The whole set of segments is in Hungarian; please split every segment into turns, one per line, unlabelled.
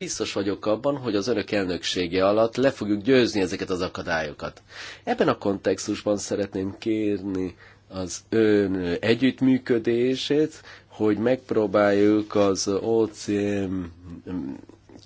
Biztos vagyok abban, hogy az örök elnöksége alatt le fogjuk győzni ezeket az akadályokat. Ebben a kontextusban szeretném kérni az ön együttműködését, hogy megpróbáljuk az OCM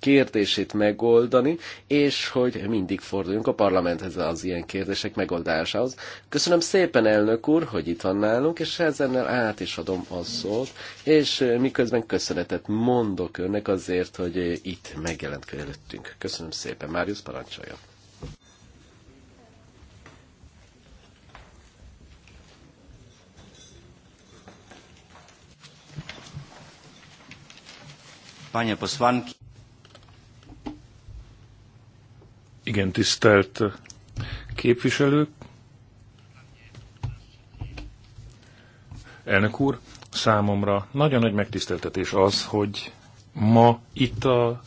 kérdését megoldani, és hogy mindig forduljunk a parlamenthez az ilyen kérdések megoldásához. Köszönöm szépen, elnök úr, hogy itt van nálunk, és ezennel át is adom a szót, és miközben köszönetet mondok önnek azért, hogy itt megjelent előttünk. Köszönöm szépen, Máriusz parancsolja.
Panie posłanki.
Igen, tisztelt képviselők. Elnök úr, számomra nagyon nagy megtiszteltetés az, hogy ma itt a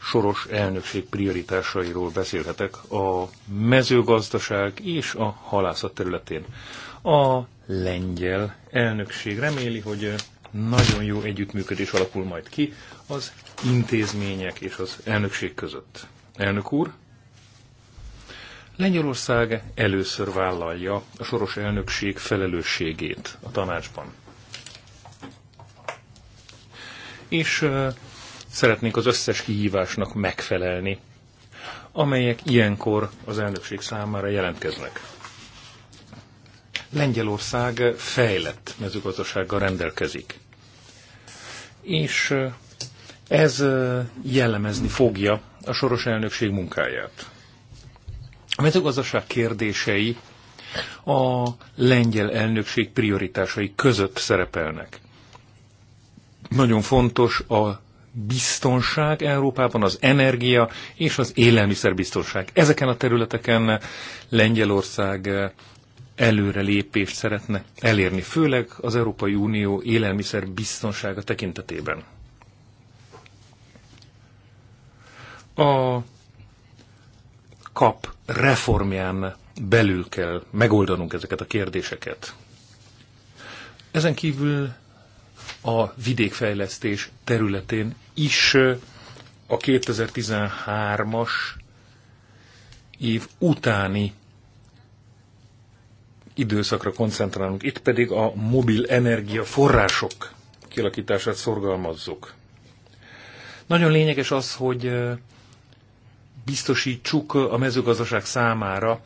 soros elnökség prioritásairól beszélhetek a mezőgazdaság és a halászat területén. A lengyel elnökség reméli, hogy nagyon jó együttműködés alakul majd ki az intézmények és az elnökség között. Elnök úr, Lengyelország először vállalja a soros elnökség felelősségét a tanácsban. És uh, szeretnénk az összes kihívásnak megfelelni, amelyek ilyenkor az elnökség számára jelentkeznek. Lengyelország fejlett mezőgazdasággal rendelkezik. És ez jellemezni fogja a soros elnökség munkáját. A mezőgazdaság kérdései a lengyel elnökség prioritásai között szerepelnek. Nagyon fontos a biztonság Európában, az energia és az élelmiszerbiztonság. Ezeken a területeken Lengyelország előrelépést szeretne elérni, főleg az Európai Unió élelmiszerbiztonsága tekintetében. A kap reformján belül kell megoldanunk ezeket a kérdéseket. Ezen kívül a vidékfejlesztés területén is a 2013-as év utáni időszakra koncentrálunk. Itt pedig a mobil energia források kialakítását szorgalmazzuk. Nagyon lényeges az, hogy biztosítsuk a mezőgazdaság számára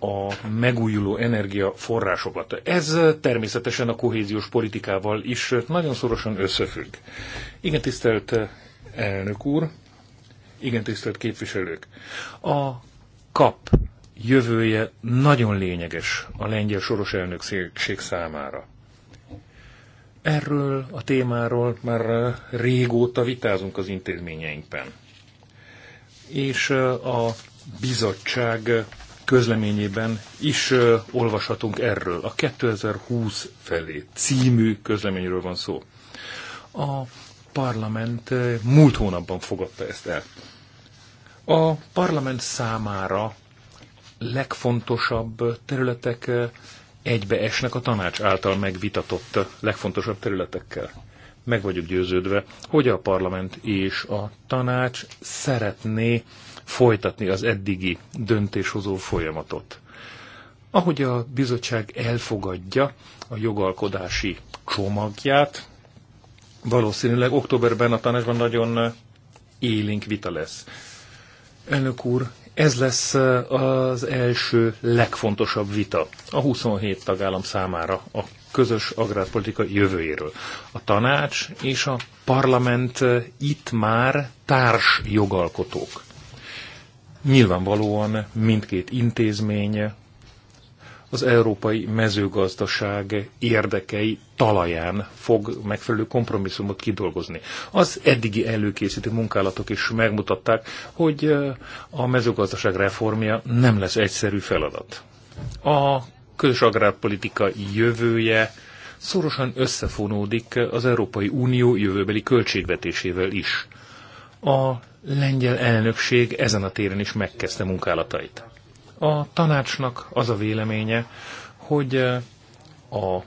a megújuló energiaforrásokat. Ez természetesen a kohéziós politikával is nagyon szorosan összefügg. Igen, tisztelt eh, elnök úr, igen, tisztelt képviselők. A kap jövője nagyon lényeges a lengyel soros elnökség számára. Erről a témáról már eh, régóta vitázunk az intézményeinkben és a bizottság közleményében is olvashatunk erről. A 2020 felé című közleményről van szó. A parlament múlt hónapban fogadta ezt el. A parlament számára legfontosabb területek egybeesnek a tanács által megvitatott legfontosabb területekkel meg vagyok győződve, hogy a parlament és a tanács szeretné folytatni az eddigi döntéshozó folyamatot. Ahogy a bizottság elfogadja a jogalkodási csomagját, valószínűleg októberben a tanácsban nagyon élénk vita lesz. Elnök úr, ez lesz eh, az első legfontosabb vita a 27 tagállam számára a közös agrárpolitika jövőjéről. A tanács és a parlament itt már társ jogalkotók. Nyilvánvalóan mindkét intézmény az európai mezőgazdaság érdekei talaján fog megfelelő kompromisszumot kidolgozni. Az eddigi előkészítő munkálatok is megmutatták, hogy a mezőgazdaság reformja nem lesz egyszerű feladat. A közös agrárpolitika jövője szorosan összefonódik az Európai Unió jövőbeli költségvetésével is. A lengyel elnökség ezen a téren is megkezdte munkálatait. A tanácsnak az a véleménye, hogy eh, a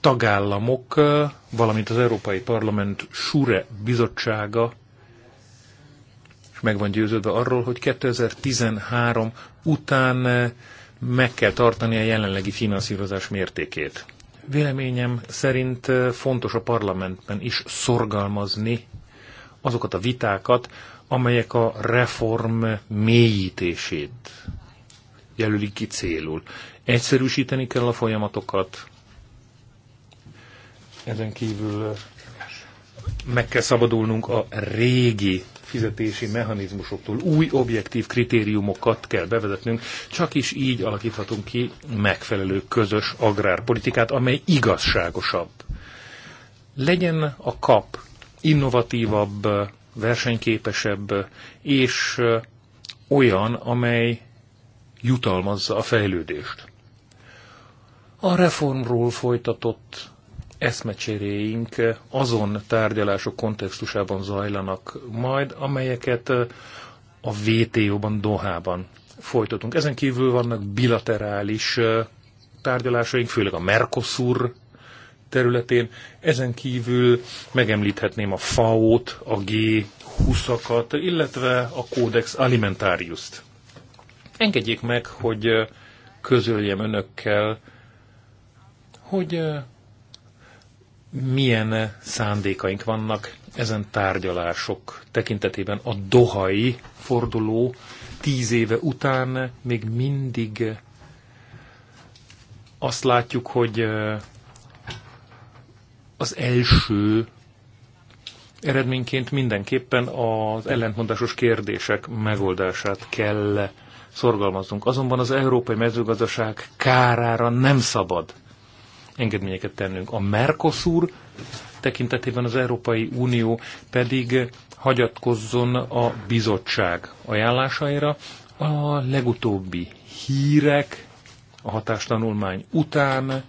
tagállamok, eh, valamint az Európai Parlament Sure bizottsága és meg van győződve arról, hogy 2013 után eh, meg kell tartani a jelenlegi finanszírozás mértékét. Véleményem szerint fontos a parlamentben is szorgalmazni azokat a vitákat, amelyek a reform mélyítését jelölik ki célul. Egyszerűsíteni kell a folyamatokat, ezen kívül meg kell szabadulnunk a régi fizetési mechanizmusoktól új objektív kritériumokat kell bevezetnünk, csak is így alakíthatunk ki megfelelő közös agrárpolitikát, amely igazságosabb. Legyen a kap innovatívabb, versenyképesebb, és olyan, amely jutalmazza a fejlődést. A reformról folytatott eszmecseréink azon tárgyalások kontextusában zajlanak majd, amelyeket a VTO-ban, Dohában folytatunk. Ezen kívül vannak bilaterális tárgyalásaink, főleg a Mercosur területén. Ezen kívül megemlíthetném a FAO-t, a G20-akat, illetve a Codex Alimentarius-t. Engedjék meg, hogy közöljem önökkel, hogy milyen szándékaink vannak ezen tárgyalások tekintetében a dohai forduló tíz éve után még mindig azt látjuk, hogy az első eredményként mindenképpen az ellentmondásos kérdések megoldását kell szorgalmaznunk. Azonban az európai mezőgazdaság kárára nem szabad engedményeket tennünk. A Mercosur tekintetében az Európai Unió pedig hagyatkozzon a bizottság ajánlásaira. A legutóbbi hírek a hatástanulmány után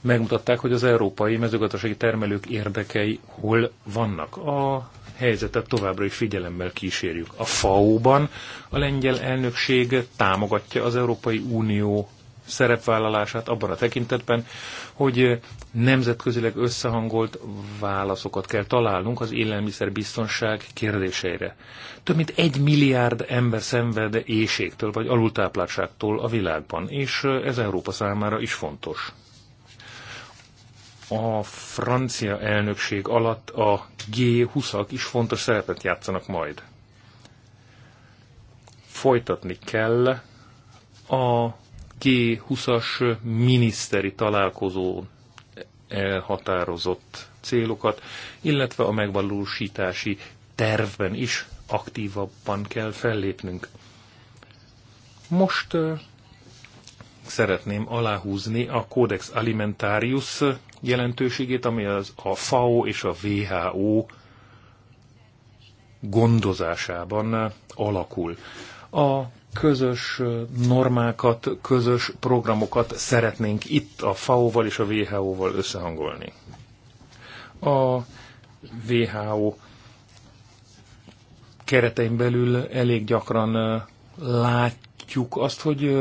megmutatták, hogy az európai mezőgazdasági termelők érdekei hol vannak. A helyzetet továbbra is figyelemmel kísérjük. A FAO-ban a lengyel elnökség támogatja az Európai Unió szerepvállalását abban a tekintetben, hogy nemzetközileg összehangolt válaszokat kell találnunk az élelmiszerbiztonság kérdéseire. Több mint egy milliárd ember szenved éjségtől vagy alultápláltságtól a világban, és ez Európa számára is fontos. A francia elnökség alatt a G20-ak is fontos szerepet játszanak majd. Folytatni kell a G20-as miniszteri találkozón elhatározott célokat, illetve a megvalósítási tervben is aktívabban kell fellépnünk. Most szeretném aláhúzni a Codex Alimentarius jelentőségét, ami az a FAO és a WHO gondozásában alakul. A közös normákat, közös programokat szeretnénk itt a FAO-val és a WHO-val összehangolni. A WHO keretein belül elég gyakran látjuk azt, hogy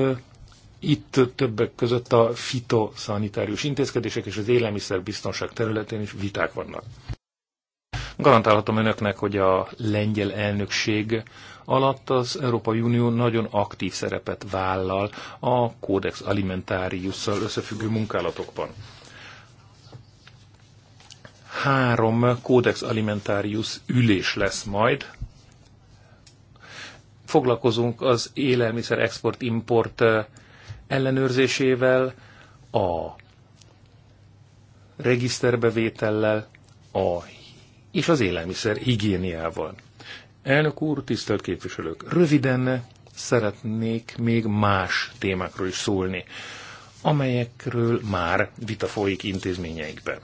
itt többek között a fitoszanitárius intézkedések és az élelmiszerbiztonság területén is viták vannak. Garantálhatom önöknek, hogy a lengyel elnökség alatt az Európai Unió nagyon aktív szerepet vállal a Codex Alimentariusszal összefüggő munkálatokban. Három Codex Alimentarius ülés lesz majd. Foglalkozunk az élelmiszer export-import eh, ellenőrzésével, a regiszterbevétellel, a és az élelmiszer higiéniával. Elnök úr, tisztelt képviselők! Röviden szeretnék még más témákról is szólni, amelyekről már vita folyik intézményeikben.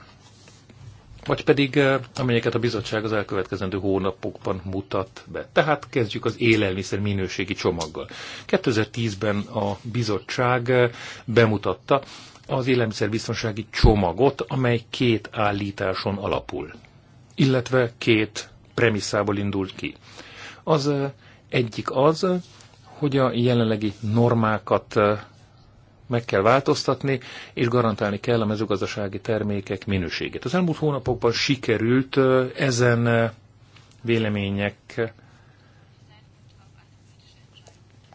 Vagy pedig, eh, amelyeket a bizottság az elkövetkezendő hónapokban mutat be. Tehát kezdjük az élelmiszer minőségi csomaggal. 2010-ben a bizottság eh, bemutatta az élelmiszerbiztonsági csomagot, amely két állításon alapul, illetve két premisszából indult ki. Az egyik az, hogy a jelenlegi normákat meg kell változtatni, és garantálni kell a mezőgazdasági termékek minőségét. Az elmúlt hónapokban sikerült ezen vélemények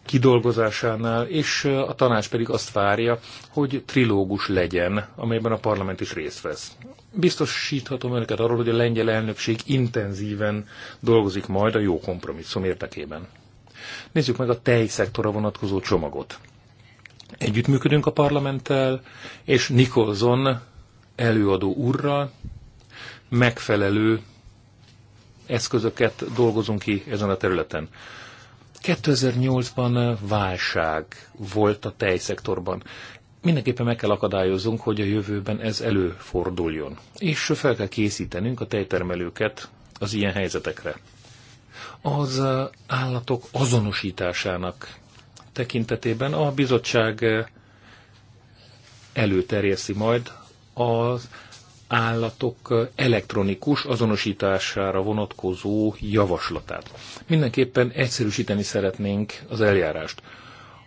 kidolgozásánál, és a tanács pedig azt várja, hogy trilógus legyen, amelyben a parlament is részt vesz biztosíthatom önöket arról, hogy a lengyel elnökség intenzíven dolgozik majd a jó kompromisszum érdekében. Nézzük meg a tejszektora vonatkozó csomagot. Együttműködünk a parlamenttel, és Nikolson előadó úrral megfelelő eszközöket dolgozunk ki ezen a területen. 2008-ban válság volt a tejszektorban mindenképpen meg kell akadályozunk, hogy a jövőben ez előforduljon. És fel kell készítenünk a tejtermelőket az ilyen helyzetekre. Az uh, állatok azonosításának tekintetében a bizottság uh, előterjeszti majd az állatok uh, elektronikus azonosítására vonatkozó javaslatát. Mindenképpen egyszerűsíteni szeretnénk az eljárást.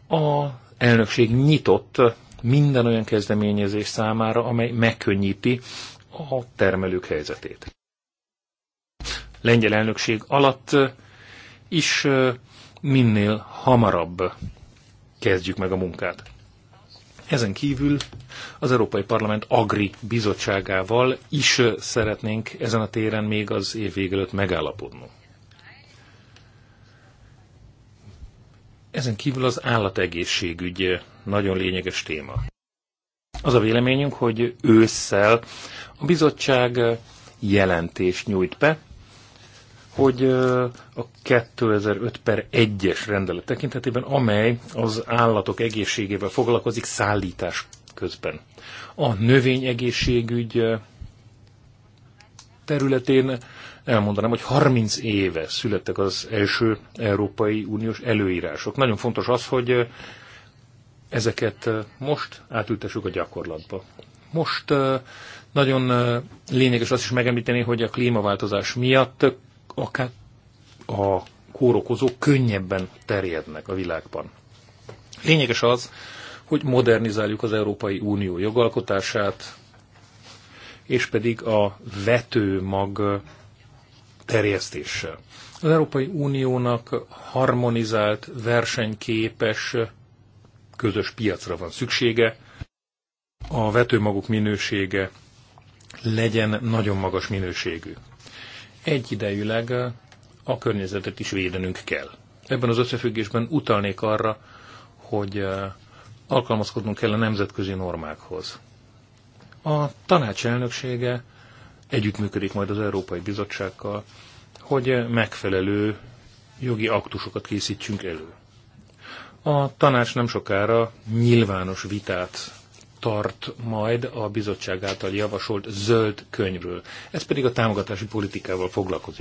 A elnökség nyitott minden olyan kezdeményezés számára, amely megkönnyíti a termelők helyzetét. Lengyel elnökség alatt is minél hamarabb kezdjük meg a munkát. Ezen kívül az Európai Parlament Agri Bizottságával is szeretnénk ezen a téren még az év végelőtt megállapodnunk. Ezen kívül az állategészségügy eh, nagyon lényeges téma. Az a véleményünk, hogy ősszel a bizottság eh, jelentést nyújt be, hogy eh, a 2005 per 1-es rendelet tekintetében, amely az állatok egészségével foglalkozik szállítás közben. A növényegészségügy területén elmondanám, hogy 30 éve születtek az első Európai Uniós előírások. Nagyon fontos az, hogy eh, ezeket eh, most átültessük a gyakorlatba. Most eh, nagyon lényeges azt is megemlíteni, hogy a klímaváltozás miatt akár a kórokozók könnyebben terjednek a világban. Lényeges az, hogy modernizáljuk az Európai Unió jogalkotását, és pedig a vetőmag terjesztéssel. Az Európai Uniónak harmonizált, versenyképes közös piacra van szüksége, a vetőmaguk minősége legyen nagyon magas minőségű. Egyidejűleg a környezetet is védenünk kell. Ebben az összefüggésben utalnék arra, hogy eh, alkalmazkodnunk kell a nemzetközi normákhoz. A tanács elnöksége együttműködik majd az Európai Bizottsággal, hogy megfelelő jogi aktusokat készítsünk elő. A tanács nem sokára nyilvános vitát tart majd a bizottság által javasolt zöld könyvről. Ez pedig a támogatási politikával foglalkozik.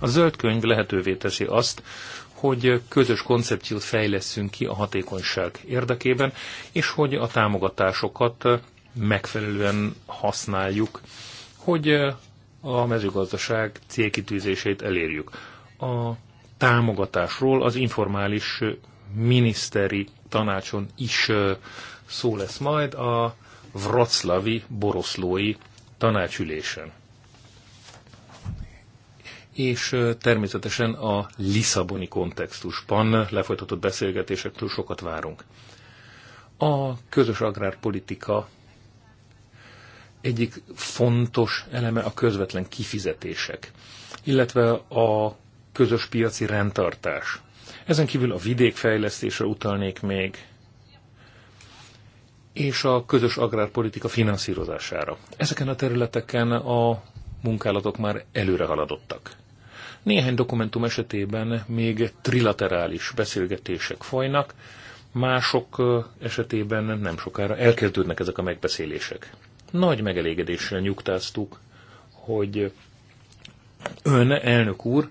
A zöld könyv lehetővé teszi azt, hogy közös koncepciót fejleszünk ki a hatékonyság érdekében, és hogy a támogatásokat megfelelően használjuk, hogy eh, a mezőgazdaság célkitűzését elérjük. A támogatásról az informális eh, miniszteri tanácson is eh, szó lesz majd a Vroclavi Boroszlói tanácsülésen. És természetesen a Lisszaboni kontextusban lefolytatott beszélgetésektől sokat várunk. A közös agrárpolitika egyik fontos eleme a közvetlen kifizetések, illetve a közös piaci rendtartás. Ezen kívül a vidékfejlesztésre utalnék még, és a közös agrárpolitika finanszírozására. Ezeken a területeken a munkálatok már előre haladottak. Néhány dokumentum esetében még trilaterális beszélgetések folynak, mások esetében nem sokára elkezdődnek ezek a megbeszélések. Nagy megelégedéssel nyugtáztuk, hogy ön, elnök úr,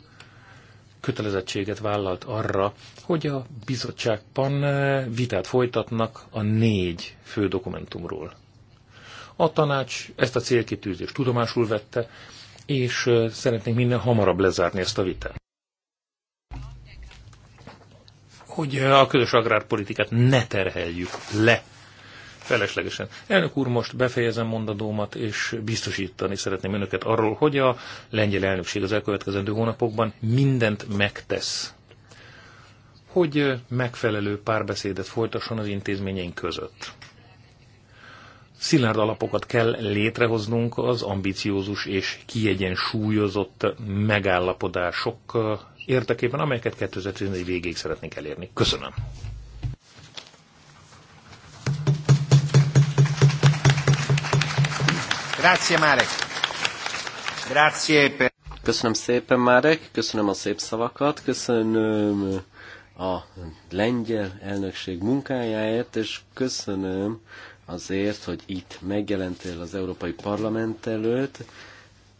kötelezettséget vállalt arra, hogy a bizottságban eh, vitát folytatnak a négy fő dokumentumról. A tanács ezt a célkitűzést tudomásul vette, és eh, szeretnénk minden hamarabb lezárni ezt a vitát. Hogy eh, a közös agrárpolitikát ne terheljük le feleslegesen. Elnök úr, most befejezem mondadómat, és biztosítani szeretném önöket arról, hogy a lengyel elnökség az elkövetkezendő hónapokban mindent megtesz, hogy megfelelő párbeszédet folytasson az intézményeink között. Szilárd alapokat kell létrehoznunk az ambiciózus és kiegyensúlyozott megállapodások érdekében, amelyeket 2014 végéig szeretnénk elérni. Köszönöm. Grazie, Marek.
Grazie per... Köszönöm szépen, Márek, köszönöm a szép szavakat, köszönöm a lengyel elnökség munkájáért, és köszönöm azért, hogy itt megjelentél az Európai Parlament előtt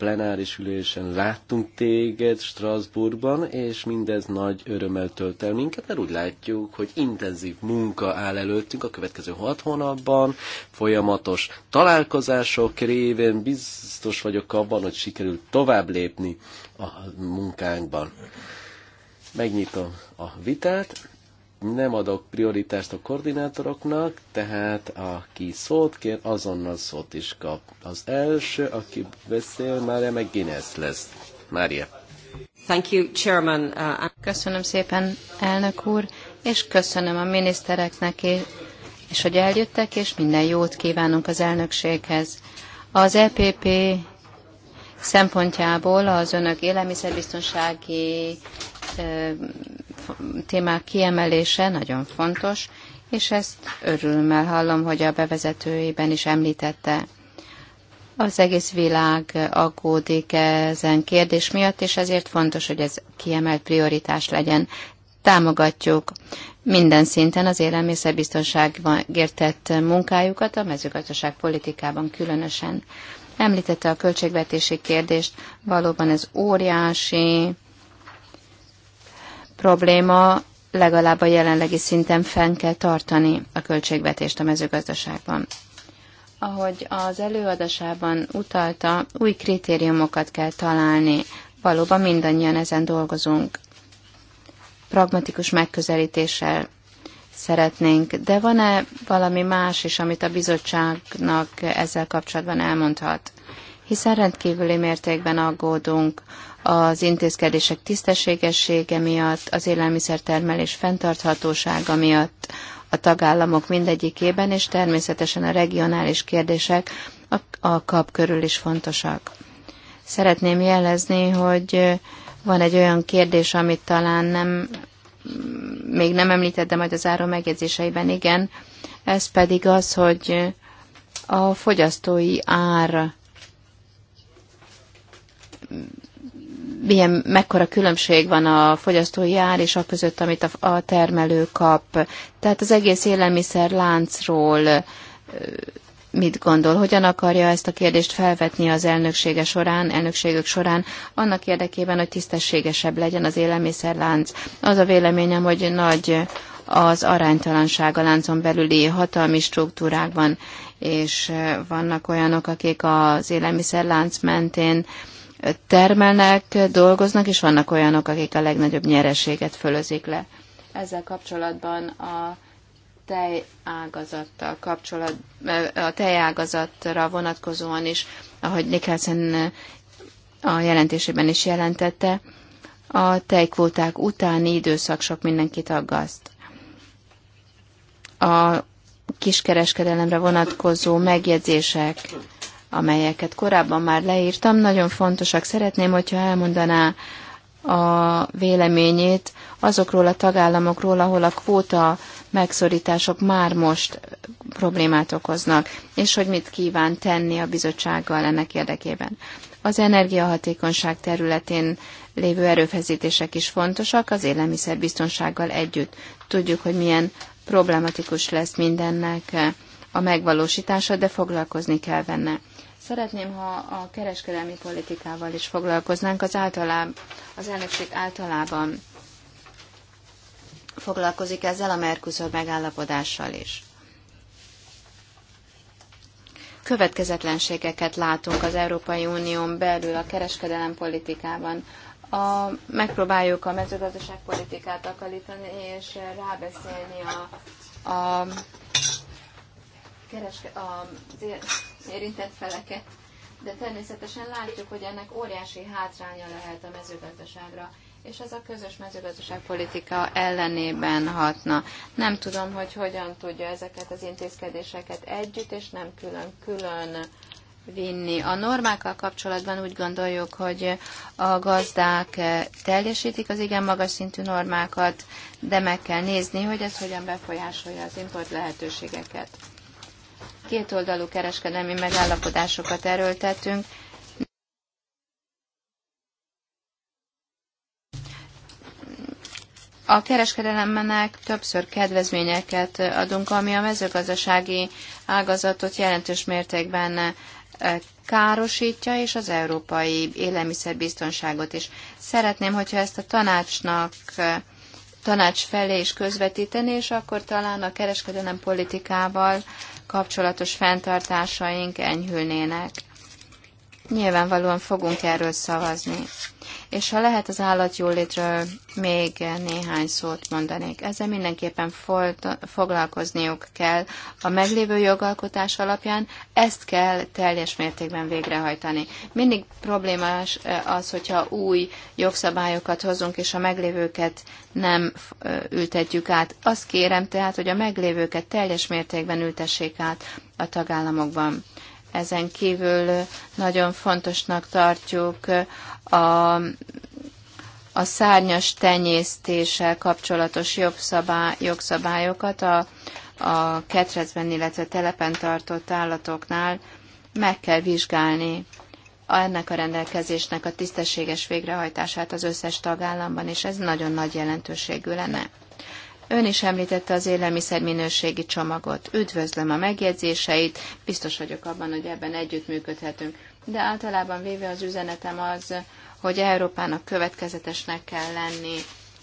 plenáris ülésen láttunk téged Strasbourgban, és mindez nagy örömmel tölt el minket, mert úgy látjuk, hogy intenzív munka áll előttünk a következő hat hónapban, folyamatos találkozások révén biztos vagyok abban, hogy sikerül tovább lépni a munkánkban. Megnyitom a vitát nem adok prioritást a koordinátoroknak, tehát aki szót kér, azonnal szót is kap. Az első, aki beszél, már meg Guinness lesz. Mária.
Thank you, Chairman. Uh, köszönöm szépen, elnök úr, és köszönöm a minisztereknek, és hogy eljöttek, és minden jót kívánunk az elnökséghez. Az EPP szempontjából az önök élelmiszerbiztonsági témák kiemelése nagyon fontos, és ezt örülmel hallom, hogy a bevezetőjében is említette. Az egész világ aggódik ezen kérdés miatt, és ezért fontos, hogy ez kiemelt prioritás legyen. Támogatjuk minden szinten az élelmiszerbiztonságért tett munkájukat, a mezőgazdaság politikában különösen. Említette a költségvetési kérdést, valóban ez óriási probléma legalább a jelenlegi szinten fenn kell tartani a költségvetést a mezőgazdaságban. Ahogy az előadásában utalta, új kritériumokat kell találni. Valóban mindannyian ezen dolgozunk. Pragmatikus megközelítéssel szeretnénk, de van-e valami más is, amit a bizottságnak ezzel kapcsolatban elmondhat? Hiszen rendkívüli mértékben aggódunk az intézkedések tisztességessége miatt, az élelmiszertermelés fenntarthatósága miatt a tagállamok mindegyikében, és természetesen a regionális kérdések a, a kap körül is fontosak. Szeretném jelezni, hogy van egy olyan kérdés, amit talán nem, még nem említett, de majd az záró megjegyzéseiben igen, ez pedig az, hogy a fogyasztói ár milyen, mekkora különbség van a fogyasztói ár és a között, amit a, a termelő kap. Tehát az egész élelmiszer láncról mit gondol, hogyan akarja ezt a kérdést felvetni az elnöksége során, elnökségök során, annak érdekében, hogy tisztességesebb legyen az élelmiszerlánc. Az a véleményem, hogy nagy az aránytalanság a láncon belüli hatalmi struktúrákban, és vannak olyanok, akik az élelmiszerlánc mentén termelnek, dolgoznak, és vannak olyanok, akik a legnagyobb nyereséget fölözik le. Ezzel kapcsolatban a tejágazattal kapcsolat, a tejágazatra vonatkozóan is, ahogy Nicholson a jelentésében is jelentette, a tejkvóták utáni időszak sok mindenkit aggaszt. A kiskereskedelemre vonatkozó megjegyzések amelyeket korábban már leírtam, nagyon fontosak. Szeretném, hogyha elmondaná a véleményét azokról a tagállamokról, ahol a kvóta megszorítások már most problémát okoznak, és hogy mit kíván tenni a bizottsággal ennek érdekében. Az energiahatékonyság területén lévő erőfeszítések is fontosak, az élelmiszerbiztonsággal együtt. Tudjuk, hogy milyen problematikus lesz mindennek a megvalósítása, de foglalkozni kell benne. Szeretném, ha a kereskedelmi politikával is foglalkoznánk, az, általában, az elnökség általában foglalkozik ezzel a Mercosur megállapodással is. Következetlenségeket látunk az Európai Unión belül a kereskedelem politikában. A, megpróbáljuk a mezőgazdaságpolitikát akarítani és rábeszélni a, a kereske, az érintett feleket, de természetesen látjuk, hogy ennek óriási hátránya lehet a mezőgazdaságra, és ez a közös mezőgazdaságpolitika ellenében hatna. Nem tudom, hogy hogyan tudja ezeket az intézkedéseket együtt, és nem külön-külön vinni. A normákkal kapcsolatban úgy gondoljuk, hogy a gazdák teljesítik az igen magas szintű normákat, de meg kell nézni, hogy ez hogyan befolyásolja az import lehetőségeket kétoldalú kereskedelmi megállapodásokat erőltetünk, a kereskedelemnek többször kedvezményeket adunk, ami a mezőgazdasági ágazatot jelentős mértékben eh, károsítja, és az európai élelmiszerbiztonságot is. Szeretném, hogyha ezt a tanácsnak eh, tanács felé is közvetíteni, és akkor talán a kereskedelem politikával kapcsolatos fenntartásaink enyhülnének nyilvánvalóan fogunk erről szavazni. És ha lehet az állatjólétről még néhány szót mondanék. Ezzel mindenképpen folt, foglalkozniuk kell a meglévő jogalkotás alapján, ezt kell teljes mértékben végrehajtani. Mindig problémás eh, az, hogyha új jogszabályokat hozunk, és a meglévőket nem eh, ültetjük át. Azt kérem tehát, hogy a meglévőket teljes mértékben ültessék át a tagállamokban. Ezen kívül nagyon fontosnak tartjuk a, a szárnyas tenyésztéssel kapcsolatos jogszabály, jogszabályokat a, a ketrecben, illetve telepen tartott állatoknál meg kell vizsgálni ennek a rendelkezésnek a tisztességes végrehajtását az összes tagállamban, és ez nagyon nagy jelentőségű lenne. Ön is említette az élelmiszerminőségi csomagot. Üdvözlöm a megjegyzéseit, biztos vagyok abban, hogy ebben együttműködhetünk. De általában véve az üzenetem az, hogy Európának következetesnek kell lenni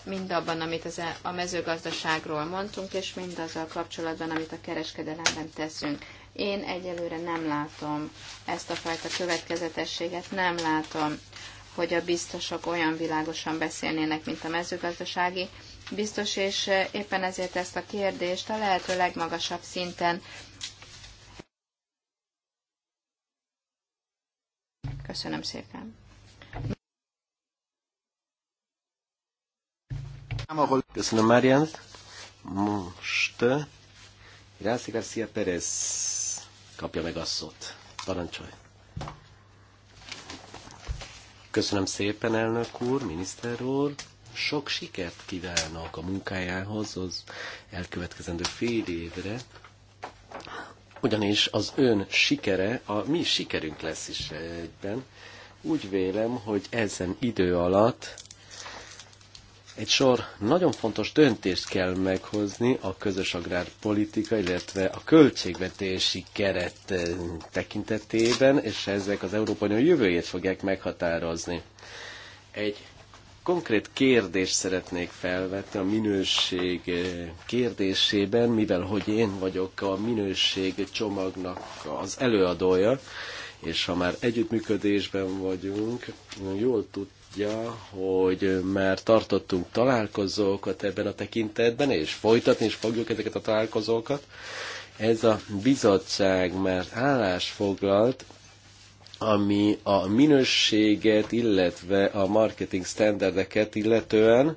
mindabban, amit az e- a mezőgazdaságról mondtunk, és mindazzal kapcsolatban, amit a kereskedelemben teszünk. Én egyelőre nem látom ezt a fajta következetességet, nem látom, hogy a biztosok olyan világosan beszélnének, mint a mezőgazdasági biztos, és eh, éppen ezért ezt a kérdést a lehető legmagasabb szinten. Köszönöm szépen.
Köszönöm, Marian. Most Rászi eh, Garcia Pérez kapja meg a szót. Parancsolj. Köszönöm szépen, elnök úr, miniszter úr. Sok sikert kívánok a munkájához az elkövetkezendő fél évre, ugyanis az ön sikere a mi sikerünk lesz is egyben. Úgy vélem, hogy ezen idő alatt egy sor nagyon fontos döntést kell meghozni a közös agrárpolitika, illetve a költségvetési keret eh, tekintetében, és ezek az Európai Unió jövőjét fogják meghatározni. Egy konkrét kérdést szeretnék felvetni a minőség eh, kérdésében, mivel hogy én vagyok a minőség csomagnak az előadója, és ha már együttműködésben vagyunk, jól tudja, hogy már tartottunk találkozókat ebben a tekintetben, és folytatni is fogjuk ezeket a találkozókat. Ez a bizottság már állás foglalt ami a minőséget, illetve a marketing standardeket illetően,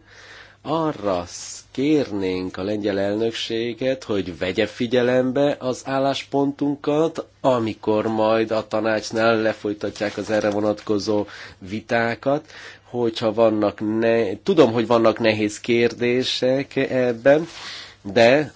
arra kérnénk a lengyel elnökséget, hogy vegye figyelembe az álláspontunkat, amikor majd a tanácsnál lefolytatják az erre vonatkozó vitákat, hogyha vannak ne... tudom, hogy vannak nehéz kérdések ebben, de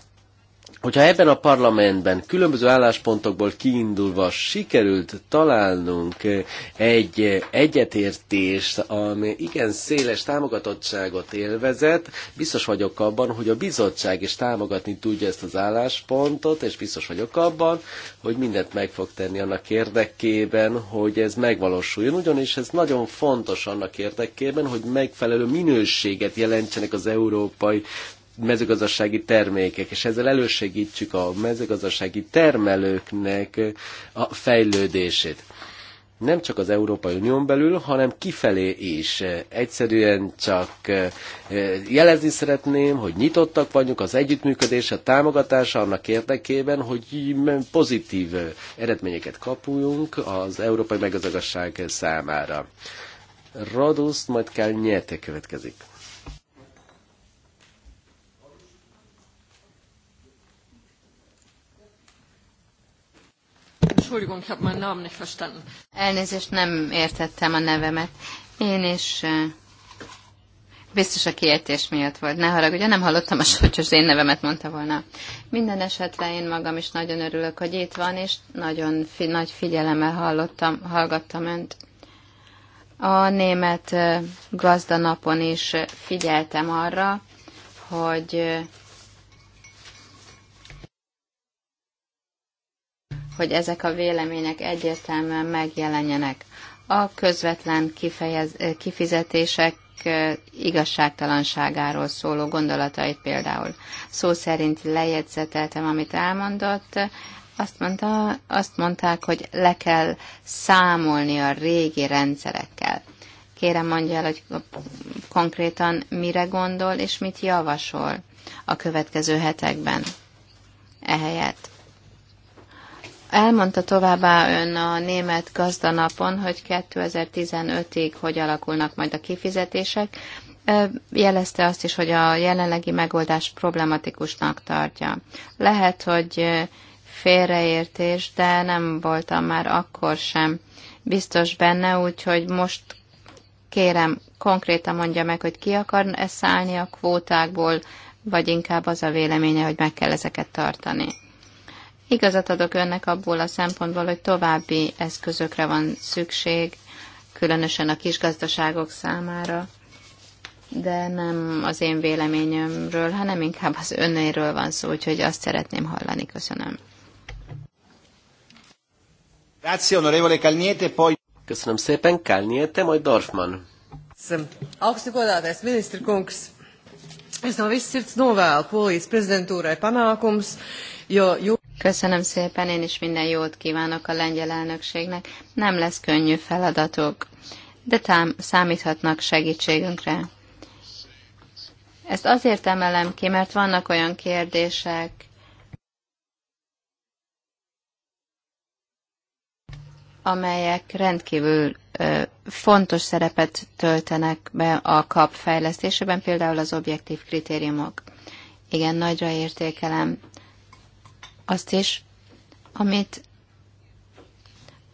hogyha ebben a parlamentben különböző álláspontokból kiindulva sikerült találnunk eh, egy eh, egyetértést, ami igen széles támogatottságot élvezett, biztos vagyok abban, hogy a bizottság is támogatni tudja ezt az álláspontot, és biztos vagyok abban, hogy mindent meg fog tenni annak érdekében, hogy ez megvalósuljon. Ugyanis ez nagyon fontos annak érdekében, hogy megfelelő minőséget jelentsenek az európai mezőgazdasági termékek, és ezzel elősegítsük a mezőgazdasági termelőknek a fejlődését. Nem csak az Európai Unión belül, hanem kifelé is. Egyszerűen csak eh, jelezni szeretném, hogy nyitottak vagyunk az együttműködés, a támogatás annak érdekében, hogy pozitív eredményeket kapuljunk az európai Megazagasság számára. Raduszt, majd kell nyerte
következik. Entschuldigung, ich habe meinen Namen nicht verstanden.
Elnézést, nem értettem a nevemet. Én is biztos a kiejtés miatt volt. Ne haragudj, nem hallottam, a hogy az én nevemet mondta volna. Minden esetre én magam is nagyon örülök, hogy itt van, és nagyon fi, nagy figyelemmel hallottam, hallgattam önt. A német gazdanapon is figyeltem arra, hogy hogy ezek a vélemények egyértelműen megjelenjenek. A közvetlen kifejez, kifizetések igazságtalanságáról szóló gondolatait például. Szó szerint lejegyzeteltem, amit elmondott, azt, mondta, azt mondták, hogy le kell számolni a régi rendszerekkel. Kérem mondja el, hogy konkrétan mire gondol és mit javasol a következő hetekben ehelyett. Elmondta továbbá ön a német gazdanapon, hogy 2015-ig hogy alakulnak majd a kifizetések. Jelezte azt is, hogy a jelenlegi megoldás problematikusnak tartja. Lehet, hogy félreértés, de nem voltam már akkor sem biztos benne, úgyhogy most kérem, konkrétan mondja meg, hogy ki akar-e szállni a kvótákból, vagy inkább az a véleménye, hogy meg kell ezeket tartani. Igazat adok önnek abból a szempontból, hogy további eszközökre van szükség, különösen a kisgazdaságok számára, de nem az én véleményemről, hanem inkább az önéről van szó, úgyhogy azt szeretném hallani. Köszönöm.
Köszönöm szépen, Kalniete, majd Dorfman.
Köszönöm. godātais ministra kungs, es no viss sirds novēlu polijas prezidentūrai panākums, jo Köszönöm szépen, én is minden jót kívánok a lengyel elnökségnek. Nem lesz könnyű feladatok, de tám- számíthatnak segítségünkre. Ezt azért emelem ki, mert vannak olyan kérdések, amelyek rendkívül fontos szerepet töltenek be a kap fejlesztésében, például az objektív kritériumok. Igen, nagyra értékelem azt is, amit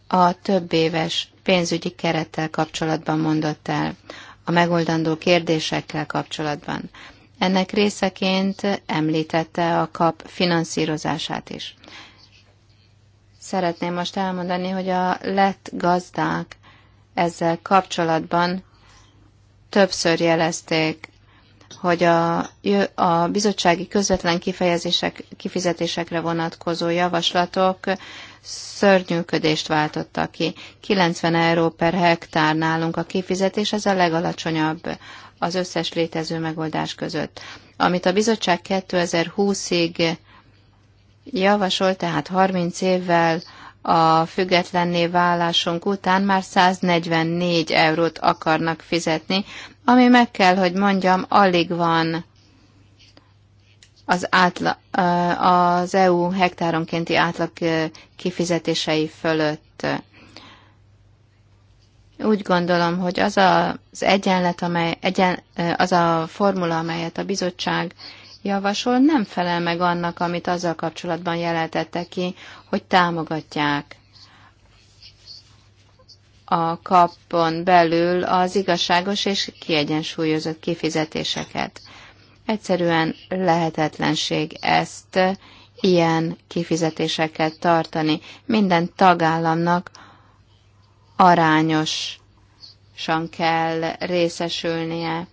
a több éves pénzügyi kerettel kapcsolatban mondott el, a megoldandó kérdésekkel kapcsolatban. Ennek részeként említette a kap finanszírozását is. Szeretném most elmondani, hogy a lett gazdák ezzel kapcsolatban többször jelezték hogy a, a bizottsági közvetlen kifejezések, kifizetésekre vonatkozó javaslatok szörnyűködést váltottak ki. 90 euró per hektár nálunk a kifizetés, ez a legalacsonyabb az összes létező megoldás között. Amit a bizottság 2020-ig javasolt, tehát 30 évvel a függetlenné válásunk után már 144 eurót akarnak fizetni ami meg kell, hogy mondjam, alig van az, átla, az EU hektáronkénti átlag kifizetései fölött. Úgy gondolom, hogy az az egyenlet, amely, egyen, az a formula, amelyet a bizottság javasol, nem felel meg annak, amit azzal kapcsolatban jelentettek ki, hogy támogatják a kapon belül az igazságos és kiegyensúlyozott kifizetéseket. Egyszerűen lehetetlenség ezt ilyen kifizetéseket tartani. Minden tagállamnak arányosan kell részesülnie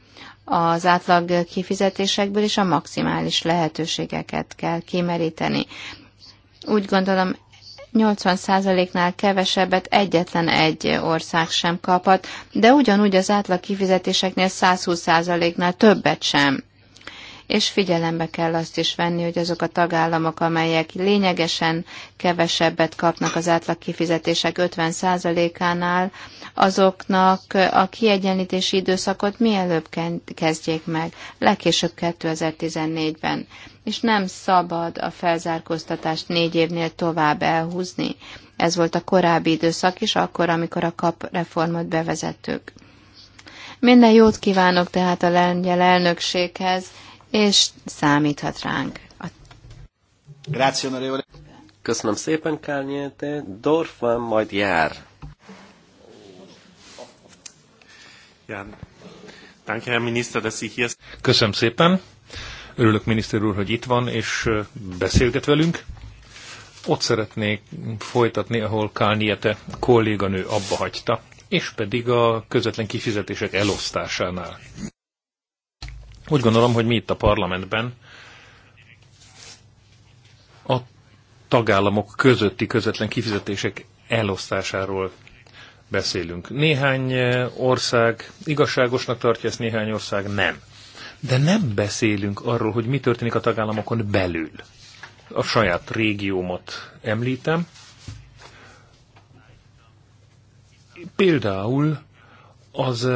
az átlag kifizetésekből, és a maximális lehetőségeket kell kimeríteni. Úgy gondolom, 80%-nál kevesebbet egyetlen egy ország sem kaphat, de ugyanúgy az átlag kifizetéseknél 120%-nál többet sem. És figyelembe kell azt is venni, hogy azok a tagállamok, amelyek lényegesen kevesebbet kapnak az átlag kifizetések 50%-ánál, azoknak a kiegyenlítési időszakot mielőbb kezdjék meg, legkésőbb 2014-ben és nem szabad a felzárkóztatást négy évnél tovább elhúzni. Ez volt a korábbi időszak is, akkor, amikor a kap reformot bevezettük. Minden jót kívánok tehát a lengyel elnökséghez, és számíthat ránk. A...
Köszönöm szépen, Kárnyéte. Dorfman majd jár.
Jan. Köszönöm szépen, Örülök, miniszter úr, hogy itt van, és beszélget velünk. Ott szeretnék folytatni, ahol Kálniete kolléganő abba hagyta, és pedig a közvetlen kifizetések elosztásánál. Úgy gondolom, hogy mi itt a parlamentben a tagállamok közötti közvetlen kifizetések elosztásáról beszélünk. Néhány ország igazságosnak tartja ezt, néhány ország nem de nem beszélünk arról, hogy mi történik a tagállamokon belül. A saját régiómat említem. Például az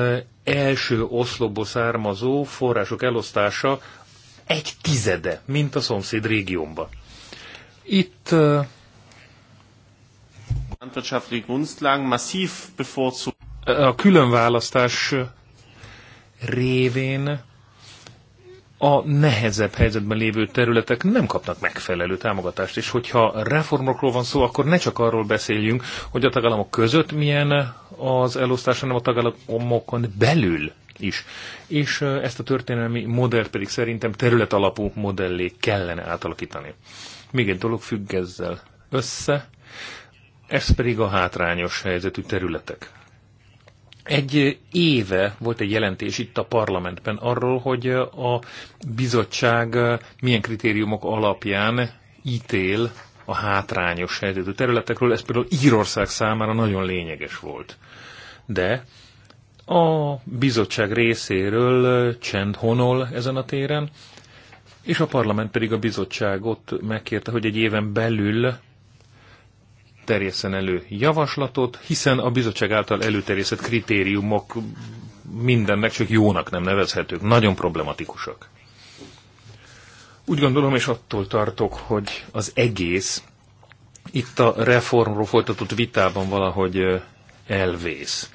első oszlopból származó források elosztása egy tizede, mint a szomszéd régiómba. Itt uh, a különválasztás révén a nehezebb helyzetben lévő területek nem kapnak megfelelő támogatást, és hogyha reformokról van szó, akkor ne csak arról beszéljünk, hogy a tagállamok között milyen az elosztás, hanem a tagállamokon belül is. És ezt a történelmi modellt pedig szerintem terület alapú modellé kellene átalakítani. Még egy dolog függ ezzel össze, ez pedig a hátrányos helyzetű területek. Egy éve volt egy jelentés itt a parlamentben arról, hogy a bizottság milyen kritériumok alapján ítél a hátrányos helyzetű területekről, ez például Írország számára nagyon lényeges volt. De a bizottság részéről csend honol ezen a téren, és a parlament pedig a bizottságot megkérte, hogy egy éven belül terjeszen elő javaslatot, hiszen a bizottság által előterjesztett kritériumok mindennek csak jónak nem nevezhetők, nagyon problematikusak. Úgy gondolom, és attól tartok, hogy az egész itt a reformról folytatott vitában valahogy elvész.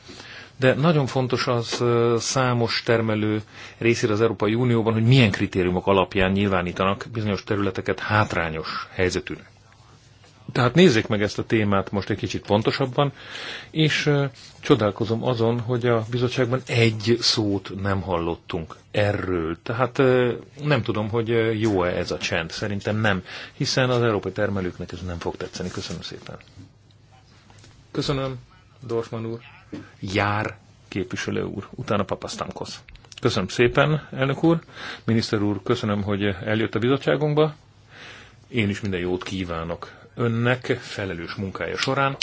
De nagyon fontos az számos termelő részére az Európai Unióban, hogy milyen kritériumok alapján nyilvánítanak bizonyos területeket hátrányos helyzetűnek. Tehát nézzék meg ezt a témát most egy kicsit pontosabban, és csodálkozom azon, hogy a bizottságban egy szót nem hallottunk erről. Tehát nem tudom, hogy jó-e ez a csend. Szerintem nem, hiszen az európai termelőknek ez nem fog tetszeni. Köszönöm szépen. Köszönöm, Dorfman úr. Jár képviselő úr, utána papasztánkhoz. Köszönöm szépen, elnök úr. Miniszter úr, köszönöm, hogy eljött a bizottságunkba. Én is minden jót kívánok önnek felelős munkája során.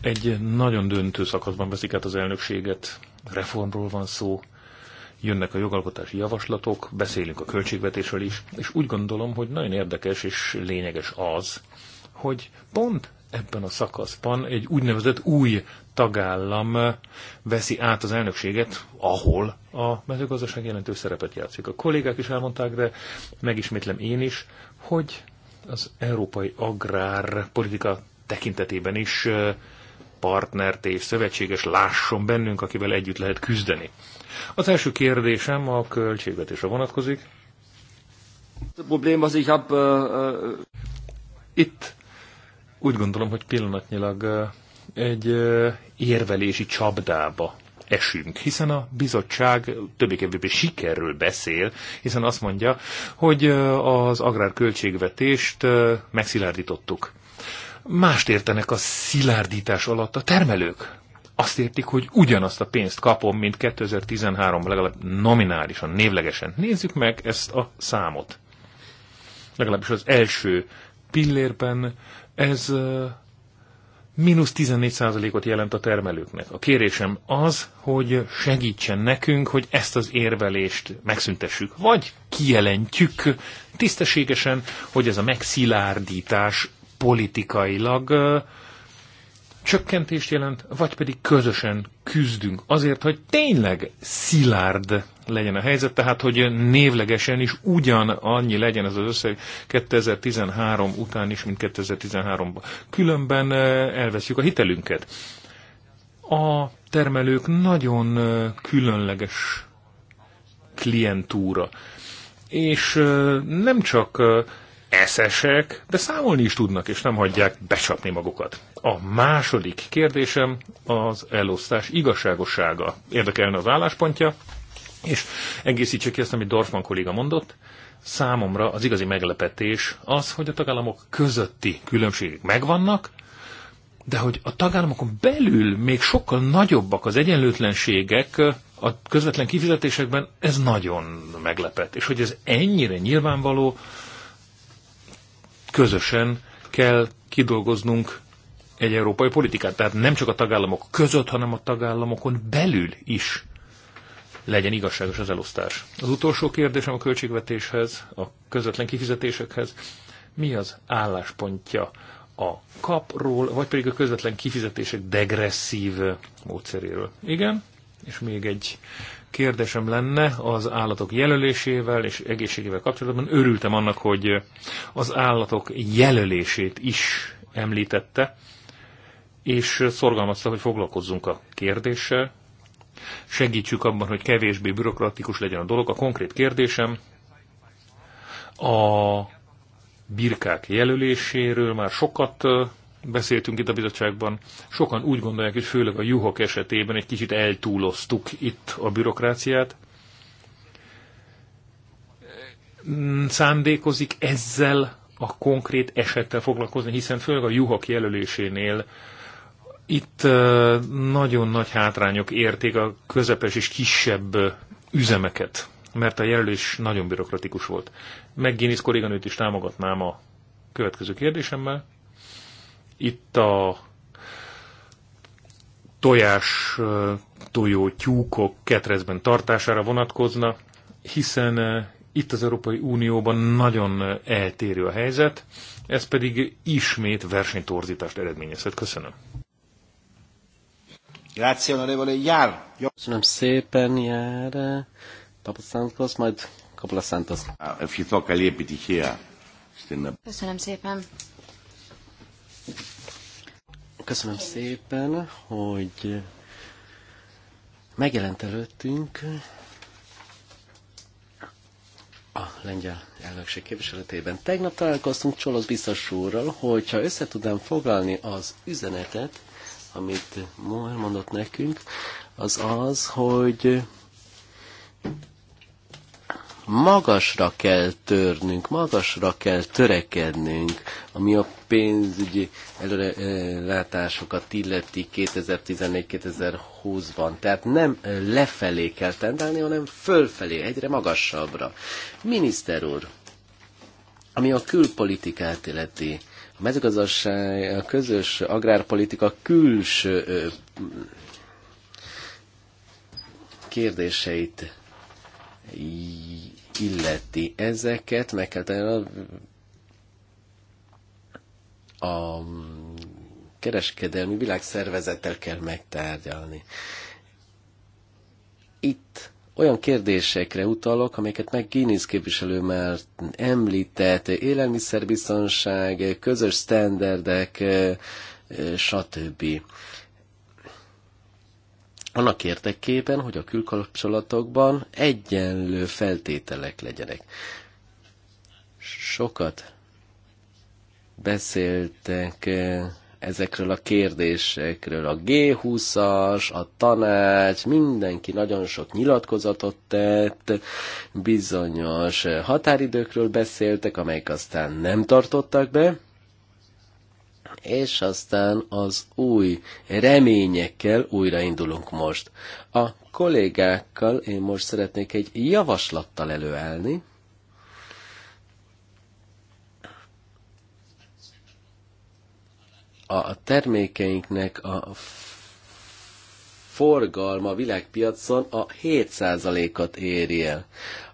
Egy nagyon döntő szakaszban veszik át az elnökséget, reformról van szó, jönnek a jogalkotási javaslatok, beszélünk a költségvetésről is, és úgy gondolom, hogy nagyon érdekes és lényeges az, hogy pont ebben a szakaszban egy úgynevezett új tagállam veszi át az elnökséget, ahol a mezőgazdaság jelentős szerepet játszik. A kollégák is elmondták, de megismétlem én is, hogy az európai agrárpolitika tekintetében is partnert és szövetséges lásson bennünk, akivel együtt lehet küzdeni. Az első kérdésem a költségvetésre vonatkozik. Itt úgy gondolom, hogy pillanatnyilag egy érvelési csapdába esünk, hiszen a bizottság többé-kevésbé sikerről beszél, hiszen azt mondja, hogy az agrárköltségvetést megszilárdítottuk. Mást értenek a szilárdítás alatt a termelők. Azt értik, hogy ugyanazt a pénzt kapom, mint 2013 legalább nominálisan, névlegesen. Nézzük meg ezt a számot. Legalábbis az első pillérben ez mínusz 14%-ot jelent a termelőknek. A kérésem az, hogy segítsen nekünk, hogy ezt az érvelést megszüntessük, vagy kijelentjük tisztességesen, hogy ez a megszilárdítás politikailag csökkentést jelent, vagy pedig közösen küzdünk azért, hogy tényleg szilárd legyen a helyzet, tehát hogy névlegesen is ugyan annyi legyen ez az összeg 2013 után is, mint 2013-ban. Különben eh, elveszjük a hitelünket. A termelők nagyon eh, különleges klientúra. És eh, nem csak eszesek, de számolni is tudnak, és nem hagyják becsapni magukat. A második kérdésem az elosztás igazságossága. Érdekelne az álláspontja, és egészítse ki azt, amit Dorfman kolléga mondott, számomra az igazi meglepetés az, hogy a tagállamok közötti különbségek megvannak, de hogy a tagállamokon belül még sokkal nagyobbak az egyenlőtlenségek a közvetlen kifizetésekben, ez nagyon meglepet. És hogy ez ennyire nyilvánvaló, közösen kell kidolgoznunk egy európai politikát. Tehát nem csak a tagállamok között, hanem a tagállamokon belül is legyen igazságos az elosztás. Az utolsó kérdésem a költségvetéshez, a közvetlen kifizetésekhez. Mi az álláspontja a kapról, vagy pedig a közvetlen kifizetések degresszív módszeréről? Igen, és még egy kérdésem lenne az állatok jelölésével és egészségével kapcsolatban. Örültem annak, hogy az állatok jelölését is említette, és szorgalmazta, hogy foglalkozzunk a kérdéssel, segítsük abban, hogy kevésbé bürokratikus legyen a dolog. A konkrét kérdésem a birkák jelöléséről már sokat beszéltünk itt a bizottságban, sokan úgy gondolják, hogy főleg a juhok esetében egy kicsit eltúloztuk itt a bürokráciát. Szándékozik ezzel a konkrét esettel foglalkozni, hiszen főleg a juhok jelölésénél itt nagyon nagy hátrányok érték a közepes és kisebb üzemeket, mert a jelölés nagyon bürokratikus volt. Meg Guinness kolléganőt is támogatnám a következő kérdésemmel. Itt a tojás, tojó, tyúkok ketrezben tartására vonatkozna, hiszen itt az Európai Unióban nagyon eltérő a helyzet, ez pedig ismét versenytorzítást eredményezhet. Köszönöm.
Grazie, Jár. Köszönöm
szépen, Jár.
Santos, majd Kaplaszántos.
Ευχηθώ
Köszönöm szépen.
Köszönöm szépen, hogy megjelent előttünk a lengyel elnökség képviseletében. Tegnap találkoztunk Csolosz biztos úrral, hogyha össze tudnám foglalni az üzenetet, amit Mohr mondott nekünk, az az, hogy magasra kell törnünk, magasra kell törekednünk, ami a pénzügyi előrelátásokat illeti 2014-2020-ban. Tehát nem lefelé kell tendálni, hanem fölfelé, egyre magasabbra. Miniszter úr, ami a külpolitikát illeti, a mezőgazdaság, a közös agrárpolitika külső ö, kérdéseit illeti ezeket, meg kell tenni a, a kereskedelmi világszervezettel kell megtárgyalni. Itt olyan kérdésekre utalok, amelyeket meg Guinness képviselő már említett, élelmiszerbiztonság, közös sztenderdek, stb annak érdekében, hogy a külkapcsolatokban egyenlő feltételek legyenek. Sokat beszéltek eh, ezekről a kérdésekről. A G20-as, a tanács, mindenki nagyon sok nyilatkozatot tett, bizonyos eh, határidőkről beszéltek, amelyek aztán nem tartottak be, és aztán az új reményekkel újraindulunk most. A kollégákkal én most szeretnék egy javaslattal előállni, a termékeinknek a forgalma a világpiacon a 7%-ot éri el.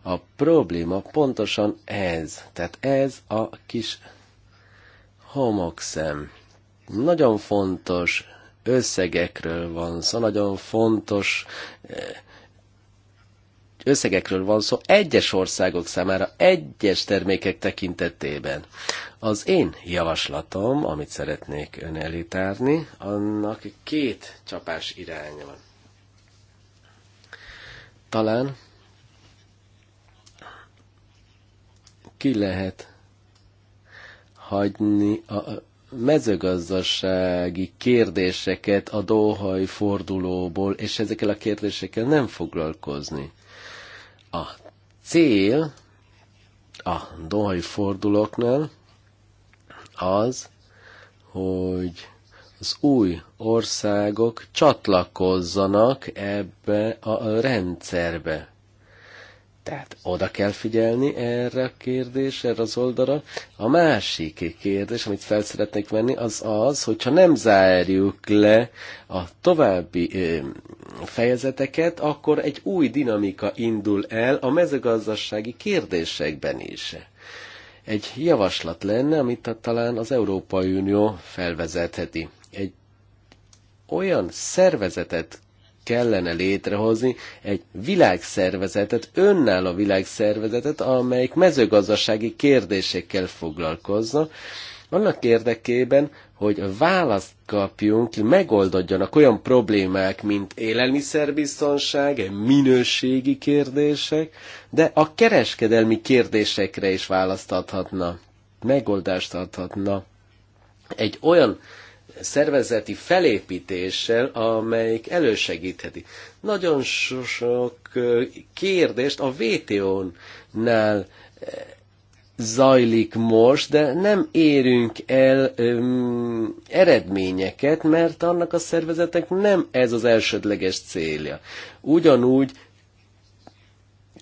A probléma pontosan ez. Tehát ez a kis homokszem. Nagyon fontos összegekről van szó, nagyon fontos eh, összegekről van szó egyes országok számára, egyes termékek tekintetében. Az én javaslatom, amit szeretnék ön elitárni, annak két csapás iránya van. Talán ki lehet hagyni a mezőgazdasági kérdéseket a Dohai fordulóból, és ezekkel a kérdésekkel nem foglalkozni. A cél a Dohai fordulóknál az, hogy az új országok csatlakozzanak ebbe a rendszerbe. Tehát oda kell figyelni erre a kérdésre, erre az oldalra. A másik kérdés, amit fel szeretnék venni, az az, hogyha nem zárjuk le a további ö, fejezeteket, akkor egy új dinamika indul el a mezőgazdasági kérdésekben is. Egy javaslat lenne, amit talán az Európai Unió felvezetheti. Egy olyan szervezetet kellene létrehozni egy világszervezetet, a világszervezetet, amelyik mezőgazdasági kérdésekkel foglalkozna, annak érdekében, hogy választ kapjunk, megoldodjanak olyan problémák, mint élelmiszerbiztonság, minőségi kérdések, de a kereskedelmi kérdésekre is választ adhatna, megoldást adhatna. Egy olyan szervezeti felépítéssel, amelyik elősegítheti. Nagyon sok kérdést a VTO-nál zajlik most, de nem érünk el öm, eredményeket, mert annak a szervezetnek nem ez az elsődleges célja. Ugyanúgy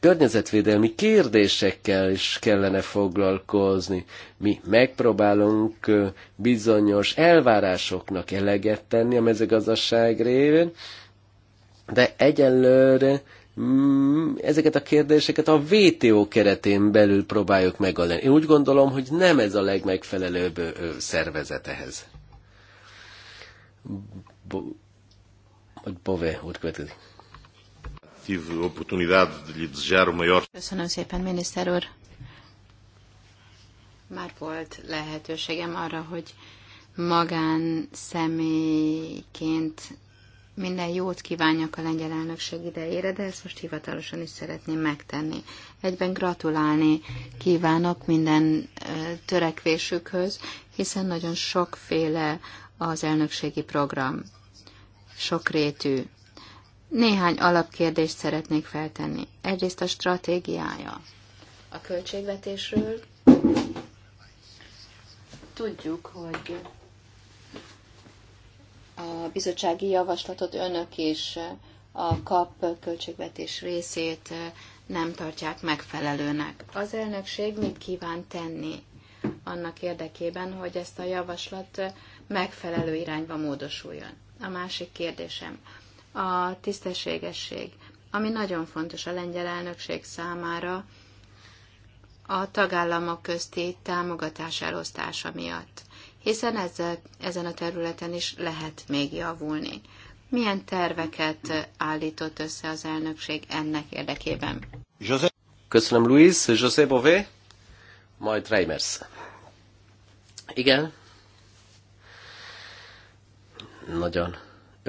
környezetvédelmi kérdésekkel is kellene foglalkozni. Mi megpróbálunk bizonyos elvárásoknak eleget tenni a mezőgazdaság révén, de egyelőre mm, ezeket a kérdéseket a VTO keretén belül próbáljuk megoldani. Én úgy gondolom, hogy nem ez a legmegfelelőbb szervezet ehhez. Bo- Bové úr következik tive a oportunidade de
lhe desejar o maior.
Köszönöm szépen, miniszter úr. Már volt lehetőségem arra, hogy magán személyként minden jót kívánjak a lengyel elnökség idejére, de ezt most hivatalosan is szeretném megtenni. Egyben gratulálni kívánok minden törekvésükhöz, hiszen nagyon sokféle az elnökségi program, sokrétű. Néhány alapkérdést szeretnék feltenni. Egyrészt a stratégiája a költségvetésről. Tudjuk, hogy a bizottsági javaslatot önök is a kap költségvetés részét nem tartják megfelelőnek. Az elnökség mit kíván tenni annak érdekében, hogy ezt a javaslat megfelelő irányba módosuljon? A másik kérdésem a tisztességesség, ami nagyon fontos a lengyel elnökség számára a tagállamok közti támogatás elosztása miatt, hiszen ezzel, ezen a területen is lehet még javulni. Milyen terveket állított össze az elnökség ennek érdekében?
José. Köszönöm, Luis. José Bové, majd Reimers. Igen. Nagyon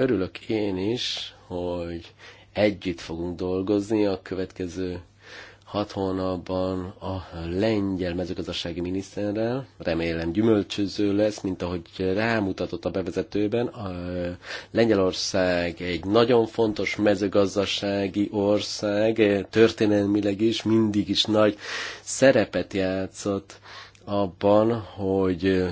Örülök én is, hogy együtt fogunk dolgozni a következő hat hónapban a lengyel mezőgazdasági miniszterrel. Remélem gyümölcsöző lesz, mint ahogy rámutatott a bevezetőben. A Lengyelország egy nagyon fontos mezőgazdasági ország, történelmileg is mindig is nagy szerepet játszott abban, hogy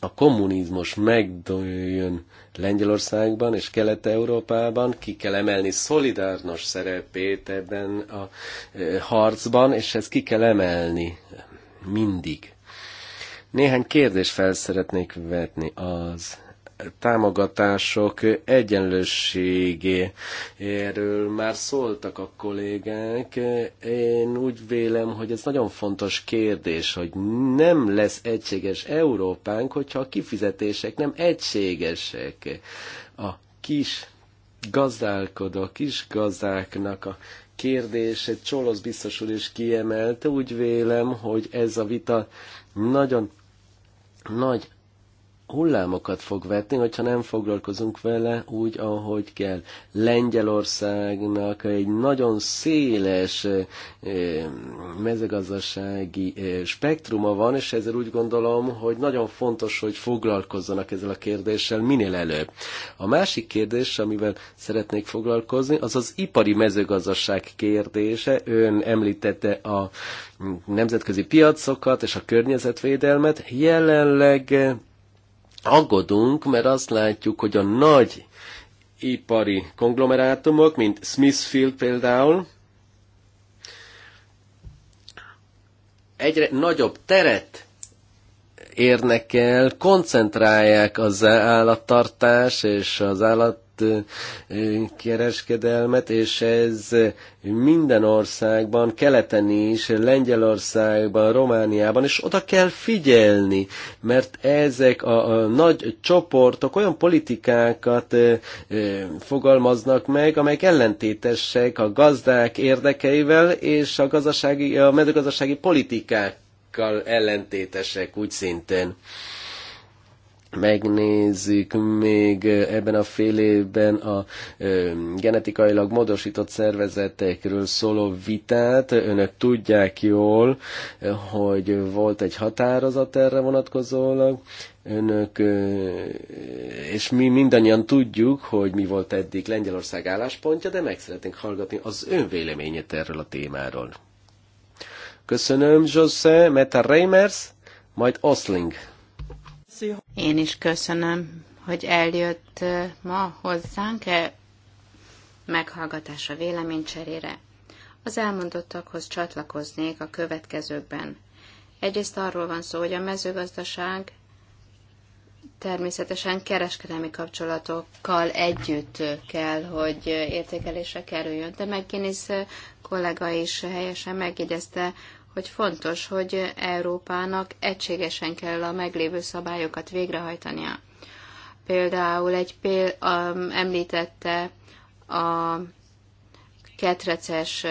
a kommunizmus megdőljön Lengyelországban és Kelet-Európában, ki kell emelni szolidárnos szerepét ebben a e, harcban, és ezt ki kell emelni mindig. Néhány kérdést fel szeretnék vetni az támogatások egyenlőségéről már szóltak a kollégák. Én úgy vélem, hogy ez nagyon fontos kérdés, hogy nem lesz egységes Európánk, hogyha a kifizetések nem egységesek. A kis gazdálkodó, a kis gazdáknak a kérdése Csolosz biztos úr is kiemelte. Úgy vélem, hogy ez a vita nagyon nagy hullámokat fog vetni, hogyha nem foglalkozunk vele úgy, ahogy kell. Lengyelországnak egy nagyon széles eh, eh, mezőgazdasági eh, spektruma van, és ezzel úgy gondolom, hogy nagyon fontos, hogy foglalkozzanak ezzel a kérdéssel minél előbb. A másik kérdés, amivel szeretnék foglalkozni, az az ipari mezőgazdaság kérdése. Ön említette a nemzetközi piacokat és a környezetvédelmet. Jelenleg Aggodunk, mert azt látjuk, hogy a nagy ipari konglomerátumok, mint Smithfield például, egyre nagyobb teret érnek el, koncentrálják az állattartás és az állat kereskedelmet, és ez minden országban, keleten is, Lengyelországban, Romániában, és oda kell figyelni, mert ezek a, nagy csoportok olyan politikákat fogalmaznak meg, amelyek ellentétesek a gazdák érdekeivel és a, gazdasági, a medőgazdasági politikákkal ellentétesek úgy szintén megnézzük még ebben a fél évben a ö, genetikailag módosított szervezetekről szóló vitát. Önök tudják jól, hogy volt egy határozat erre vonatkozólag. Önök, ö, és mi mindannyian tudjuk, hogy mi volt eddig Lengyelország álláspontja, de meg szeretnénk hallgatni az ön véleményét erről a témáról. Köszönöm, José, Meta Reimers, majd Osling
én is köszönöm, hogy eljött eh, ma hozzánk -e meghallgatása véleménycserére. Az elmondottakhoz csatlakoznék a következőkben. Egyrészt arról van szó, hogy a mezőgazdaság természetesen kereskedelmi kapcsolatokkal együtt kell, hogy értékelésre kerüljön, de McGinnis kollega is helyesen megjegyezte, hogy fontos, hogy Európának egységesen kell a meglévő szabályokat végrehajtania. Például egy pél, um, említette a ketreces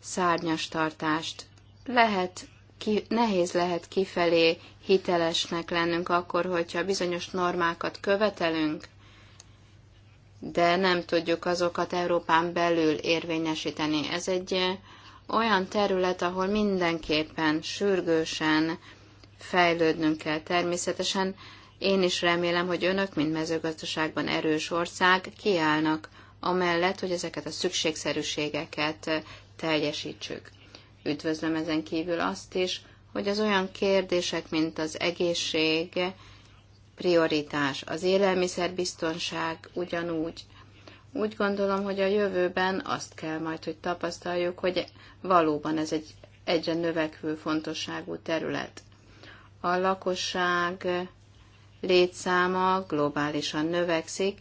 szárnyas tartást. Lehet, ki, nehéz lehet kifelé hitelesnek lennünk akkor, hogyha bizonyos normákat követelünk, de nem tudjuk azokat Európán belül érvényesíteni. Ez egy olyan terület, ahol mindenképpen sürgősen fejlődnünk kell. Természetesen én is remélem, hogy önök, mint mezőgazdaságban erős ország, kiállnak amellett, hogy ezeket a szükségszerűségeket teljesítsük. Üdvözlöm ezen kívül azt is, hogy az olyan kérdések, mint az egészség, prioritás, az élelmiszerbiztonság ugyanúgy, úgy gondolom, hogy a jövőben azt kell majd, hogy tapasztaljuk, hogy valóban ez egy egyre növekvő fontosságú terület. A lakosság létszáma globálisan növekszik,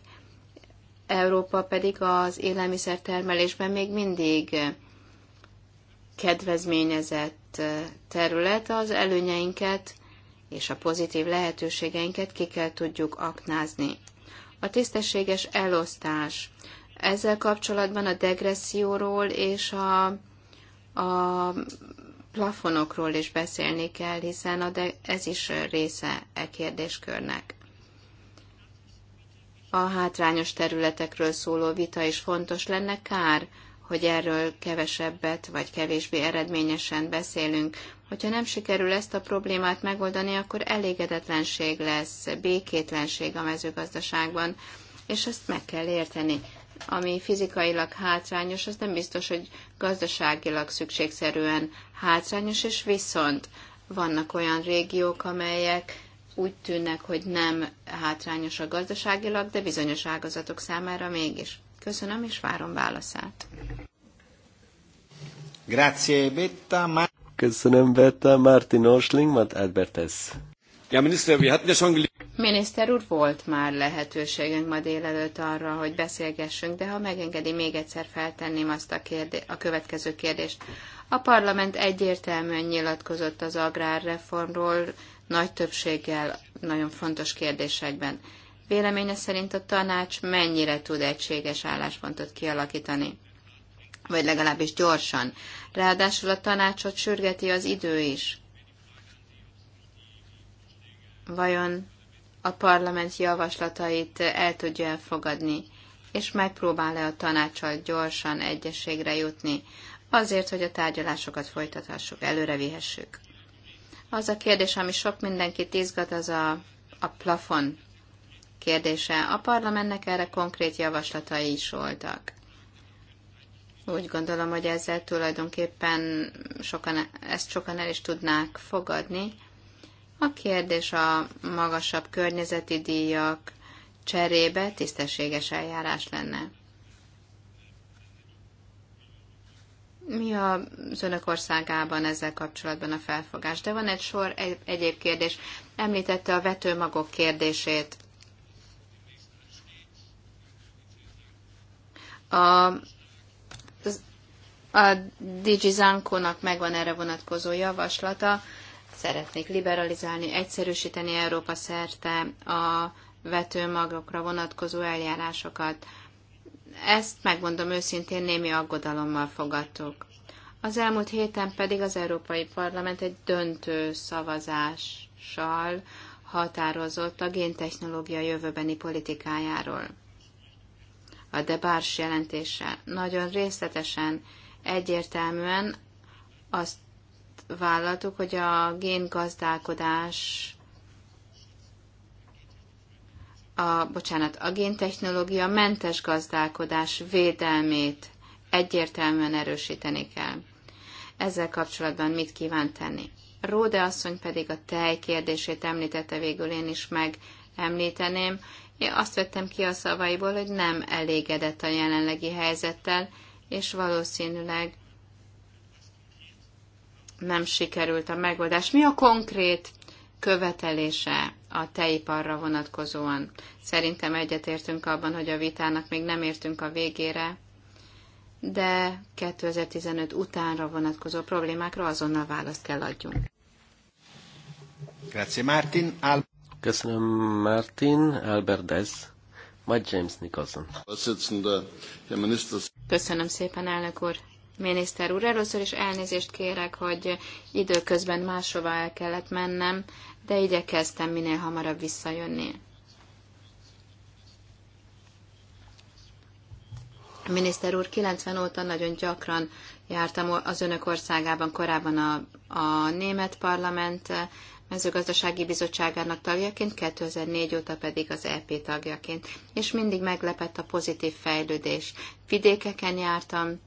Európa pedig az élelmiszertermelésben még mindig kedvezményezett terület, az előnyeinket és a pozitív lehetőségeinket ki kell tudjuk aknázni. A tisztességes elosztás. Ezzel kapcsolatban a degresszióról és a, a plafonokról is beszélni kell, hiszen a de- ez is része e kérdéskörnek. A hátrányos területekről szóló vita is fontos lenne, kár, hogy erről kevesebbet vagy kevésbé eredményesen beszélünk. Hogyha nem sikerül ezt a problémát megoldani, akkor elégedetlenség lesz, békétlenség a mezőgazdaságban, és ezt meg kell érteni. Ami fizikailag hátrányos, az nem biztos, hogy gazdaságilag szükségszerűen hátrányos, és viszont vannak olyan régiók, amelyek úgy tűnnek, hogy nem hátrányos a gazdaságilag, de bizonyos ágazatok számára mégis. Köszönöm, és várom válaszát.
Grazie, Betta. Ma- Köszönöm, Betta. Martin Osling, Matt Albertes. Ja, miniszter, wir hatten ja schon
Miniszter úr, volt már lehetőségünk ma délelőtt arra, hogy beszélgessünk, de ha megengedi, még egyszer feltenném azt a, kérdé- a következő kérdést. A parlament egyértelműen nyilatkozott az agrárreformról, nagy többséggel, nagyon fontos kérdésekben. Véleménye szerint a tanács mennyire tud egységes álláspontot kialakítani, vagy legalábbis gyorsan. Ráadásul a tanácsot sürgeti az idő is. Vajon a parlament javaslatait el tudja elfogadni, és megpróbál-e a tanácsot gyorsan egyességre jutni, azért, hogy a tárgyalásokat folytathassuk, előre vihessük. Az a kérdés, ami sok mindenkit izgat, az a, a plafon kérdése. A parlamentnek erre konkrét javaslatai is voltak. Úgy gondolom, hogy ezzel tulajdonképpen sokan, ezt sokan el is tudnák fogadni. A kérdés a magasabb környezeti díjak cserébe tisztességes eljárás lenne. Mi az önök országában ezzel kapcsolatban a felfogás? De van egy sor egy, egyéb kérdés. Említette a vetőmagok kérdését. A, a Digi Zankónak megvan erre vonatkozó javaslata, szeretnék liberalizálni, egyszerűsíteni Európa szerte a vetőmagokra vonatkozó eljárásokat. Ezt megmondom őszintén, némi aggodalommal fogadtuk. Az elmúlt héten pedig az Európai Parlament egy döntő szavazással határozott a géntechnológia jövőbeni politikájáról a de Bárs jelentéssel. Nagyon részletesen, egyértelműen azt vállaltuk, hogy a géngazdálkodás a, bocsánat, a géntechnológia mentes gazdálkodás védelmét egyértelműen erősíteni kell. Ezzel kapcsolatban mit kíván tenni? Róde asszony pedig a tej kérdését említette végül én is meg említeném, én azt vettem ki a szavaiból, hogy nem elégedett a jelenlegi helyzettel, és valószínűleg nem sikerült a megoldás. Mi a konkrét követelése a tejiparra vonatkozóan? Szerintem egyetértünk abban, hogy a vitának még nem értünk a végére, de 2015 utánra vonatkozó problémákra azonnal választ kell adjunk.
Grazie Martin. Al- Köszönöm, Martin. Albert Dez. Majd James Nicholson.
Köszönöm szépen, elnök úr. Miniszter úr, először is elnézést kérek, hogy időközben máshova el kellett mennem, de igyekeztem minél hamarabb visszajönni. Miniszter úr, 90 óta nagyon gyakran jártam az önök országában, korábban a, a német parlament mezőgazdasági bizottságának tagjaként, 2004 óta pedig az EP tagjaként. És mindig meglepett a pozitív fejlődés. Vidékeken jártam,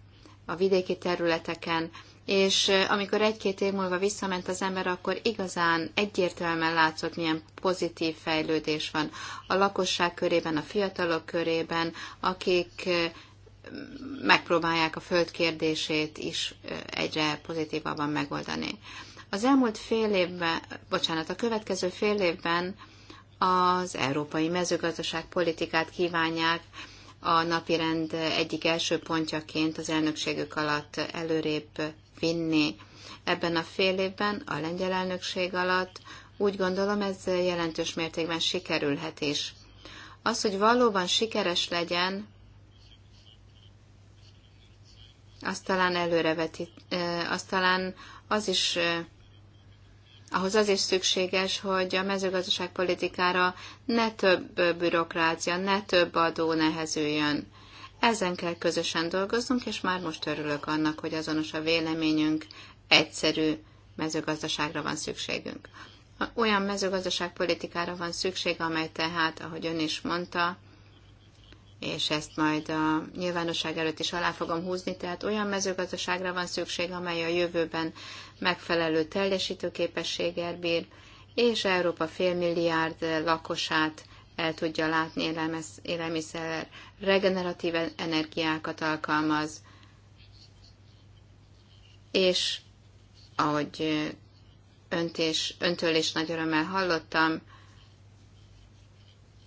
a vidéki területeken, és amikor egy-két év múlva visszament az ember, akkor igazán egyértelműen látszott, milyen pozitív fejlődés van a lakosság körében, a fiatalok körében, akik megpróbálják a föld kérdését is egyre pozitívabban megoldani. Az elmúlt fél évben, bocsánat, a következő fél évben az európai mezőgazdaság politikát kívánják a napirend egyik első pontjaként az elnökségük alatt előrébb vinni. Ebben a fél évben a lengyel elnökség alatt úgy gondolom ez jelentős mértékben sikerülhet is. Az, hogy valóban sikeres legyen, azt talán előrevetít, azt talán az is ahhoz az is szükséges, hogy a mezőgazdaságpolitikára ne több bürokrácia, ne több adó nehezüljön. Ezen kell közösen dolgoznunk, és már most örülök annak, hogy azonos a véleményünk, egyszerű mezőgazdaságra van szükségünk. Olyan mezőgazdaságpolitikára van szükség, amely tehát, ahogy ön is mondta, és ezt majd a nyilvánosság előtt is alá fogom húzni, tehát olyan mezőgazdaságra van szükség, amely a jövőben megfelelő teljesítőképességgel bír, és Európa félmilliárd lakosát el tudja látni élelmiszer, regeneratív energiákat alkalmaz, és ahogy öntés, öntől is nagy örömmel hallottam,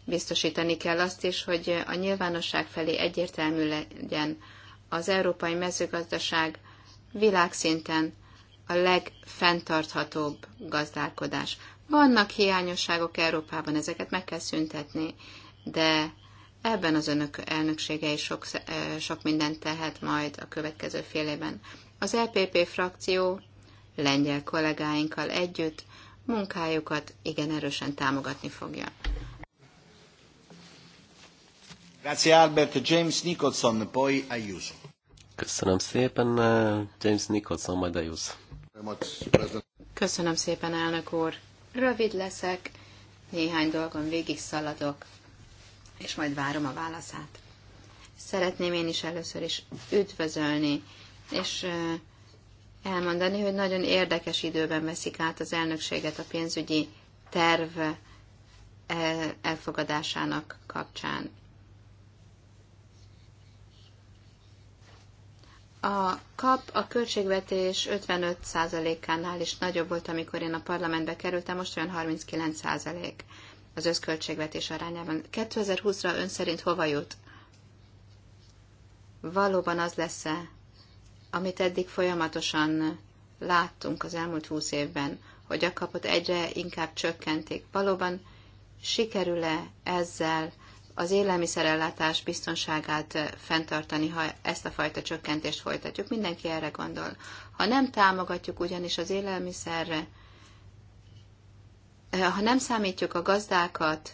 Biztosítani kell azt is, hogy a nyilvánosság felé egyértelmű legyen az európai mezőgazdaság világszinten a legfenntarthatóbb gazdálkodás. Vannak hiányosságok Európában, ezeket meg kell szüntetni, de ebben az önök elnöksége is sok, eh, sok mindent tehet majd a következő fél évben. Az LPP e frakció lengyel kollégáinkkal együtt munkájukat igen erősen támogatni fogja. Grazie Albert, James Nicholson, poi Ayuso.
Köszönöm szépen, eh, James Nicholson, majd Ayuso.
Köszönöm szépen, elnök úr. Rövid leszek, néhány dolgon végig szaladok, és majd várom a válaszát. Szeretném én is először is üdvözölni, és eh, elmondani, hogy nagyon érdekes időben veszik át az elnökséget a pénzügyi terv eh, elfogadásának kapcsán. A kap a költségvetés 55%-ánál is nagyobb volt, amikor én a parlamentbe kerültem, most olyan 39% az összköltségvetés arányában. 2020-ra ön szerint hova jut? Valóban az lesz-e, amit eddig folyamatosan láttunk az elmúlt 20 évben, hogy a kapot egyre inkább csökkenték. Valóban sikerül-e ezzel az élelmiszerellátás biztonságát eh, fenntartani, ha ezt a fajta csökkentést folytatjuk. Mindenki erre gondol. Ha nem támogatjuk ugyanis az élelmiszerre, eh, ha nem számítjuk a gazdákat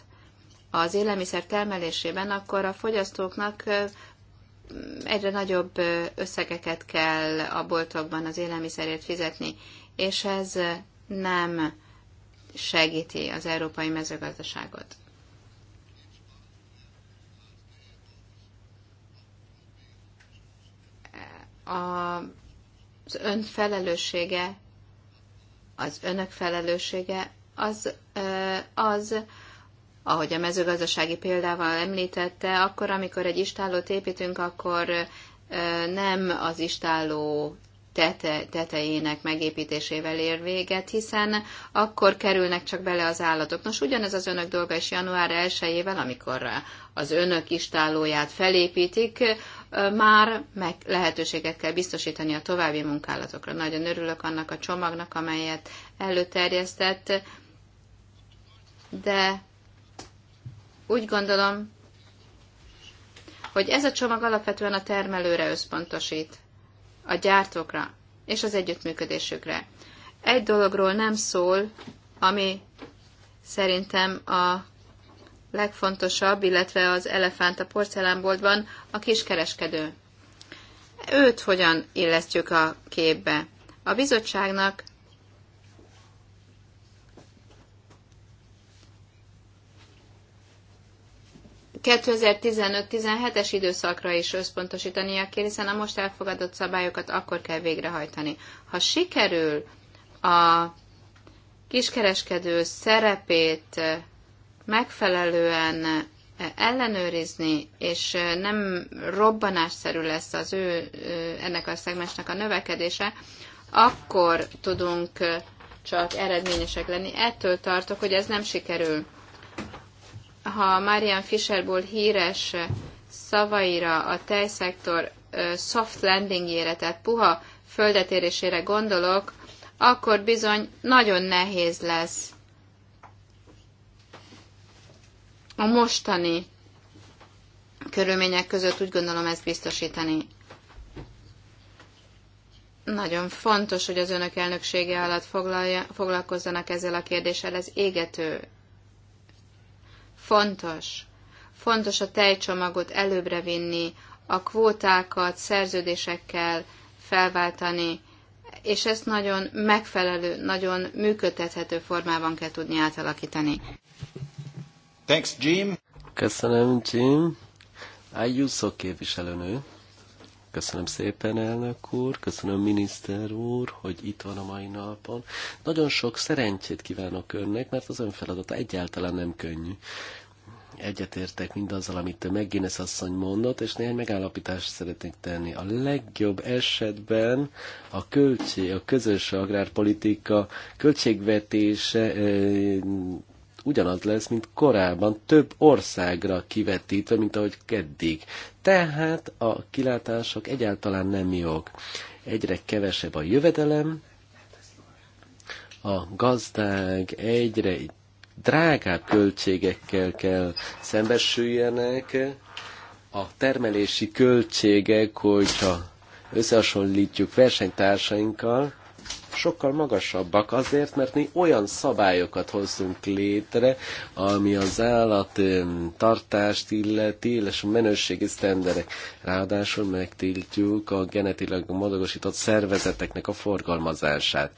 az élelmiszer termelésében, akkor a fogyasztóknak eh, egyre nagyobb összegeket kell a boltokban az élelmiszerért fizetni, és ez nem segíti az európai mezőgazdaságot. az ön felelőssége, az önök felelőssége az, az ahogy a mezőgazdasági példával említette, akkor, amikor egy istállót építünk, akkor nem az istálló tete, tetejének megépítésével ér véget, hiszen akkor kerülnek csak bele az állatok. Nos, ugyanez az önök dolga is január 1-ével, amikor az önök istállóját felépítik, már meg lehetőséget kell biztosítani a további munkálatokra. Nagyon örülök annak a csomagnak, amelyet előterjesztett, de úgy gondolom, hogy ez a csomag alapvetően a termelőre összpontosít, a gyártókra és az együttműködésükre. Egy dologról nem szól, ami szerintem a legfontosabb, illetve az elefánt a porcelánboltban a kiskereskedő. Őt hogyan illesztjük a képbe? A bizottságnak ...2015-17-es időszakra is összpontosítania kell, hiszen a most elfogadott szabályokat akkor kell végrehajtani. Ha sikerül a kiskereskedő szerepét megfelelően ellenőrizni, és nem robbanásszerű lesz az ő, ennek a szegmensnek a növekedése, akkor tudunk csak eredményesek lenni. Ettől tartok, hogy ez nem sikerül. Ha Marian Fisherból híres szavaira a tejszektor soft landingjére, tehát puha földetérésére gondolok, akkor bizony nagyon nehéz lesz a mostani körülmények között úgy gondolom ezt biztosítani. Nagyon fontos, hogy az önök elnöksége alatt foglalja, foglalkozzanak ezzel a kérdéssel, ez égető. Fontos. Fontos a tejcsomagot előbbre vinni, a kvótákat szerződésekkel felváltani, és ezt nagyon megfelelő, nagyon működtethető formában kell tudni átalakítani.
Thanks, Jim. Köszönöm, Jim. Ayuso képviselőnő. Köszönöm szépen, elnök úr, köszönöm, miniszter úr, hogy itt van a mai napon. Nagyon sok szerencsét kívánok önnek, mert az ön feladata egyáltalán nem könnyű. Egyetértek mindazzal, amit McGuinness asszony mondott, és néhány megállapítást szeretnék tenni. A legjobb esetben a, költség, a közös agrárpolitika költségvetése eh, ugyanaz lesz, mint korábban, több országra kivetítve, mint ahogy keddig. Tehát a kilátások egyáltalán nem jók. Egyre kevesebb a jövedelem, a gazdák egyre drágább költségekkel kell szembesüljenek, a termelési költségek, hogyha összehasonlítjuk versenytársainkkal, sokkal magasabbak azért, mert mi olyan szabályokat hozzunk létre, ami az állat tartást illeti, és a menőségi sztenderek. Ráadásul megtiltjuk a genetileg modogosított szervezeteknek a forgalmazását.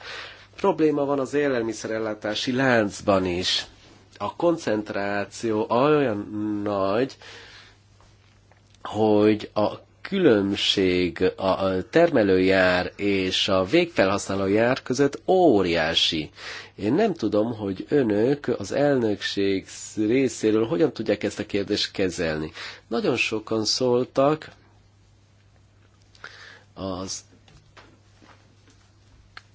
Probléma van az élelmiszerellátási láncban is. A koncentráció olyan nagy, hogy a különbség a termelőjár és a végfelhasználójár között óriási. Én nem tudom, hogy önök az elnökség részéről hogyan tudják ezt a kérdést kezelni. Nagyon sokan szóltak az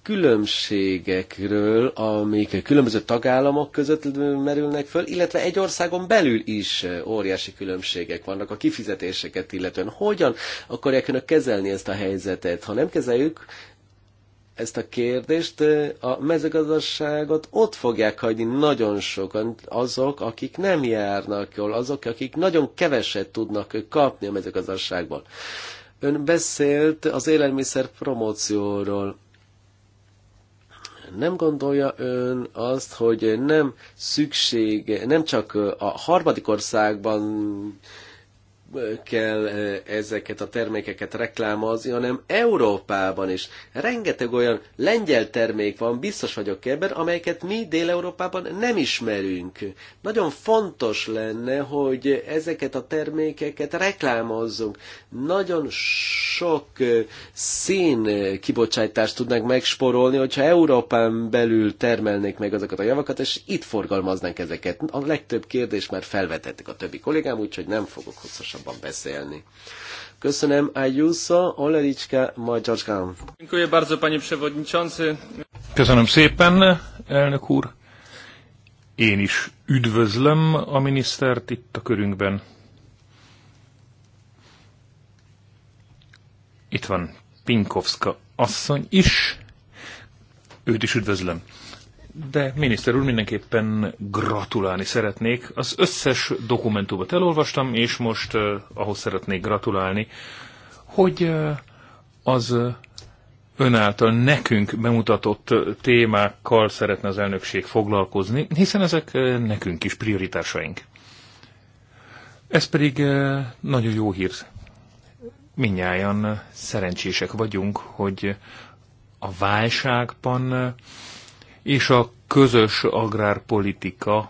különbségekről, amik különböző tagállamok között merülnek föl, illetve egy országon belül is óriási különbségek vannak a kifizetéseket illetően. Hogyan akarják önök kezelni ezt a helyzetet? Ha nem kezeljük, ezt a kérdést, a mezőgazdaságot ott fogják hagyni nagyon sokan azok, akik nem járnak jól, azok, akik nagyon keveset tudnak kapni a mezőgazdaságból. Ön beszélt az élelmiszer promócióról nem gondolja ön azt, hogy nem szükség, nem csak a harmadik országban kell ezeket a termékeket reklámozni, hanem Európában is. Rengeteg olyan lengyel termék van, biztos vagyok ebben, amelyeket mi Dél-Európában nem ismerünk. Nagyon fontos lenne, hogy ezeket a termékeket reklámozzunk. Nagyon sok szín kibocsátást tudnánk megsporolni, hogyha Európán belül termelnék meg azokat a javakat, és itt forgalmaznánk ezeket. A legtöbb kérdés már felvetettek a többi kollégám, úgyhogy nem fogok hosszasan hosszabban beszélni. Köszönöm, Ayuso, Olericska,
majd George Graham. Köszönöm szépen, elnök úr. Én is üdvözlöm a minisztert itt a körünkben. Itt van Pinkovska asszony is. Őt is üdvözlöm de miniszter úr, mindenképpen gratulálni szeretnék. Az összes dokumentumot elolvastam, és most uh, ahhoz szeretnék gratulálni, hogy uh, az ön által nekünk bemutatott témákkal szeretne az elnökség foglalkozni, hiszen ezek nekünk is prioritásaink. Ez pedig nagyon jó hír. Minnyáján szerencsések vagyunk, hogy a válságban és a közös agrárpolitika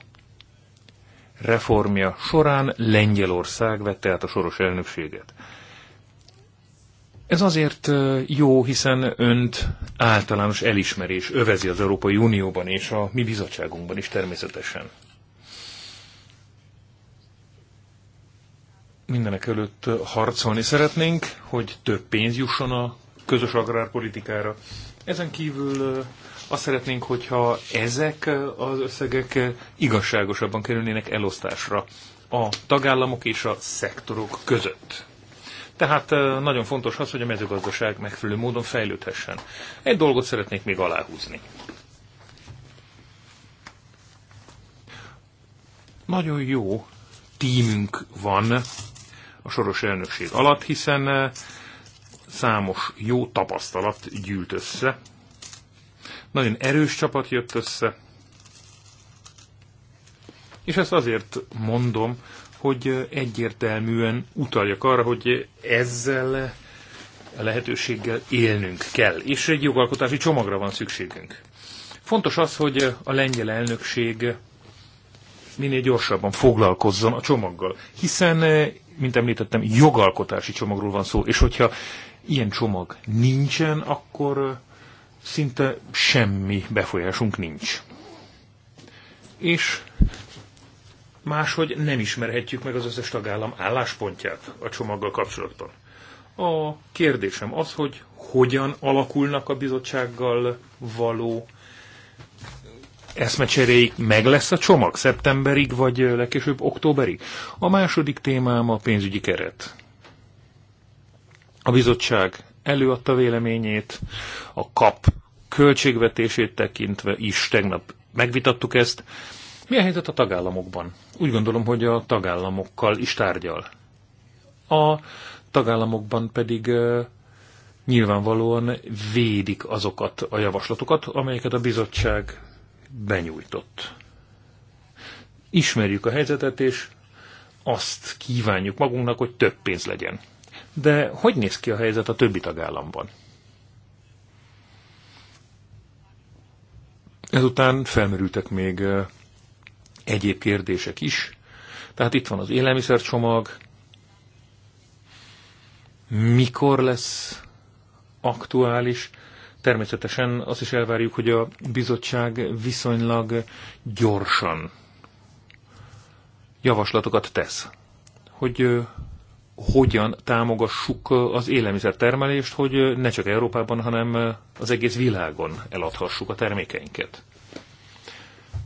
reformja során Lengyelország vette át a soros elnökséget. Ez azért jó, hiszen önt általános elismerés övezi az Európai Unióban és a mi bizottságunkban is természetesen. Mindenek előtt harcolni szeretnénk, hogy több pénz jusson a közös agrárpolitikára. Ezen kívül azt szeretnénk, hogyha ezek az összegek igazságosabban kerülnének elosztásra a tagállamok és a szektorok között. Tehát nagyon fontos az, hogy a mezőgazdaság megfelelő módon fejlődhessen. Egy dolgot szeretnék még aláhúzni. Nagyon jó tímünk van a soros elnökség alatt, hiszen számos jó tapasztalat gyűlt össze nagyon erős csapat jött össze, és ezt azért mondom, hogy egyértelműen utaljak arra, hogy ezzel a lehetőséggel élnünk kell, és egy jogalkotási csomagra van szükségünk. Fontos az, hogy a lengyel elnökség minél gyorsabban foglalkozzon a csomaggal, hiszen, mint említettem, jogalkotási csomagról van szó, és hogyha ilyen csomag nincsen, akkor szinte semmi befolyásunk nincs. És máshogy nem ismerhetjük meg az összes tagállam álláspontját a csomaggal kapcsolatban. A kérdésem az, hogy hogyan alakulnak a bizottsággal való eszmecseréig meg lesz a csomag szeptemberig, vagy legkésőbb októberig. A második témám a pénzügyi keret. A bizottság előadta véleményét, a kap költségvetését tekintve is tegnap megvitattuk ezt. Mi a helyzet a tagállamokban? Úgy gondolom, hogy a tagállamokkal is tárgyal. A tagállamokban pedig nyilvánvalóan védik azokat a javaslatokat, amelyeket a bizottság benyújtott. Ismerjük a helyzetet, és azt kívánjuk magunknak, hogy több pénz legyen. De hogy néz ki a helyzet a többi tagállamban? Ezután felmerültek még egyéb kérdések is. Tehát itt van az élelmiszercsomag, mikor lesz aktuális. Természetesen azt is elvárjuk, hogy a bizottság viszonylag gyorsan javaslatokat tesz, hogy hogyan támogassuk az élelmiszertermelést, hogy ne csak Európában, hanem az egész világon eladhassuk a termékeinket.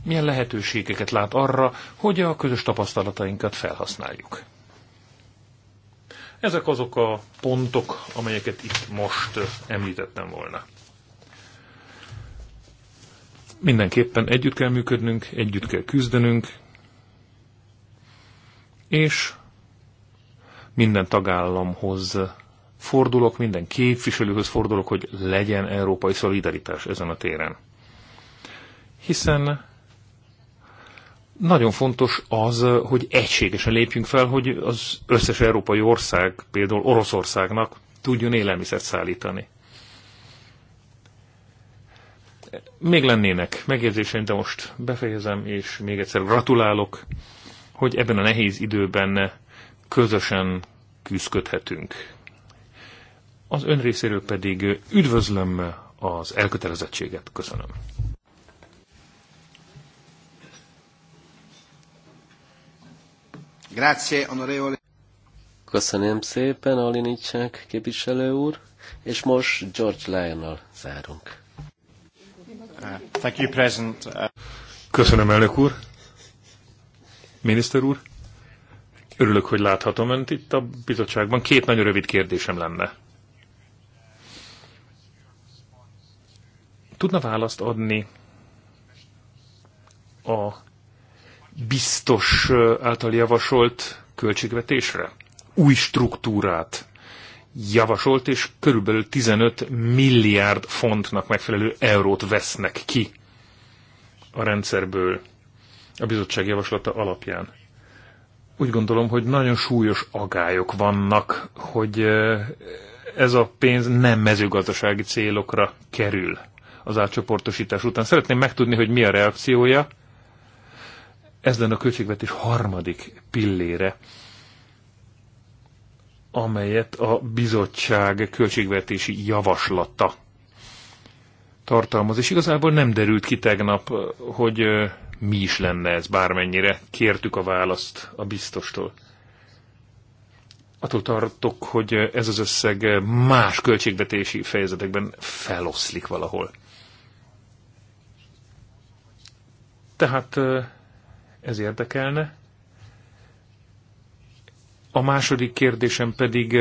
Milyen lehetőségeket lát arra, hogy a közös tapasztalatainkat felhasználjuk? Ezek azok a pontok, amelyeket itt most említettem volna. Mindenképpen együtt kell működnünk, együtt kell küzdenünk, és minden tagállamhoz fordulok, minden képviselőhöz fordulok, hogy legyen európai szolidaritás ezen a téren. Hiszen nagyon fontos az, hogy egységesen lépjünk fel, hogy az összes európai ország, például Oroszországnak tudjon élelmiszert szállítani. Még lennének megérzéseim, de most befejezem, és még egyszer gratulálok, hogy ebben a nehéz időben közösen küzdködhetünk. Az ön részéről pedig üdvözlöm az elkötelezettséget. Köszönöm. Grazie, onorevole.
Köszönöm szépen, Alinicsák képviselő úr, és most George Lionel zárunk. Uh, thank you, President. Uh,
Köszönöm, elnök úr. Miniszter úr. Örülök, hogy láthatom Önt itt a bizottságban. Két nagyon rövid kérdésem lenne. Tudna választ adni a biztos által javasolt költségvetésre? Új struktúrát javasolt, és körülbelül 15 milliárd fontnak megfelelő eurót vesznek ki a rendszerből a bizottság javaslata alapján úgy gondolom, hogy nagyon súlyos agályok vannak, hogy ez a pénz nem mezőgazdasági célokra kerül az átcsoportosítás után. Szeretném megtudni, hogy mi a reakciója. Ez lenne a költségvetés harmadik pillére, amelyet a bizottság költségvetési javaslata tartalmaz. És igazából nem derült ki tegnap, hogy mi is lenne ez, bármennyire kértük a választ a biztostól. Attól tartok, hogy ez az összeg más költségvetési fejezetekben feloszlik valahol. Tehát ez érdekelne. A második kérdésem pedig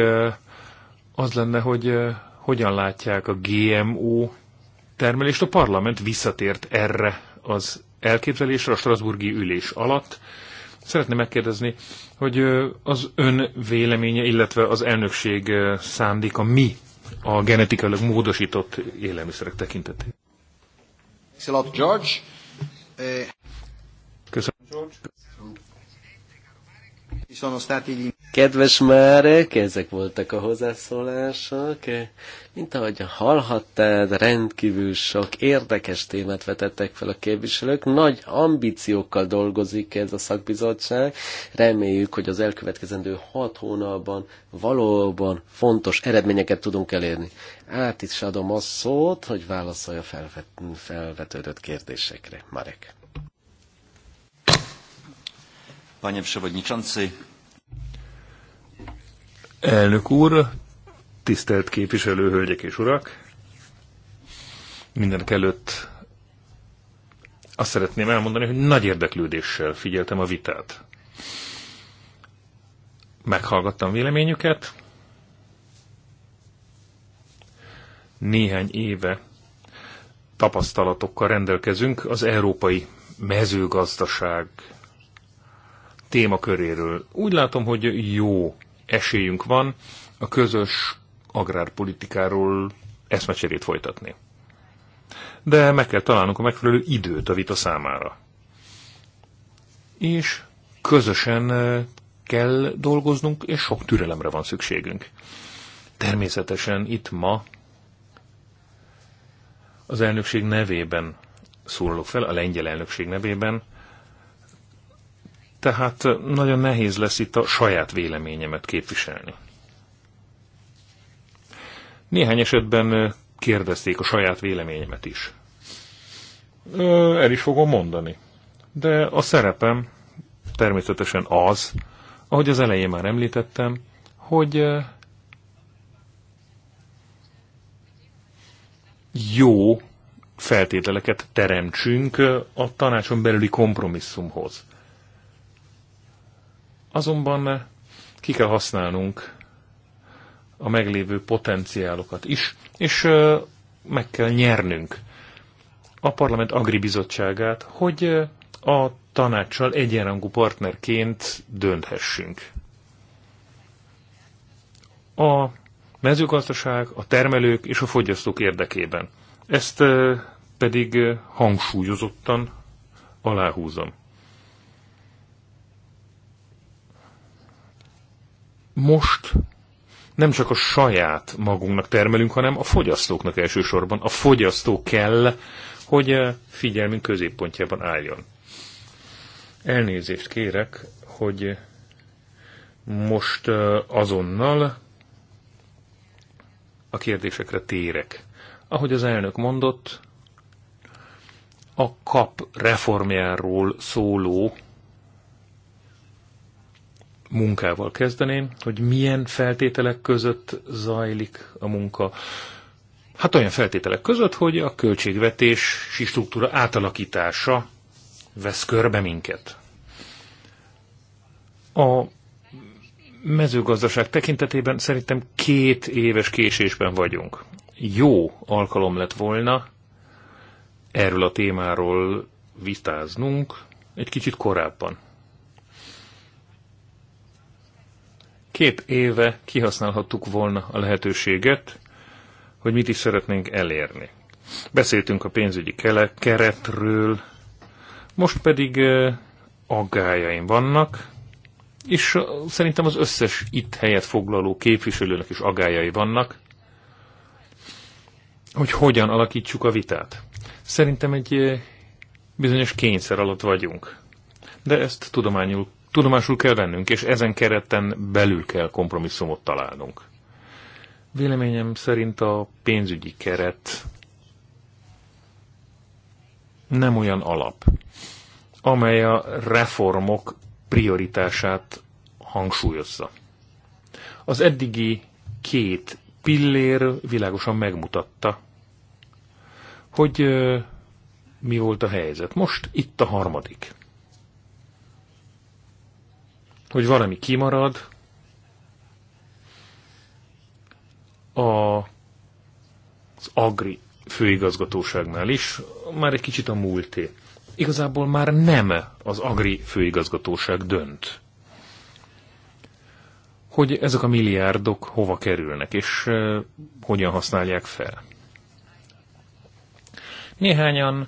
az lenne, hogy hogyan látják a GMO termelést. A parlament visszatért erre az elképzelésre a Strasburgi ülés alatt. Szeretném megkérdezni, hogy az ön véleménye, illetve az elnökség szándéka mi a genetikailag módosított élelmiszerek tekintetében?
Köszönöm, George. Köszönöm, George.
Kedves Márek, ezek voltak a hozzászólások. Mint ahogy hallhattad, rendkívül sok érdekes témát vetettek fel a képviselők. Nagy ambíciókkal dolgozik ez a szakbizottság. Reméljük, hogy az elkövetkezendő hat hónapban valóban fontos eredményeket tudunk elérni. Át is adom a szót, hogy válaszolj a felvet felvetődött kérdésekre. Marek.
Panie Przewodniczący, Elnök úr, tisztelt képviselő, hölgyek és urak! Mindenek előtt azt szeretném elmondani, hogy nagy érdeklődéssel figyeltem a vitát. Meghallgattam véleményüket. Néhány éve tapasztalatokkal rendelkezünk az európai mezőgazdaság témaköréről. Úgy látom, hogy jó esélyünk van a közös agrárpolitikáról eszmecserét folytatni. De meg kell találnunk a megfelelő időt a vita számára. És közösen kell dolgoznunk, és sok türelemre van szükségünk. Természetesen itt ma az elnökség nevében szólok fel, a lengyel elnökség nevében, tehát eh, nagyon nehéz lesz itt a saját véleményemet képviselni. Néhány esetben eh, kérdezték a saját véleményemet is. Eh, el is fogom mondani. De a szerepem természetesen az, ahogy az elején már említettem, hogy jó feltételeket teremtsünk a tanácson belüli kompromisszumhoz. Azonban eh, ki kell használnunk a meglévő potenciálokat is, és eh, meg kell nyernünk a Parlament Agribizottságát, hogy eh, a tanácssal egyenrangú partnerként dönthessünk. A mezőgazdaság, a termelők és a fogyasztók érdekében. Ezt pedig hangsúlyozottan aláhúzom. most nem csak a saját magunknak termelünk, hanem a fogyasztóknak elsősorban. A fogyasztó kell, hogy eh, figyelmünk középpontjában álljon. Elnézést kérek, hogy most eh, azonnal a kérdésekre térek. Ahogy az elnök mondott, a kap reformjáról szóló munkával kezdeném, hogy milyen feltételek között zajlik a munka. Hát olyan feltételek között, hogy a költségvetési struktúra átalakítása vesz körbe minket. A mezőgazdaság tekintetében szerintem két éves késésben vagyunk. Jó alkalom lett volna erről a témáról vitáznunk egy kicsit korábban. Két éve kihasználhattuk volna a lehetőséget, hogy mit is szeretnénk elérni. Beszéltünk a pénzügyi keretről, most pedig aggájaim vannak, és szerintem az összes itt helyet foglaló képviselőnek is agályai vannak, hogy hogyan alakítsuk a vitát. Szerintem egy bizonyos kényszer alatt vagyunk, de ezt tudományul tudomásul kell vennünk, és ezen kereten belül kell kompromisszumot találnunk. Véleményem szerint a pénzügyi keret nem olyan alap, amely a reformok prioritását hangsúlyozza. Az eddigi két pillér világosan megmutatta, hogy mi volt a helyzet. Most itt a harmadik hogy valami kimarad, a, az Agri főigazgatóságnál is, már egy kicsit a múlté. Igazából már nem az Agri főigazgatóság dönt, hogy ezek a milliárdok hova kerülnek, és uh, hogyan használják fel. Néhányan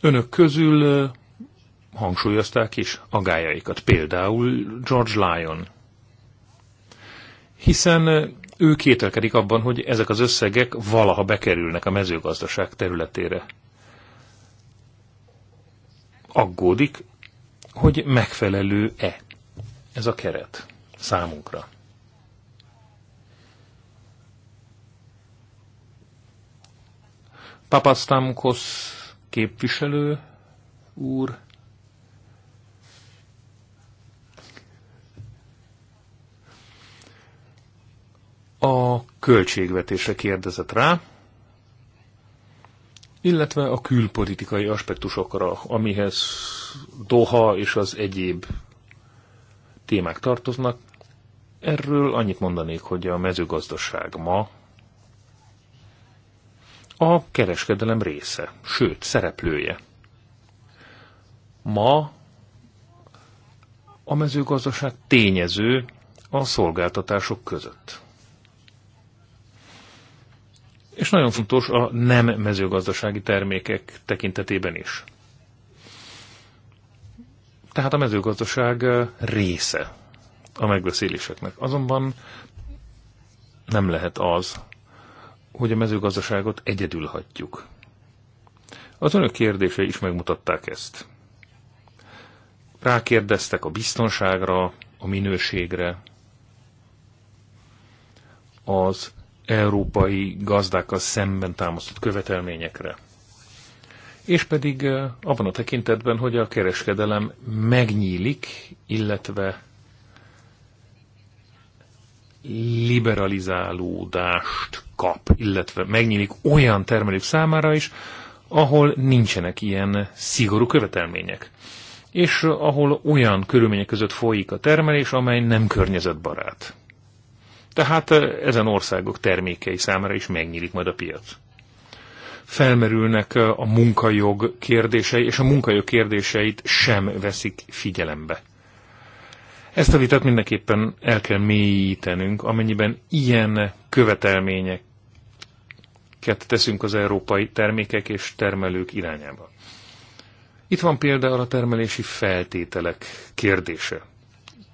önök közül uh, hangsúlyozták is agájaikat, például George Lyon. Hiszen ő kételkedik abban, hogy ezek az összegek valaha bekerülnek a mezőgazdaság területére. Aggódik, hogy megfelelő-e ez a keret számunkra. Papasztámkosz képviselő úr a költségvetésre kérdezett rá, illetve a külpolitikai aspektusokra, amihez Doha és az egyéb témák tartoznak. Erről annyit mondanék, hogy a mezőgazdaság ma a kereskedelem része, sőt, szereplője. Ma a mezőgazdaság tényező a szolgáltatások között és nagyon fontos a nem mezőgazdasági termékek tekintetében is. Tehát a mezőgazdaság eh, része a megbeszéléseknek. Azonban nem lehet az, hogy a mezőgazdaságot egyedül hagyjuk. Az önök kérdései is megmutatták ezt. Rákérdeztek a biztonságra, a minőségre, az európai gazdákkal szemben támasztott követelményekre. És pedig eh, abban a tekintetben, hogy a kereskedelem megnyílik, illetve liberalizálódást kap, illetve megnyílik olyan termelők számára is, ahol nincsenek ilyen szigorú követelmények. És eh, ahol olyan körülmények között folyik a termelés, amely nem környezetbarát. Tehát ezen országok termékei számára is megnyílik majd a piac. Felmerülnek a munkajog kérdései, és a munkajog kérdéseit sem veszik figyelembe. Ezt a vitát mindenképpen el kell mélyítenünk, amennyiben ilyen követelményeket teszünk az európai termékek és termelők irányába. Itt van például a termelési feltételek kérdése.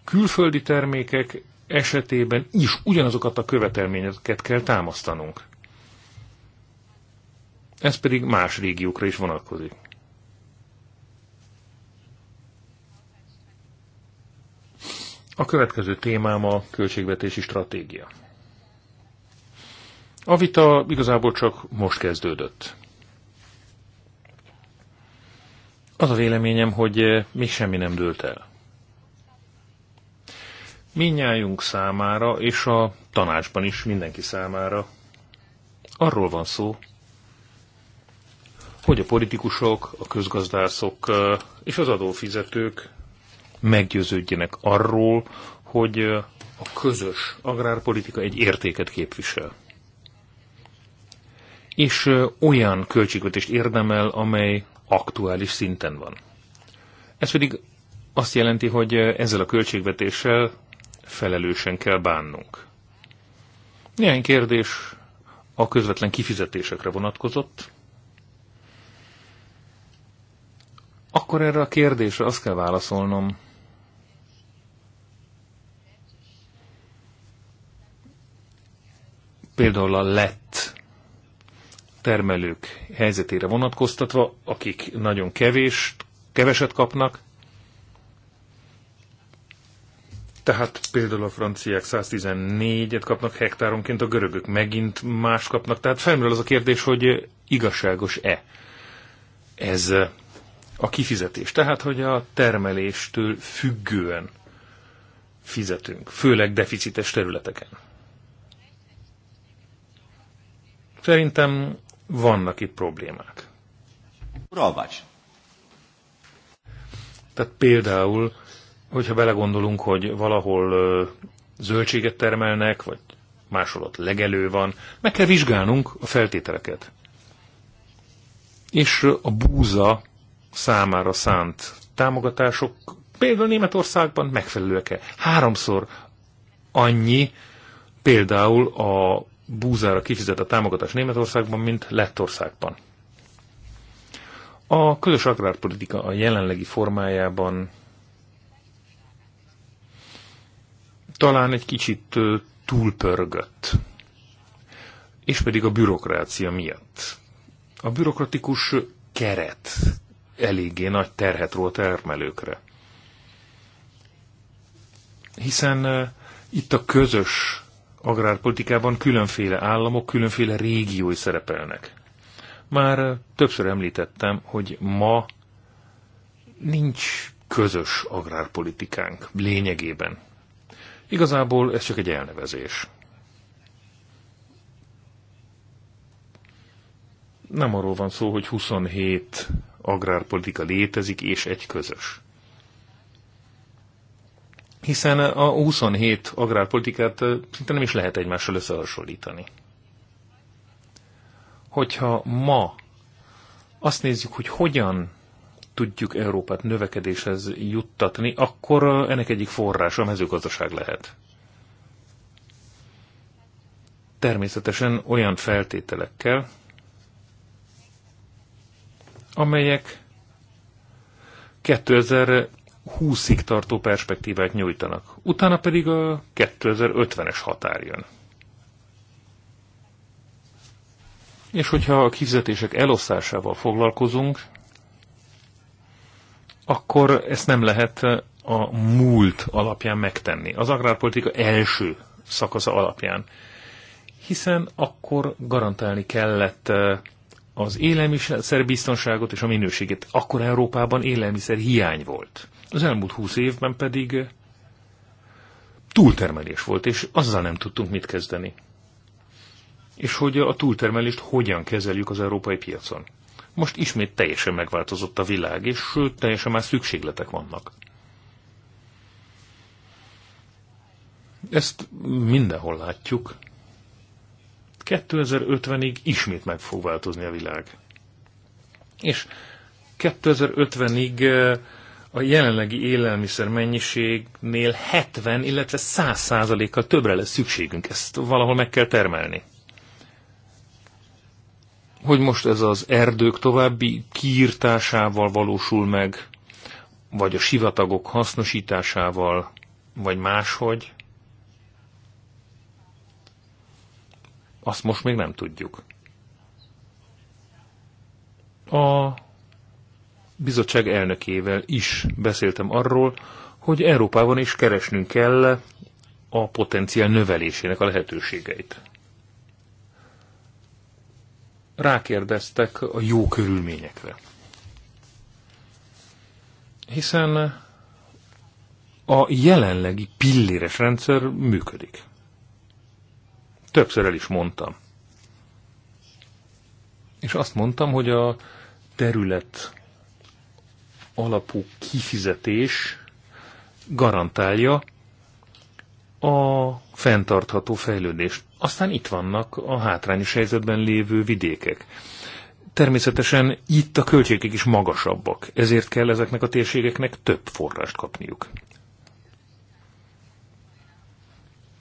Külföldi termékek esetében is ugyanazokat a követelményeket kell támasztanunk. Ez pedig más régiókra is vonatkozik. A következő témám a költségvetési stratégia. A vita igazából csak most kezdődött. Az a véleményem, hogy még semmi nem dőlt el minnyájunk számára, és a tanácsban is mindenki számára arról van szó, hogy a politikusok, a közgazdászok és az adófizetők meggyőződjenek arról, hogy a közös agrárpolitika egy értéket képvisel. És olyan költségvetést érdemel, amely aktuális szinten van. Ez pedig azt jelenti, hogy ezzel a költségvetéssel felelősen kell bánnunk. Néhány kérdés a közvetlen kifizetésekre vonatkozott. Akkor erre a kérdésre azt kell válaszolnom, például a lett termelők helyzetére vonatkoztatva, akik nagyon kevés, keveset kapnak, Tehát például a franciák 114-et kapnak hektáronként, a görögök megint más kapnak. Tehát felmerül az a kérdés, hogy igazságos-e ez a kifizetés. Tehát, hogy a termeléstől függően fizetünk, főleg deficites területeken. Szerintem vannak itt problémák. Ravacs. Tehát például Hogyha belegondolunk, hogy valahol zöldséget termelnek, vagy máshol ott legelő van, meg kell vizsgálnunk a feltételeket. És a búza számára szánt támogatások például Németországban megfelelőek-e? Háromszor annyi például a búzára kifizet a támogatás Németországban, mint Lettországban. A közös agrárpolitika a jelenlegi formájában talán egy kicsit túlpörgött. És pedig a bürokrácia miatt. A bürokratikus keret eléggé nagy terhet róla termelőkre. Hiszen itt a közös agrárpolitikában különféle államok, különféle régiói szerepelnek. Már többször említettem, hogy ma nincs közös agrárpolitikánk lényegében. Igazából ez csak egy elnevezés. Nem arról van szó, hogy 27 agrárpolitika létezik, és egy közös. Hiszen a 27 agrárpolitikát szinte nem is lehet egymással összehasonlítani. Hogyha ma azt nézzük, hogy hogyan tudjuk Európát növekedéshez juttatni, akkor ennek egyik forrása a mezőgazdaság lehet. Természetesen olyan feltételekkel, amelyek 2020-ig tartó perspektívát nyújtanak. Utána pedig a 2050-es határ jön. És hogyha a kifizetések elosztásával foglalkozunk, akkor ezt nem lehet eh, a múlt alapján megtenni, az agrárpolitika első szakasza alapján. Hiszen akkor garantálni kellett eh, az élelmiszerbiztonságot és a minőséget. Akkor Európában élelmiszer hiány volt. Az elmúlt húsz évben pedig eh, túltermelés volt, és azzal nem tudtunk mit kezdeni. És hogy a túltermelést hogyan kezeljük az európai piacon. Most ismét teljesen megváltozott a világ, és sőt, teljesen már szükségletek vannak. Ezt mindenhol látjuk. 2050-ig ismét meg fog változni a világ. És 2050-ig eh, a jelenlegi élelmiszer mennyiségnél 70, illetve 100 százalékkal többre lesz szükségünk. Ezt valahol meg kell termelni hogy most ez az erdők további kiirtásával valósul meg, vagy a sivatagok hasznosításával, vagy máshogy, azt most még nem tudjuk. A bizottság elnökével is beszéltem arról, hogy Európában is keresnünk kell a potenciál növelésének a lehetőségeit rákérdeztek a jó körülményekre. Hiszen a jelenlegi pilléres rendszer működik. Többször el is mondtam. És azt mondtam, hogy a terület alapú kifizetés garantálja a fenntartható fejlődést. Aztán itt vannak a hátrányos helyzetben lévő vidékek. Természetesen itt a költségek is magasabbak, ezért kell ezeknek a térségeknek több forrást kapniuk.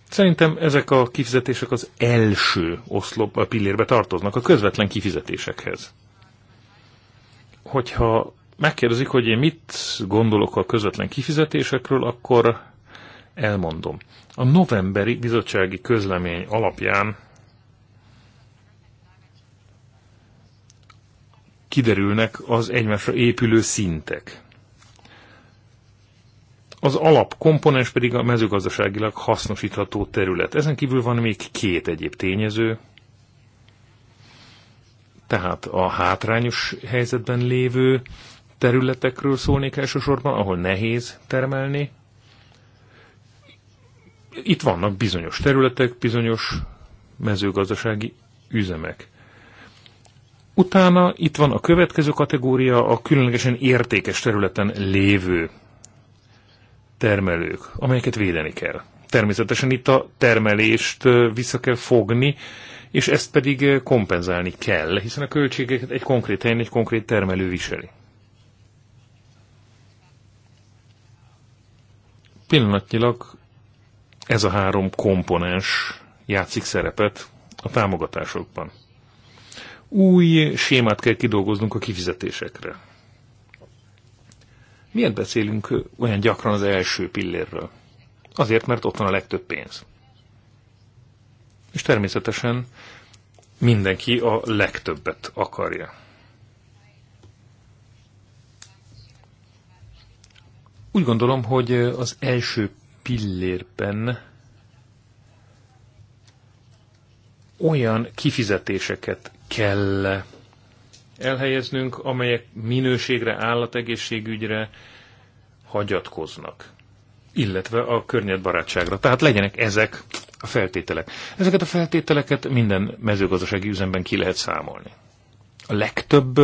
Szerintem ezek a kifizetések az első oszlop a pillérbe tartoznak, a közvetlen kifizetésekhez. Hogyha megkérdezik, hogy én mit gondolok a közvetlen kifizetésekről, akkor elmondom. A novemberi bizottsági közlemény alapján kiderülnek az egymásra épülő szintek. Az alap komponens pedig a mezőgazdaságilag hasznosítható terület. Ezen kívül van még két egyéb tényező, tehát a hátrányos helyzetben lévő területekről szólnék elsősorban, ahol nehéz termelni, itt vannak bizonyos területek, bizonyos mezőgazdasági üzemek. Utána itt van a következő kategória, a különlegesen értékes területen lévő termelők, amelyeket védeni kell. Természetesen itt a termelést vissza kell fogni, és ezt pedig kompenzálni kell, hiszen a költségeket egy konkrét helyen egy konkrét termelő viseli. Pillanatnyilag ez a három komponens játszik szerepet a támogatásokban. Új sémát kell kidolgoznunk a kifizetésekre. Miért beszélünk olyan gyakran az első pillérről? Azért, mert ott van a legtöbb pénz. És természetesen mindenki a legtöbbet akarja. Úgy gondolom, hogy az első pillérben olyan kifizetéseket kell elhelyeznünk, amelyek minőségre, állategészségügyre hagyatkoznak, illetve a környezetbarátságra. Tehát legyenek ezek a feltételek. Ezeket a feltételeket minden mezőgazdasági üzemben ki lehet számolni. A legtöbb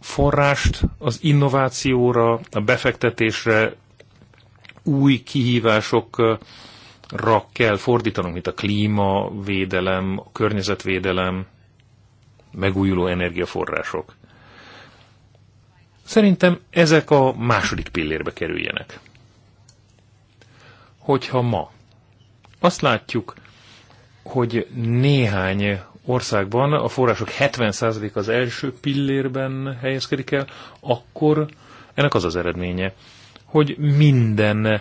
forrást az innovációra, a befektetésre új kihívásokra kell fordítanunk, mint a klímavédelem, a környezetvédelem, megújuló energiaforrások. Szerintem ezek a második pillérbe kerüljenek. Hogyha ma azt látjuk, hogy néhány országban a források 70% az első pillérben helyezkedik el, akkor ennek az az eredménye, hogy minden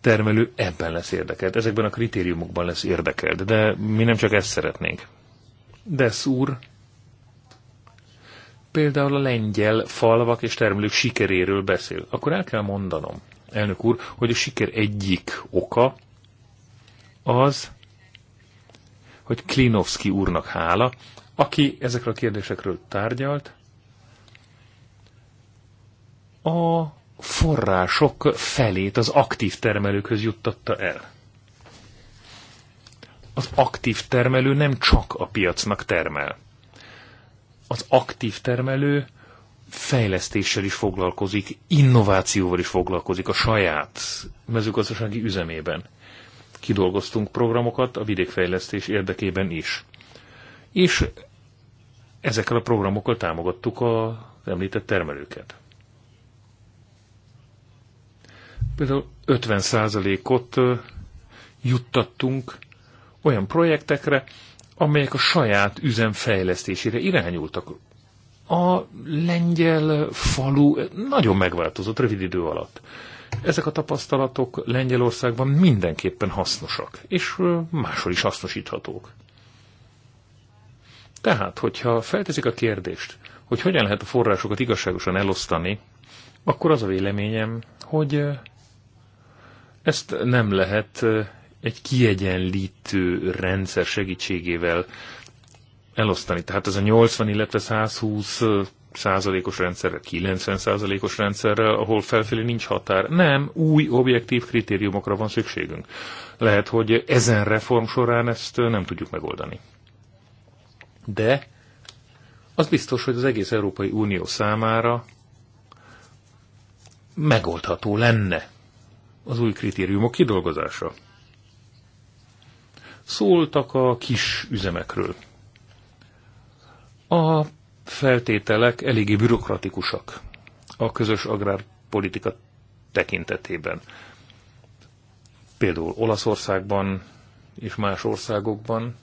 termelő ebben lesz érdekelt, ezekben a kritériumokban lesz érdekelt, de mi nem csak ezt szeretnénk. De úr, például a lengyel falvak és termelők sikeréről beszél, akkor el kell mondanom, elnök úr, hogy a siker egyik oka az, hogy Klinovski úrnak hála, aki ezekről a kérdésekről tárgyalt, a források felét az aktív termelőkhöz juttatta el. Az aktív termelő nem csak a piacnak termel. Az aktív termelő fejlesztéssel is foglalkozik, innovációval is foglalkozik a saját mezőgazdasági üzemében. Kidolgoztunk programokat a vidékfejlesztés érdekében is. És ezekkel a programokkal támogattuk az említett termelőket. Például 50%-ot juttattunk olyan projektekre, amelyek a saját üzem fejlesztésére irányultak. A lengyel falu nagyon megváltozott rövid idő alatt. Ezek a tapasztalatok Lengyelországban mindenképpen hasznosak, és máshol is hasznosíthatók. Tehát, hogyha felteszik a kérdést, hogy hogyan lehet a forrásokat igazságosan elosztani, akkor az a véleményem, hogy ezt nem lehet egy kiegyenlítő rendszer segítségével elosztani. Tehát ez a 80, illetve 120 százalékos rendszerre, 90 százalékos rendszerre, ahol felfelé nincs határ. Nem, új objektív kritériumokra van szükségünk. Lehet, hogy ezen reform során ezt nem tudjuk megoldani. De az biztos, hogy az egész Európai Unió számára megoldható lenne az új kritériumok kidolgozása. Szóltak a kis üzemekről. A feltételek eléggé bürokratikusak a közös agrárpolitika tekintetében. Például Olaszországban és más országokban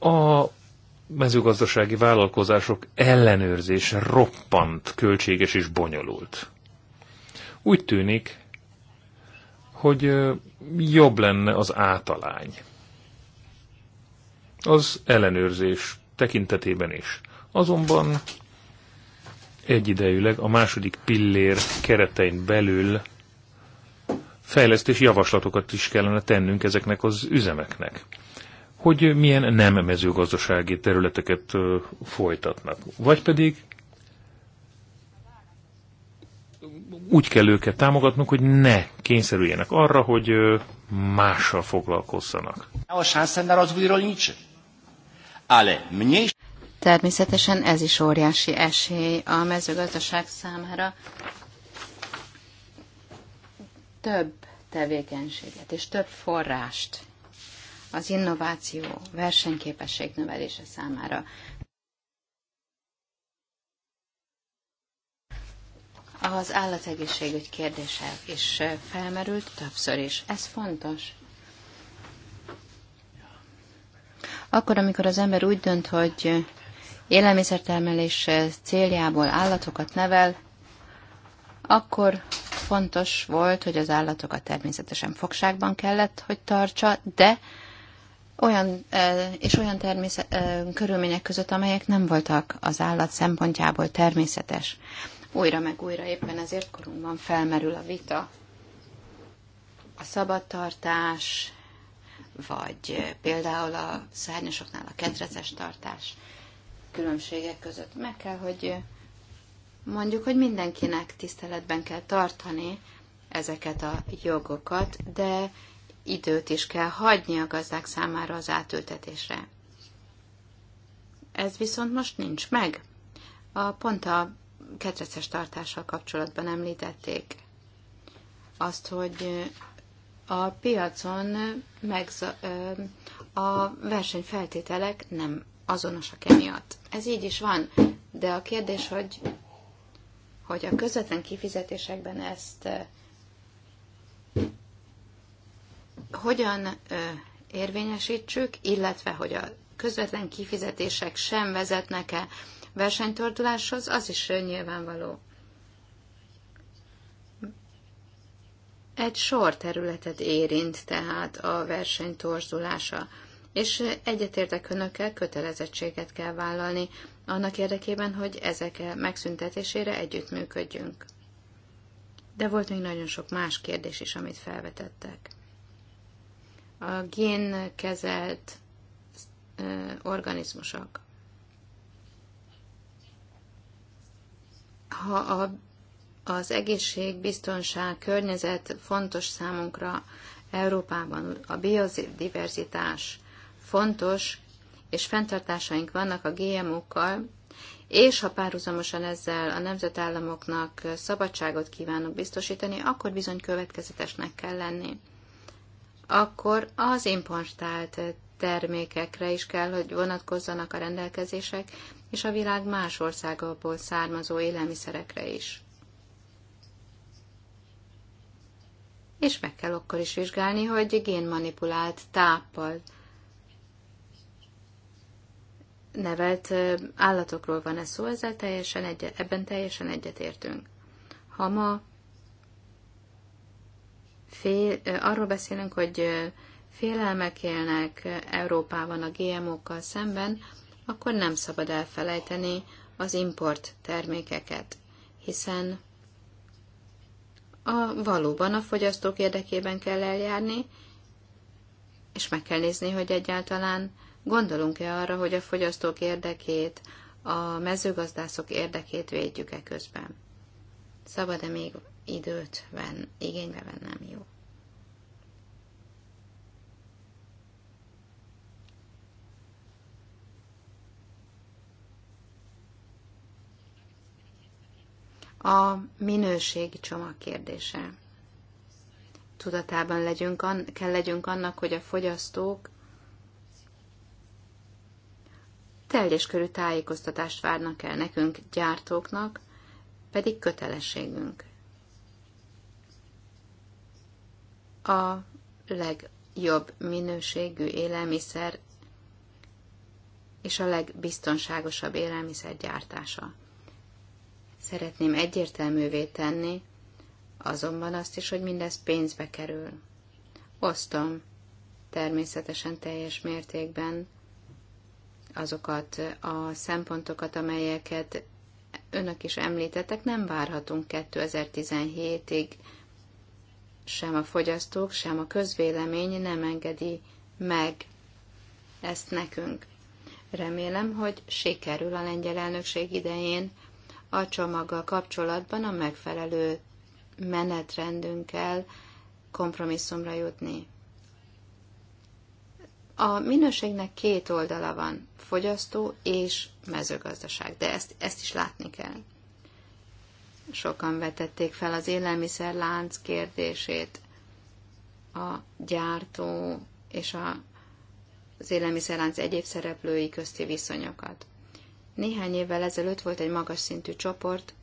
a mezőgazdasági vállalkozások ellenőrzése roppant költséges és bonyolult. Úgy tűnik, hogy jobb lenne az átalány. Az ellenőrzés tekintetében is. Azonban egyidejűleg a második pillér keretein belül fejlesztés javaslatokat is kellene tennünk ezeknek az üzemeknek hogy milyen nem mezőgazdasági területeket folytatnak. Vagy pedig úgy kell őket támogatnunk, hogy ne kényszerüljenek arra, hogy mással foglalkozzanak.
Természetesen ez is óriási esély a mezőgazdaság számára több tevékenységet és több forrást az innováció versenyképesség növelése számára Az állategészségügy kérdése is felmerült többször is. Ez fontos. Akkor, amikor az ember úgy dönt, hogy élelmiszertermelés céljából állatokat nevel, akkor fontos volt, hogy az állatokat természetesen fogságban kellett, hogy tartsa, de olyan, és olyan természet, körülmények között, amelyek nem voltak az állat szempontjából természetes újra meg újra éppen ezért korunkban felmerül a vita. A szabadtartás, vagy például a szárnyasoknál a ketreces tartás különbségek között. Meg kell, hogy mondjuk, hogy mindenkinek tiszteletben kell tartani ezeket a jogokat, de időt is kell hagyni a gazdák számára az átültetésre. Ez viszont most nincs meg. A, pont a ketreces tartással kapcsolatban említették. Azt, hogy a piacon megza- a versenyfeltételek nem azonosak emiatt. Ez így is van, de a kérdés, hogy, hogy a közvetlen kifizetésekben ezt hogyan érvényesítsük, illetve hogy a közvetlen kifizetések sem vezetnek-e versenytorduláshoz, az is nyilvánvaló. Egy sor területet érint tehát a versenytorzulása, és egyetértek önökkel kötelezettséget kell vállalni annak érdekében, hogy ezek megszüntetésére együttműködjünk. De volt még nagyon sok más kérdés is, amit felvetettek. A génkezelt organizmusok. ha a, az egészség, biztonság, környezet fontos számunkra Európában, a biodiverzitás fontos, és fenntartásaink vannak a GMO-kkal, és ha párhuzamosan ezzel a nemzetállamoknak szabadságot kívánunk biztosítani, akkor bizony következetesnek kell lenni. Akkor az importált termékekre is kell, hogy vonatkozzanak a rendelkezések, és a világ más országából származó élelmiszerekre is. És meg kell akkor is vizsgálni, hogy génmanipulált táppal nevelt állatokról van-e szó, ezzel teljesen egy, ebben teljesen egyetértünk. Ha ma fél, arról beszélünk, hogy félelmek élnek Európában a GMO-kkal szemben, akkor nem szabad elfelejteni az import termékeket, hiszen a, valóban a fogyasztók érdekében kell eljárni, és meg kell nézni, hogy egyáltalán gondolunk-e arra, hogy a fogyasztók érdekét, a mezőgazdászok érdekét védjük-e közben. Szabad-e még időt ven, igénybe vennem? Jó. a minőségi csomag kérdése. Tudatában legyünk, kell legyünk annak, hogy a fogyasztók teljes körű tájékoztatást várnak el nekünk, gyártóknak, pedig kötelességünk. A legjobb minőségű élelmiszer és a legbiztonságosabb élelmiszer gyártása. Szeretném egyértelművé tenni, azonban azt is, hogy mindez pénzbe kerül. Osztom, természetesen teljes mértékben azokat a szempontokat, amelyeket önök is említettek, nem várhatunk 2017-ig, sem a fogyasztók, sem a közvélemény nem engedi meg ezt nekünk. Remélem, hogy sikerül a lengyel elnökség idején a csomaggal kapcsolatban a megfelelő menetrendünkkel kompromisszumra jutni. A minőségnek két oldala van, fogyasztó és mezőgazdaság, de ezt, ezt is látni kell. Sokan vetették fel az élelmiszerlánc kérdését, a gyártó és a, az élelmiszerlánc egyéb szereplői közti viszonyokat. Néhány évvel ezelőtt volt egy magas szintű csoport,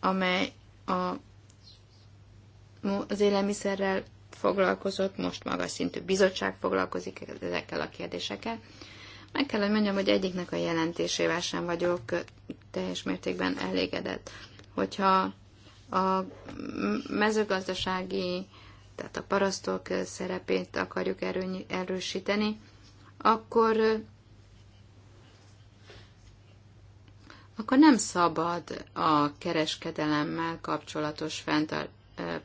amely a, az élelmiszerrel foglalkozott, most magas szintű bizottság foglalkozik ezekkel a kérdésekkel. Meg kell, hogy mondjam, hogy egyiknek a jelentésével sem vagyok teljes mértékben elégedett. Hogyha a mezőgazdasági, tehát a parasztok szerepét akarjuk erősíteni, akkor akkor nem szabad a kereskedelemmel kapcsolatos fenntart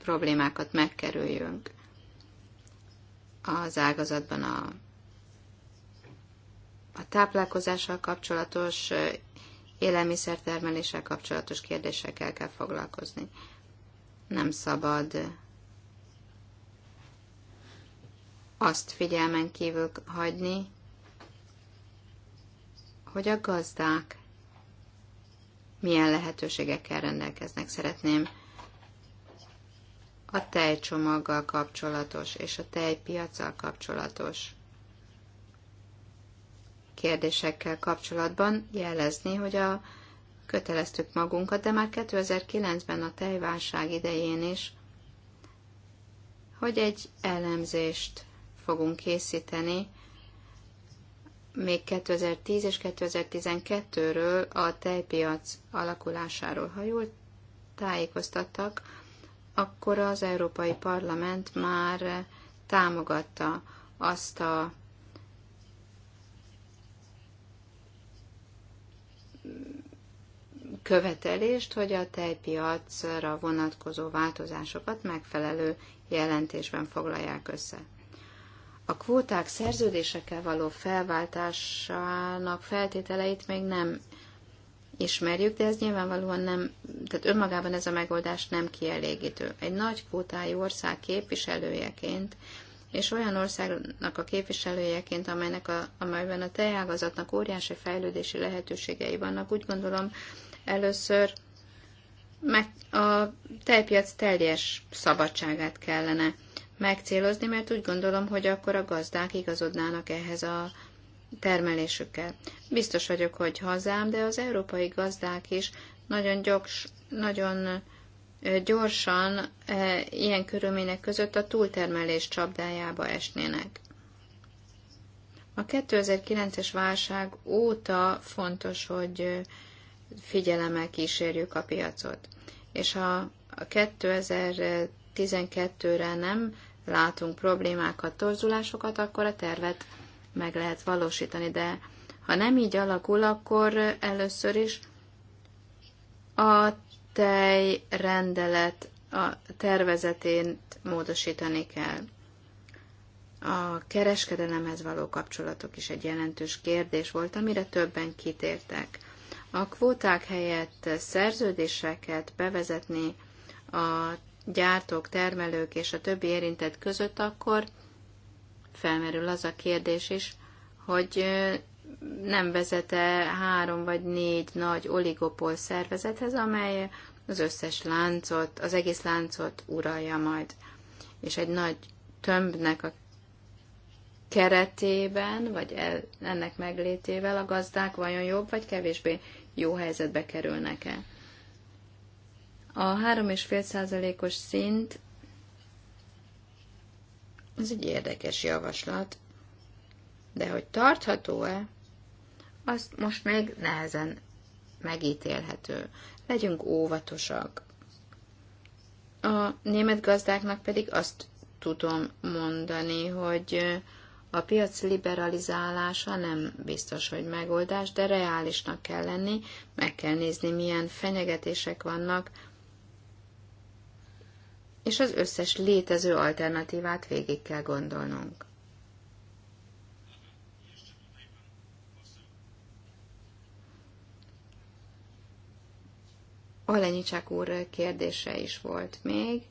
problémákat megkerüljünk az ágazatban a, a táplálkozással kapcsolatos, élelmiszertermeléssel kapcsolatos kérdésekkel kell foglalkozni. Nem szabad azt figyelmen kívül hagyni, hogy a gazdák milyen lehetőségekkel rendelkeznek. Szeretném a tejcsomaggal kapcsolatos és a tejpiacsal kapcsolatos kérdésekkel kapcsolatban jelezni, hogy a köteleztük magunkat, de már 2009-ben a tejválság idején is, hogy egy elemzést fogunk készíteni még 2010 és 2012-ről a tejpiac alakulásáról, ha jól tájékoztattak, akkor az Európai Parlament már támogatta azt a követelést, hogy a tejpiacra vonatkozó változásokat megfelelő jelentésben foglalják össze. A kvóták szerződésekkel való felváltásának feltételeit még nem ismerjük, de ez nyilvánvalóan nem, tehát önmagában ez a megoldás nem kielégítő. Egy nagy kvótájú ország képviselőjeként, és olyan országnak a képviselőjeként, amelynek a, amelyben a tejágazatnak óriási fejlődési lehetőségei vannak, úgy gondolom először meg a tejpiac teljes szabadságát kellene megcélozni, mert úgy gondolom, hogy akkor a gazdák igazodnának ehhez a termelésükkel. Biztos vagyok, hogy hazám, de az európai gazdák is nagyon, gyors, nagyon gyorsan ilyen körülmények között a túltermelés csapdájába esnének. A 2009-es válság óta fontos, hogy figyelemmel kísérjük a piacot. És ha a 2012-re nem látunk problémákat, torzulásokat, akkor a tervet meg lehet valósítani, de ha nem így alakul, akkor először is a tejrendelet a tervezetén módosítani kell. A kereskedelemhez való kapcsolatok is egy jelentős kérdés volt, amire többen kitértek. A kvóták helyett szerződéseket bevezetni a gyártók, termelők és a többi érintett között, akkor felmerül az a kérdés is, hogy nem vezete három vagy négy nagy oligopol szervezethez, amely az összes láncot, az egész láncot uralja majd. És egy nagy tömbnek a keretében, vagy ennek meglétével a gazdák vajon jobb vagy kevésbé jó helyzetbe kerülnek-e? A 3,5 százalékos szint ez egy érdekes javaslat, de hogy tartható-e, azt most még nehezen megítélhető. Legyünk óvatosak. A német gazdáknak pedig azt tudom mondani, hogy a piac liberalizálása nem biztos, hogy megoldás, de reálisnak kell lenni, meg kell nézni, milyen fenyegetések vannak és az összes létező alternatívát végig kell gondolnunk. Olenicsák úr kérdése is volt még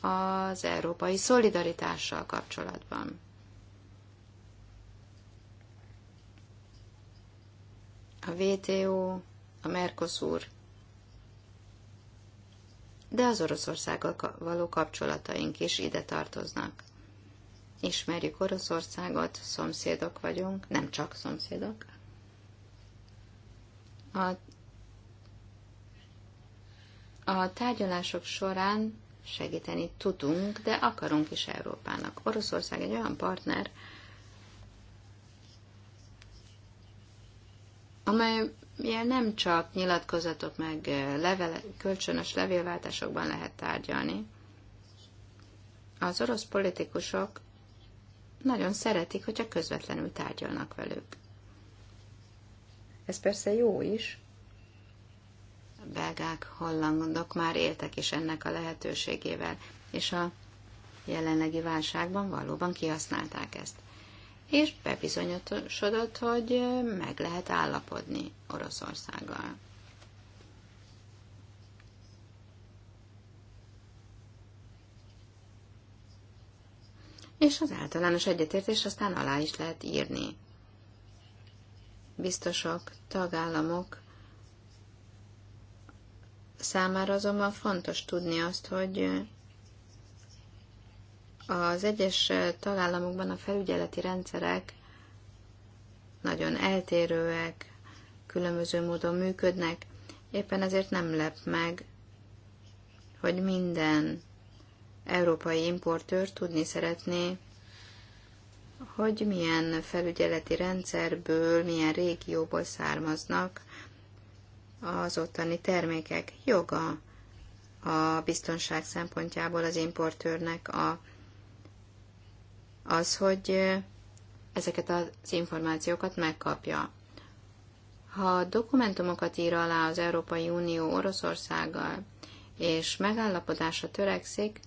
az európai szolidaritással kapcsolatban. A WTO, a Mercosur de az Oroszországgal való kapcsolataink is ide tartoznak. Ismerjük Oroszországot, szomszédok vagyunk, nem csak szomszédok. A, a tárgyalások során segíteni tudunk, de akarunk is Európának. Oroszország egy olyan partner, amely miért nem csak nyilatkozatok meg eh, levele, kölcsönös levélváltásokban lehet tárgyalni, az orosz politikusok nagyon szeretik, hogyha közvetlenül tárgyalnak velük. Ez persze jó is. A belgák, hollandok már éltek is ennek a lehetőségével, és a jelenlegi válságban valóban kihasználták ezt és bebizonyosodott, hogy meg lehet állapodni Oroszországgal. És az általános egyetértés aztán alá is lehet írni. Biztosok, tagállamok számára azonban fontos tudni azt, hogy az egyes tagállamokban a felügyeleti rendszerek nagyon eltérőek, különböző módon működnek, éppen ezért nem lep meg, hogy minden európai importőr tudni szeretné, hogy milyen felügyeleti rendszerből, milyen régióból származnak az ottani termékek. Joga a biztonság szempontjából az importőrnek a az, hogy ezeket az információkat megkapja. Ha dokumentumokat ír alá az Európai Unió Oroszországgal, és megállapodásra törekszik,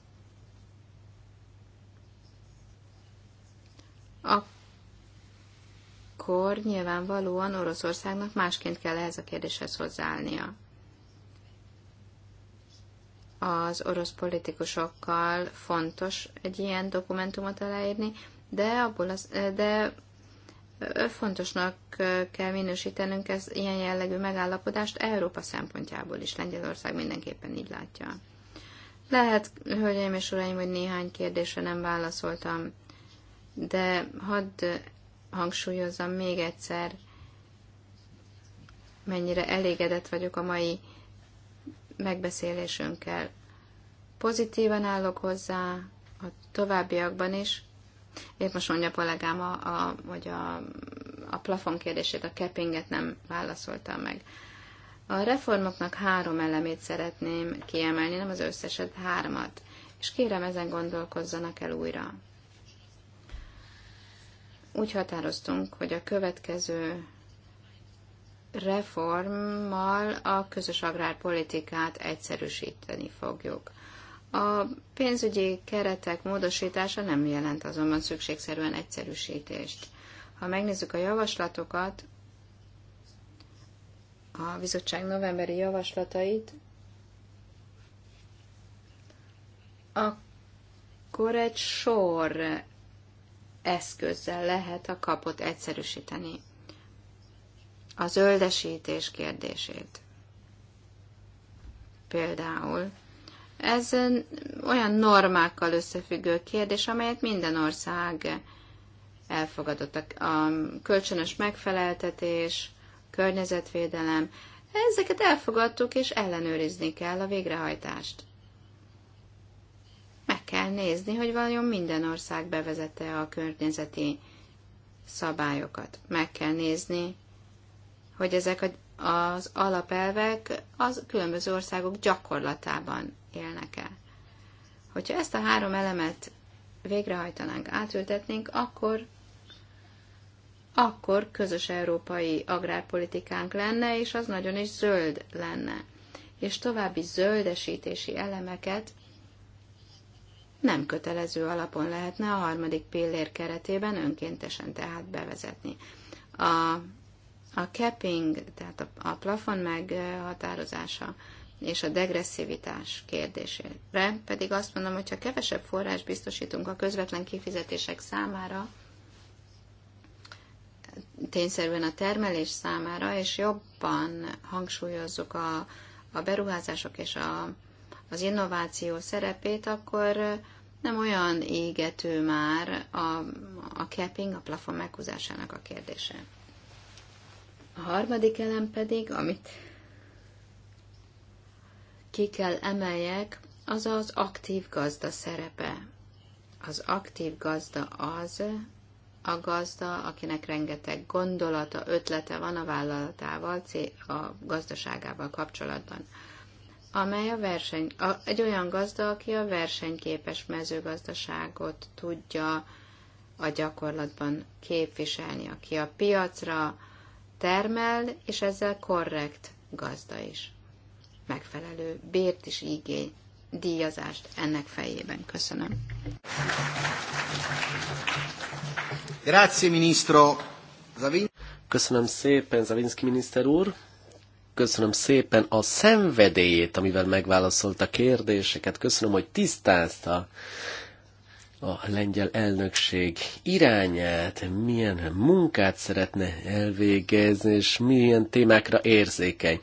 akkor nyilvánvalóan Oroszországnak másként kell ehhez a kérdéshez hozzáállnia az orosz politikusokkal fontos egy ilyen dokumentumot aláírni, de abból az, de fontosnak kell minősítenünk ez ilyen jellegű megállapodást Európa szempontjából is. Lengyelország mindenképpen így látja. Lehet, hölgyeim és uraim, hogy néhány kérdésre nem válaszoltam, de hadd hangsúlyozzam még egyszer, mennyire elégedett vagyok a mai megbeszélésünkkel. Pozitívan állok hozzá a továbbiakban is. Én most mondja a kollégám, a, a, hogy a, a plafon kérdését, a cappinget nem válaszoltam meg. A reformoknak három elemét szeretném kiemelni, nem az összeset, hármat. És kérem, ezen gondolkozzanak el újra. Úgy határoztunk, hogy a következő reformmal a közös agrárpolitikát egyszerűsíteni fogjuk. A pénzügyi keretek módosítása nem jelent azonban szükségszerűen egyszerűsítést. Ha megnézzük a javaslatokat, a bizottság novemberi javaslatait, akkor egy sor eszközzel lehet a kapot egyszerűsíteni a zöldesítés kérdését. Például. Ez olyan normákkal összefüggő kérdés, amelyet minden ország elfogadott. A kölcsönös megfeleltetés, környezetvédelem, ezeket elfogadtuk, és ellenőrizni kell a végrehajtást. Meg kell nézni, hogy vajon minden ország bevezette a környezeti szabályokat. Meg kell nézni, hogy ezek az alapelvek az különböző országok gyakorlatában élnek el. Hogyha ezt a három elemet végrehajtanánk, átültetnénk, akkor akkor közös európai agrárpolitikánk lenne, és az nagyon is zöld lenne. És további zöldesítési elemeket nem kötelező alapon lehetne a harmadik pillér keretében önkéntesen tehát bevezetni. A a capping, tehát a, a plafon meghatározása és a degresszivitás kérdésére pedig azt mondom, hogy ha kevesebb forrás biztosítunk a közvetlen kifizetések számára, tényszerűen a termelés számára, és jobban hangsúlyozzuk a, a beruházások és a, az innováció szerepét, akkor nem olyan égető már a, a capping, a plafon meghúzásának a kérdése. A harmadik elem pedig, amit ki kell emeljek, az az aktív gazda szerepe. Az aktív gazda az, a gazda, akinek rengeteg gondolata, ötlete van a vállalatával, a gazdaságával kapcsolatban, amely a verseny, a, egy olyan gazda, aki a versenyképes mezőgazdaságot tudja a gyakorlatban képviselni, aki a piacra, termel, és ezzel korrekt gazda is. Megfelelő bért is igény, díjazást ennek fejében. Köszönöm.
Grazie, ministro. Köszönöm szépen, Zavinski miniszter úr. Köszönöm szépen a szenvedélyét, amivel megválaszolta a kérdéseket. Köszönöm, hogy tisztázta a lengyel elnökség irányát, milyen munkát szeretne elvégezni, és milyen témákra érzékeny.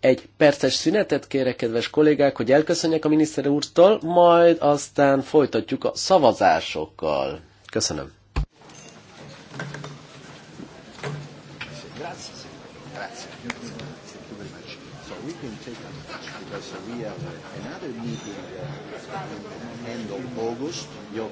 Egy perces szünetet kérek, kedves kollégák, hogy elköszönjek a miniszter úrtól, majd aztán folytatjuk a szavazásokkal. Köszönöm.
August, your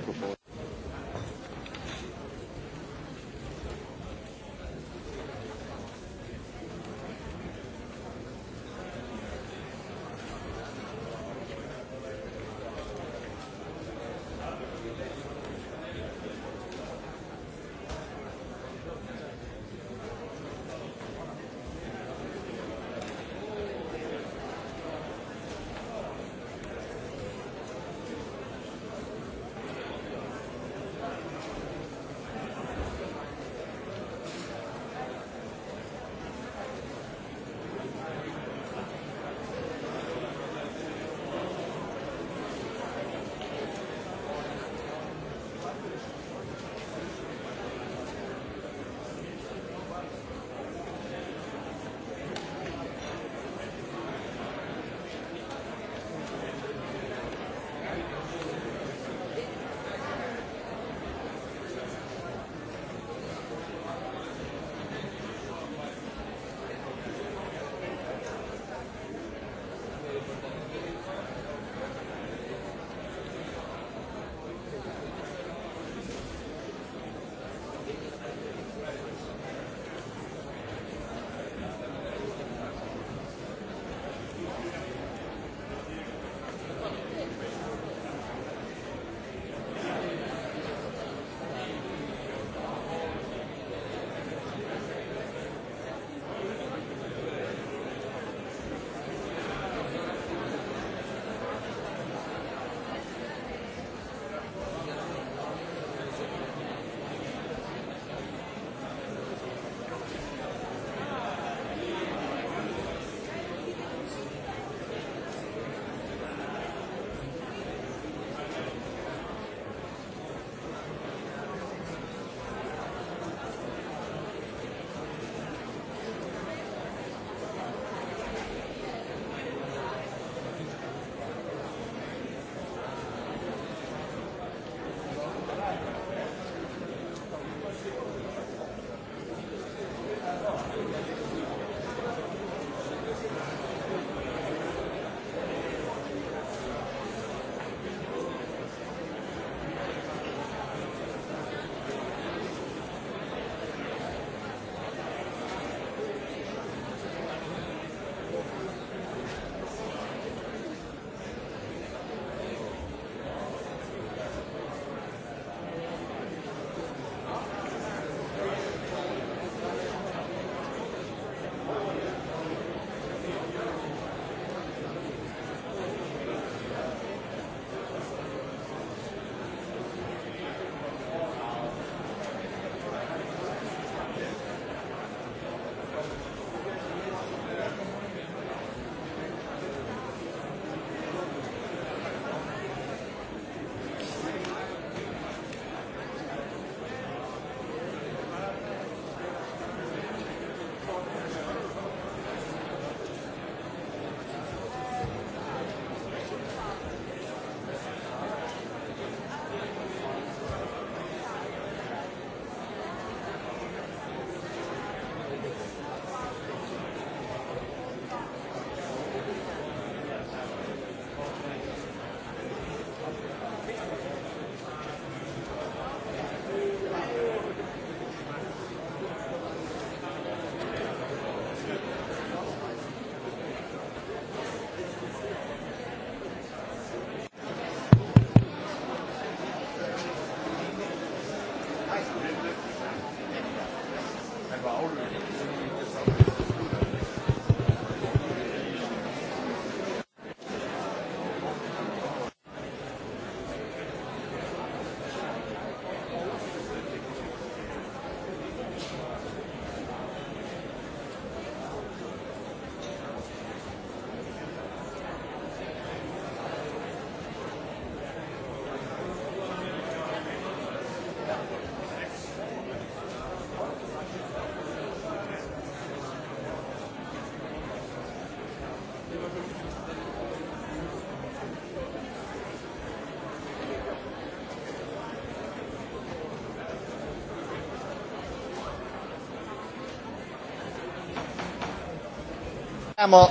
száma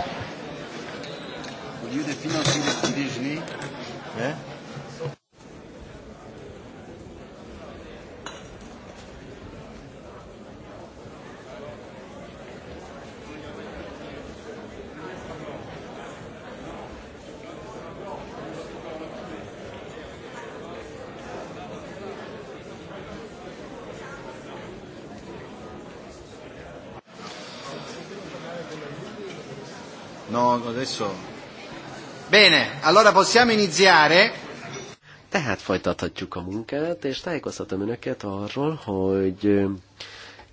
adesso... Bene, allora possiamo iniziare.
Tehát folytathatjuk a munkát, és tájékoztatom önöket arról, hogy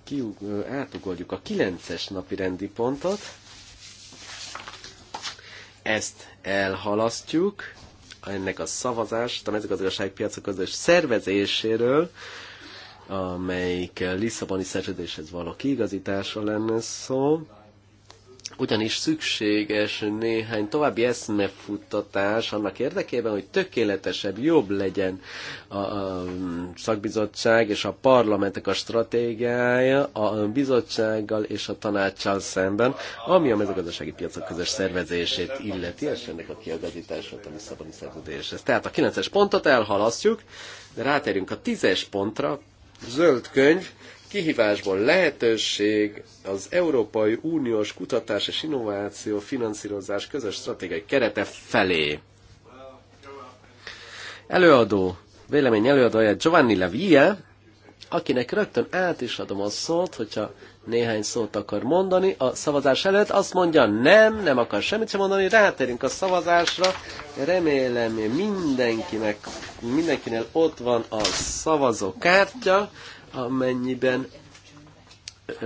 kiug, átugorjuk a 9-es napi rendi pontot. Ezt elhalasztjuk, ennek a szavazást a mezőgazdaságpiacok közös szervezéséről, amelyik Lisszaboni szerződéshez való kiigazítása lenne szó ugyanis szükséges néhány további eszmefuttatás annak érdekében, hogy tökéletesebb, jobb legyen a, a szakbizottság és a parlamentek a stratégiája a bizottsággal és a tanácssal szemben, ami a mezőgazdasági piacok közös szervezését illeti, és ennek a kiagazítását a Lisszaboni szerződéshez. Tehát a 9-es pontot elhalasztjuk, de ráterünk a 10-es pontra, zöld könyv, kihívásból lehetőség az Európai Uniós Kutatás és Innováció Finanszírozás közös stratégiai kerete felé. Előadó, vélemény előadója Giovanni Lavia, akinek rögtön át is adom a szót, hogyha néhány szót akar mondani a szavazás előtt, azt mondja nem, nem akar semmit sem mondani, rátérünk a szavazásra, remélem mindenkinek, mindenkinél ott van a szavazókártya, amennyiben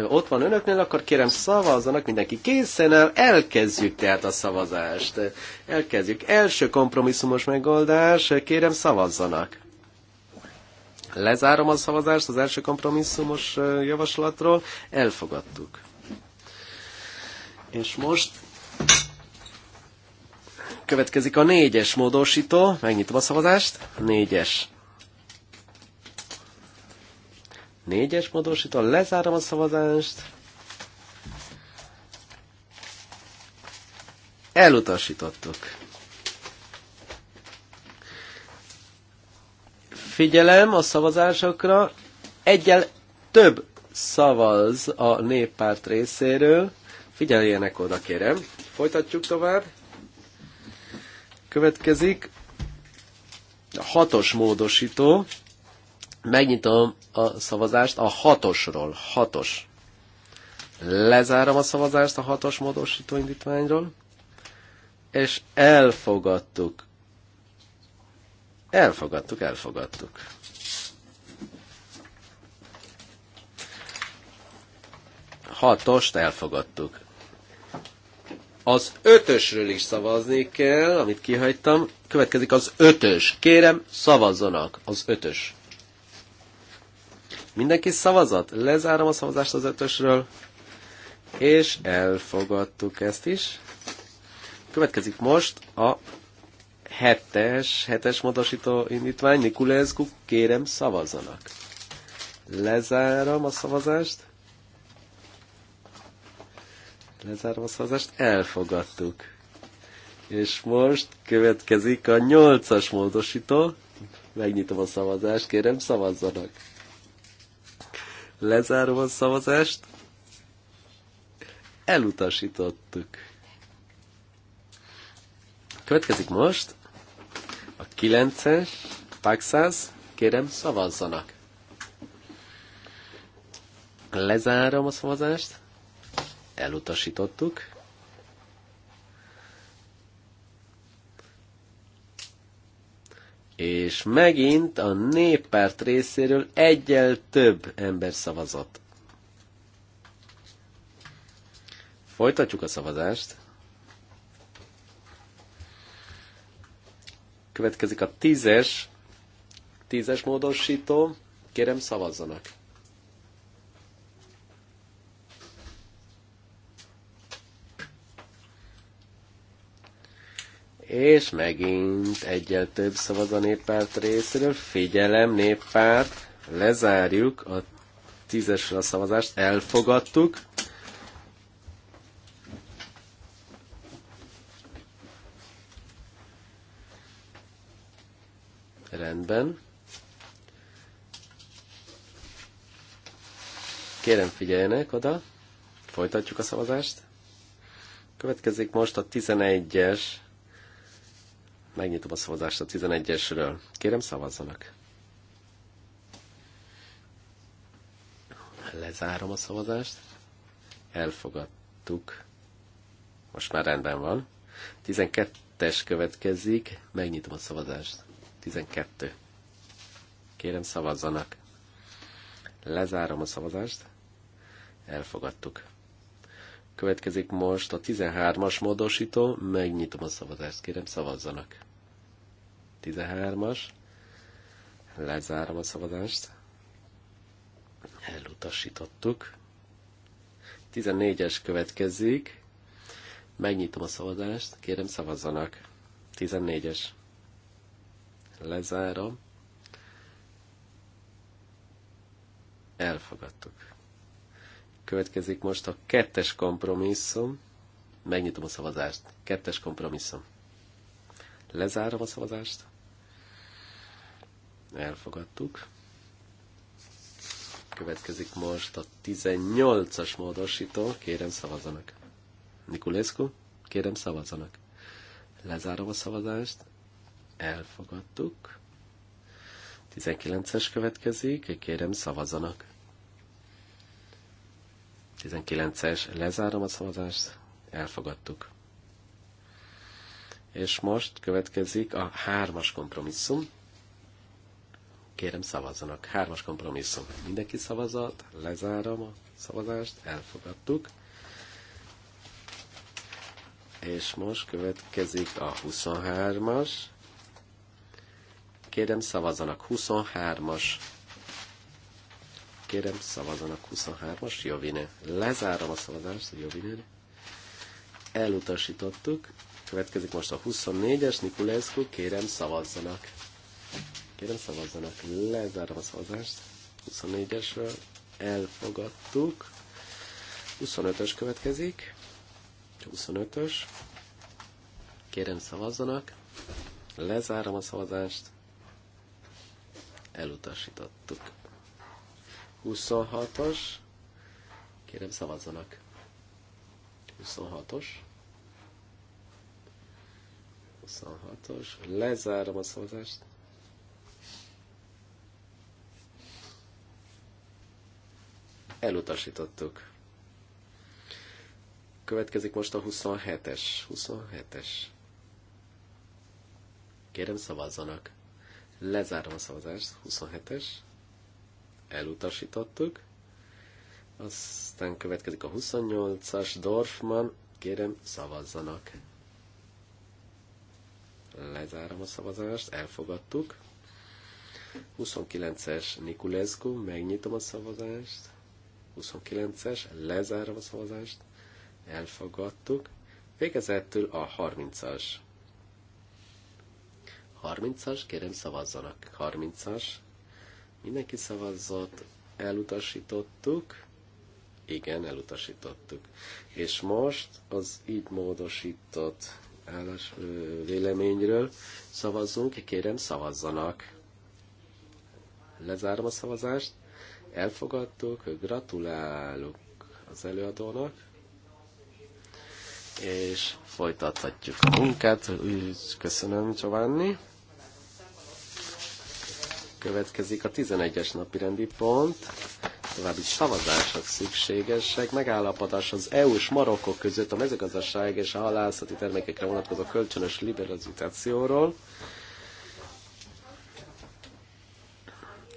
ott van önöknél, akkor kérem szavazzanak, mindenki készen el, elkezdjük tehát a szavazást. Elkezdjük. Első kompromisszumos megoldás, kérem szavazzanak. Lezárom a szavazást az első kompromisszumos javaslatról, elfogadtuk. És most következik a négyes módosító, megnyitom a szavazást, négyes. Négyes módosító, lezárom a szavazást. Elutasítottuk. Figyelem a szavazásokra, egyel több szavaz a néppárt részéről. Figyeljenek oda, kérem. Folytatjuk tovább. Következik a hatos módosító. Megnyitom a szavazást a hatosról. Hatos. Lezárom a szavazást a hatos módosító indítványról. És elfogadtuk. Elfogadtuk, elfogadtuk. Hatost elfogadtuk. Az ötösről is szavazni kell, amit kihagytam. Következik az ötös. Kérem, szavazzanak az ötös Mindenki szavazat. Lezárom a szavazást az ötösről, és elfogadtuk ezt is. Következik most a hetes, hetes módosító indítvány. Nikulescu, kérem szavazzanak. Lezárom a szavazást. Lezárom a szavazást, elfogadtuk. És most következik a nyolcas módosító. Megnyitom a szavazást, kérem szavazzanak. Lezárom a szavazást. Elutasítottuk. Következik most a 9-es Paxász. Kérem, szavazzanak. Lezárom a szavazást. Elutasítottuk. és megint a néppárt részéről egyel több ember szavazott. Folytatjuk a szavazást. Következik a tízes, tízes módosító. Kérem szavazzanak. és megint egyel több szavaz a néppárt részéről. Figyelem, néppárt, lezárjuk a tízesre a szavazást, elfogadtuk. Rendben. Kérem figyeljenek oda, folytatjuk a szavazást. Következik most a 11-es Megnyitom a szavazást a 11-esről. Kérem szavazzanak. Lezárom a szavazást. Elfogadtuk. Most már rendben van. 12-es következik. Megnyitom a szavazást. 12. Kérem szavazzanak. Lezárom a szavazást. Elfogadtuk. Következik most a 13-as módosító, megnyitom a szavazást, kérem szavazzanak. 13-as. Lezárom a szavazást. Elutasítottuk. 14-es következik. Megnyitom a szavazást. Kérem szavazzanak. 14-es. Lezárom. Elfogadtuk. Következik most a kettes kompromisszum. Megnyitom a szavazást. Kettes kompromisszum. Lezárom a szavazást elfogadtuk. Következik most a 18-as módosító, kérem szavazanak. Nikulescu, kérem szavazanak. Lezárom a szavazást, elfogadtuk. 19-es következik, kérem szavazanak. 19-es, lezárom a szavazást, elfogadtuk. És most következik a hármas kompromisszum. Kérem szavazzanak. Hármas kompromisszum. Mindenki szavazott, lezárom a szavazást, elfogadtuk. És most következik a 23-as. Kérem szavazzanak 23-as. Kérem szavazzanak 23-as. Jovine. Lezárom a szavazást, Jovine. Elutasítottuk. Következik most a 24-es, Nikulescu, kérem szavazzanak. Kérem szavazzanak, lezárom a szavazást. 24-esről elfogadtuk. 25-ös következik. 25-ös. Kérem szavazzanak. Lezárom a szavazást. Elutasítottuk. 26-os. Kérem szavazzanak. 26-os. 26-os. Lezárom a szavazást. Elutasítottuk. Következik most a 27-es. 27-es. Kérem szavazzanak. Lezárom a szavazást. 27-es. Elutasítottuk. Aztán következik a 28-as Dorfman. Kérem, szavazzanak. Lezárom a szavazást. Elfogadtuk. 29-es Nikulescu. Megnyitom a szavazást. 29-es, lezárva a szavazást, elfogadtuk. Végezettől a 30-as. 30-as, kérem szavazzanak. 30-as. Mindenki szavazott, elutasítottuk. Igen, elutasítottuk. És most az így módosított állás véleményről szavazzunk, kérem szavazzanak. Lezárom a szavazást elfogadtuk, gratulálok az előadónak, és folytathatjuk a munkát. Köszönöm, Giovanni. Következik a 11-es napi rendi pont. További szavazások szükségesek. Megállapodás az EU és Marokkó között a mezőgazdaság és a halászati termékekre vonatkozó kölcsönös liberalizációról.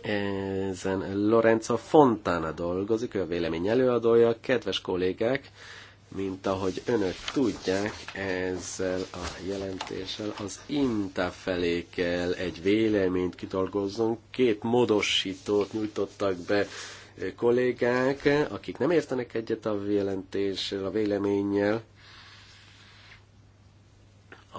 Ezen Lorenzo Fontana dolgozik, ő a vélemény előadója. Kedves kollégák, mint ahogy önök tudják, ezzel a jelentéssel az INTA felé kell egy véleményt kidolgoznunk. Két módosítót nyújtottak be kollégák, akik nem értenek egyet a jelentéssel, a véleménnyel,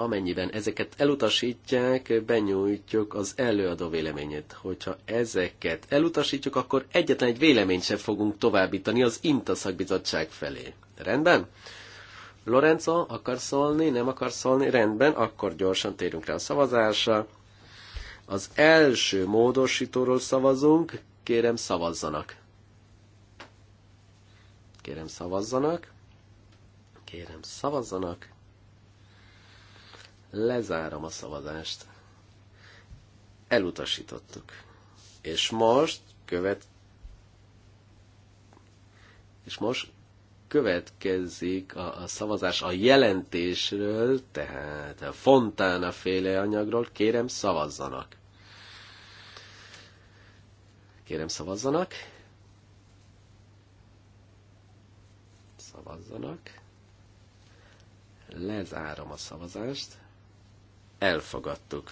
amennyiben ezeket elutasítják, benyújtjuk az előadó véleményét. Hogyha ezeket elutasítjuk, akkor egyetlen egy véleményt sem fogunk továbbítani az INTA szakbizottság felé. Rendben? Lorenzo, akar szólni? Nem akar szólni? Rendben, akkor gyorsan térünk rá a szavazásra. Az első módosítóról szavazunk, kérem szavazzanak. Kérem szavazzanak. Kérem szavazzanak. Lezárom a szavazást. Elutasítottuk. És most követ... És most következik a, a szavazás a jelentésről, tehát a Fontána féle anyagról. Kérem, szavazzanak. Kérem, szavazzanak. Szavazzanak. Lezárom a szavazást elfogadtuk.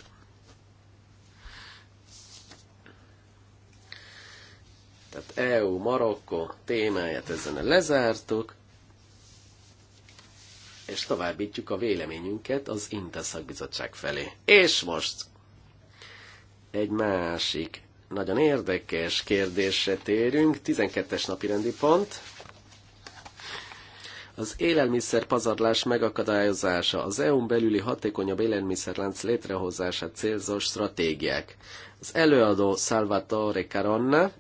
Tehát EU, Marokko témáját ezen lezártuk, és továbbítjuk a véleményünket az Inta szakbizottság felé. És most egy másik nagyon érdekes kérdésre térünk, 12-es napi rendi pont, az élelmiszer pazarlás megakadályozása, az EU-n belüli hatékonyabb élelmiszerlánc létrehozása célzó stratégiák. Az előadó Salvatore Caronna,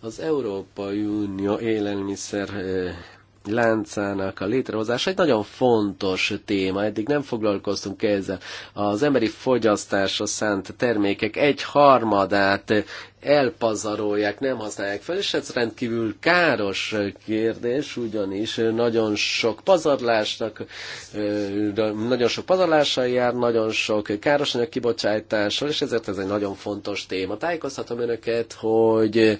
az Európai Unió élelmiszer eh, láncának a létrehozása egy nagyon fontos téma, eddig nem foglalkoztunk ezzel. Az emberi fogyasztásra szánt termékek egy harmadát elpazarolják, nem használják fel, és ez rendkívül káros kérdés, ugyanis nagyon sok pazarlásnak, nagyon sok pazarlással jár, nagyon sok káros anyag kibocsátással, és ezért ez egy nagyon fontos téma. Tájékoztatom önöket, hogy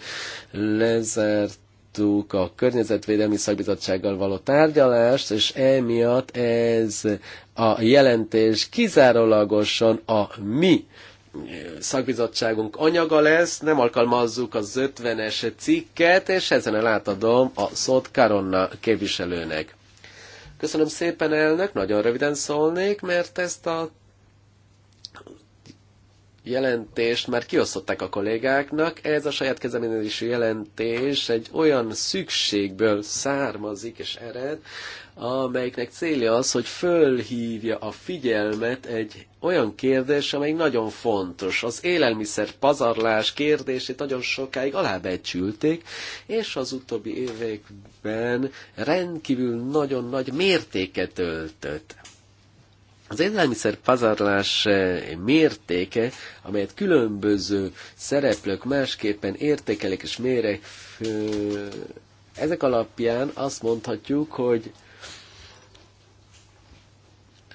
lezert folytattuk a Környezetvédelmi Szakbizottsággal való tárgyalást, és emiatt ez a jelentés kizárólagosan a mi eh, szakbizottságunk anyaga lesz, nem alkalmazzuk az 50-es cikket, és ezen el átadom a szót Karonna képviselőnek. Köszönöm szépen elnök, nagyon röviden szólnék, mert ezt a jelentést már kiosztották a kollégáknak. Ez a saját kezdeményezésű jelentés egy olyan szükségből származik és ered, amelyiknek célja az, hogy fölhívja a figyelmet egy olyan kérdés, amely nagyon fontos. Az élelmiszer pazarlás kérdését nagyon sokáig alábecsülték, és az utóbbi években rendkívül nagyon nagy mértéket öltött. Az élelmiszer pazarlás eh, mértéke, amelyet különböző szereplők másképpen értékelik és mérek, ezek alapján azt mondhatjuk, hogy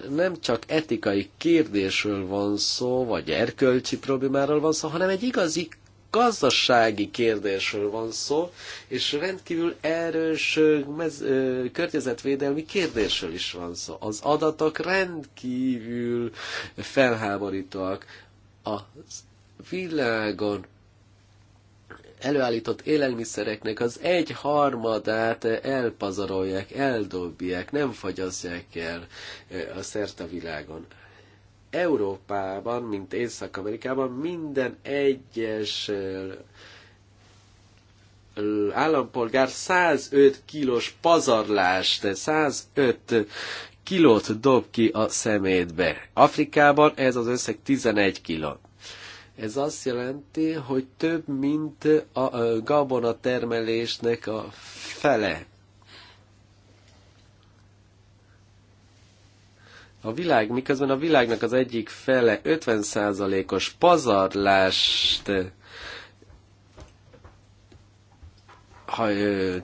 nem csak etikai kérdésről van szó, vagy erkölcsi problémáról van szó, hanem egy igazi gazdasági kérdésről van szó, és rendkívül erős mez, környezetvédelmi kérdésről is van szó. Az adatok rendkívül felháborítóak. A világon előállított élelmiszereknek az egy harmadát elpazarolják, eldobják, nem fogyasztják el a szerte világon. Európában, mint Észak-Amerikában minden egyes eh, állampolgár 105 kilós pazarlást, 105 kilót dob ki a szemétbe. Afrikában ez az összeg 11 kiló. Ez azt jelenti, hogy több, mint a eh, gabonatermelésnek a fele A világ, miközben a világnak az egyik fele 50%-os pazarlást ha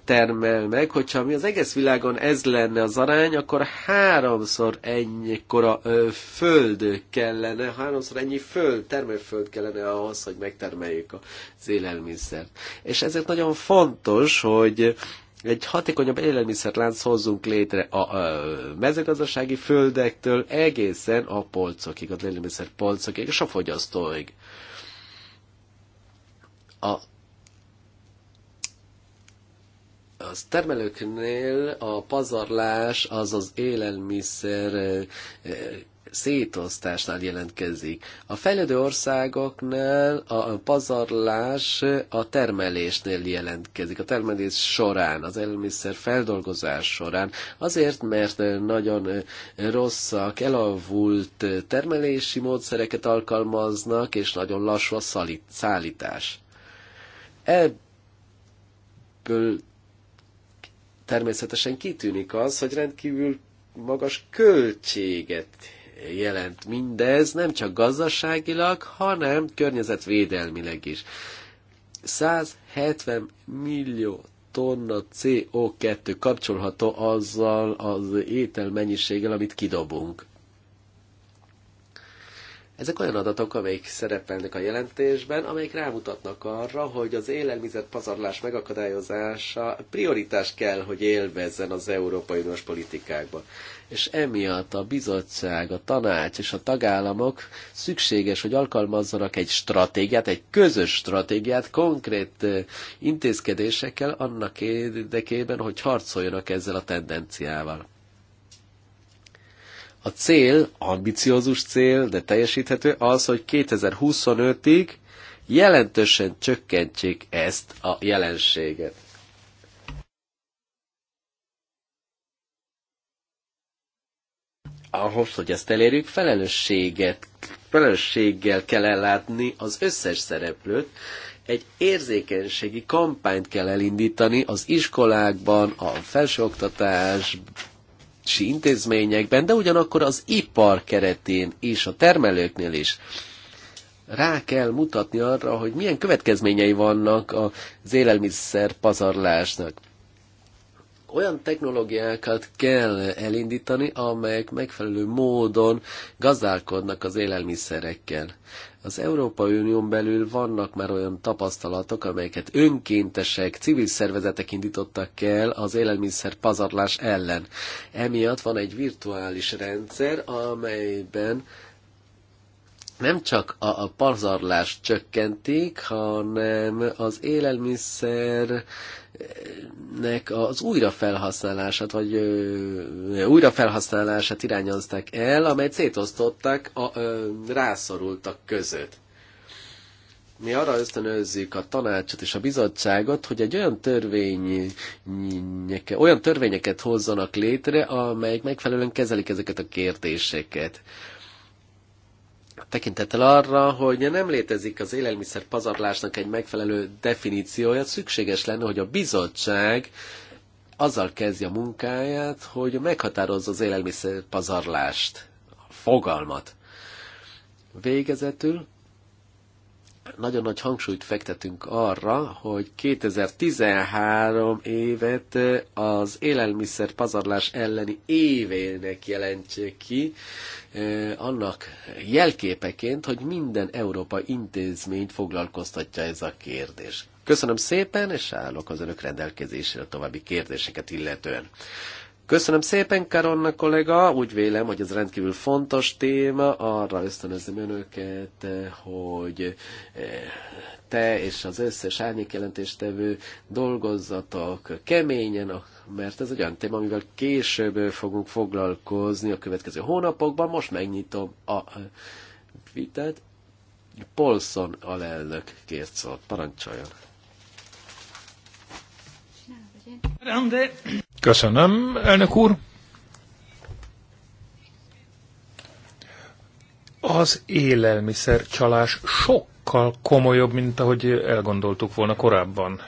termel meg, hogyha mi az egész világon ez lenne az arány, akkor háromszor ennyikora ö, föld kellene, háromszor ennyi föld, termőföld kellene ahhoz, hogy megtermeljük az élelmiszert. És ezért nagyon fontos, hogy egy hatékonyabb élelmiszerlánc hozzunk létre a, a mezőgazdasági földektől egészen a polcokig, az élelmiszer polcokig és a fogyasztóig. A az termelőknél a pazarlás az az élelmiszer eh, szétosztásnál jelentkezik. A fejlődő országoknál a pazarlás a termelésnél jelentkezik, a termelés során, az élelmiszer feldolgozás során, azért, mert nagyon rosszak, elavult termelési módszereket alkalmaznak, és nagyon lassú a szállítás. Ebből természetesen kitűnik az, hogy rendkívül magas költséget jelent mindez, nem csak gazdaságilag, hanem környezetvédelmileg is. 170 millió tonna CO2 kapcsolható azzal az ételmennyiséggel, amit kidobunk. Ezek olyan adatok, amelyek szerepelnek a jelentésben, amelyek rámutatnak arra, hogy az élelmiszer pazarlás megakadályozása prioritás kell, hogy élvezzen az Európai Uniós politikákban. És emiatt a bizottság, a tanács és a tagállamok szükséges, hogy alkalmazzanak egy stratégiát, egy közös stratégiát konkrét intézkedésekkel annak érdekében, hogy harcoljanak ezzel a tendenciával. A cél, ambiciózus cél, de teljesíthető az, hogy 2025-ig jelentősen csökkentsék ezt a jelenséget. ahhoz, hogy ezt elérjük, felelősséget, felelősséggel kell ellátni az összes szereplőt, egy érzékenységi kampányt kell elindítani az iskolákban, a felsőoktatás, kutatási intézményekben, de ugyanakkor az ipar keretén és a termelőknél is rá kell mutatni arra, hogy milyen következményei vannak az élelmiszer pazarlásnak. Olyan technológiákat kell elindítani, amelyek megfelelő módon gazdálkodnak az élelmiszerekkel. Az Európai Unión belül vannak már olyan tapasztalatok, amelyeket önkéntesek, civil szervezetek indítottak el az élelmiszer pazarlás ellen. Emiatt van egy virtuális rendszer, amelyben nem csak a, a pazarlást csökkentik, hanem az élelmiszernek az újrafelhasználását, vagy ö, újrafelhasználását irányozták el, amelyet szétosztották a ö, rászorultak között. Mi arra ösztönözzük a tanácsot és a bizottságot, hogy egy olyan, törvényeke, olyan törvényeket hozzanak létre, amelyek megfelelően kezelik ezeket a kérdéseket Tekintettel arra, hogy nem létezik az élelmiszer pazarlásnak egy megfelelő definíciója, szükséges lenne, hogy a bizottság azzal kezdje a munkáját, hogy meghatározza az élelmiszer pazarlást, fogalmat. Végezetül nagyon nagy hangsúlyt fektetünk arra, hogy 2013 évet az élelmiszer pazarlás elleni évének jelentsék ki, annak jelképeként, hogy minden európai intézményt foglalkoztatja ez a kérdés. Köszönöm szépen, és állok az önök rendelkezésére a további kérdéseket illetően. Köszönöm szépen, Karonna kollega. Úgy vélem, hogy ez rendkívül fontos téma. Arra ösztönözöm önöket, hogy eh, te és az összes árnyékjelentéstevő dolgozzatok keményen, mert ez egy olyan téma, amivel később fogunk foglalkozni a következő hónapokban. Most megnyitom a eh, vitát. Polson alelnök kért szót. Parancsoljon. Rende.
Köszönöm, elnök úr. Az élelmiszer csalás sokkal komolyabb, mint ahogy elgondoltuk volna korábban.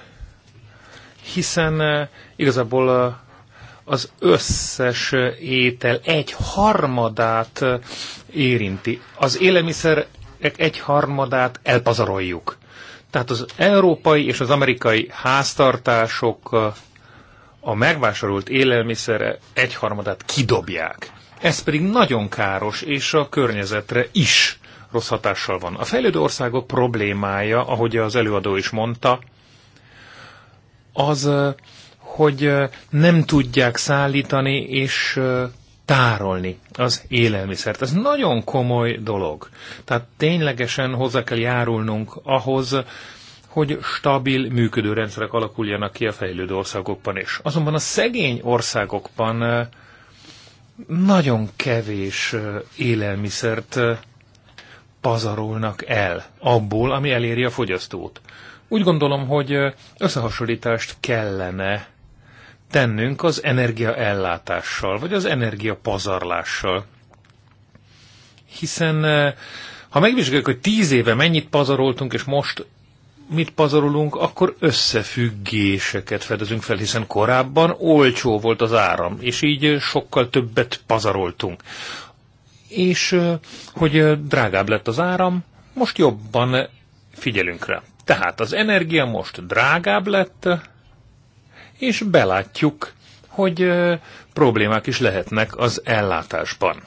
Hiszen eh, igazából eh, az összes étel egy harmadát eh, érinti. Az élelmiszerek egy harmadát elpazaroljuk. Tehát az európai és az amerikai háztartások a megvásárolt élelmiszere egyharmadát kidobják. Ez pedig nagyon káros, és a környezetre is rossz hatással van. A fejlődő országok problémája, ahogy az előadó is mondta, az, hogy nem tudják szállítani és tárolni az élelmiszert. Ez nagyon komoly dolog. Tehát ténylegesen hozzá kell járulnunk ahhoz, hogy stabil, működő rendszerek alakuljanak ki a fejlődő országokban is. Azonban a szegény országokban nagyon kevés élelmiszert pazarolnak el abból, ami eléri a fogyasztót. Úgy gondolom, hogy összehasonlítást kellene tennünk az energiaellátással, vagy az energiapazarlással. Hiszen ha megvizsgáljuk, hogy tíz éve mennyit pazaroltunk, és most mit pazarolunk, akkor összefüggéseket fedezünk fel, hiszen korábban olcsó volt az áram, és így sokkal többet pazaroltunk. És hogy drágább lett az áram, most jobban figyelünk rá. Tehát az energia most drágább lett, és belátjuk, hogy problémák is lehetnek az ellátásban.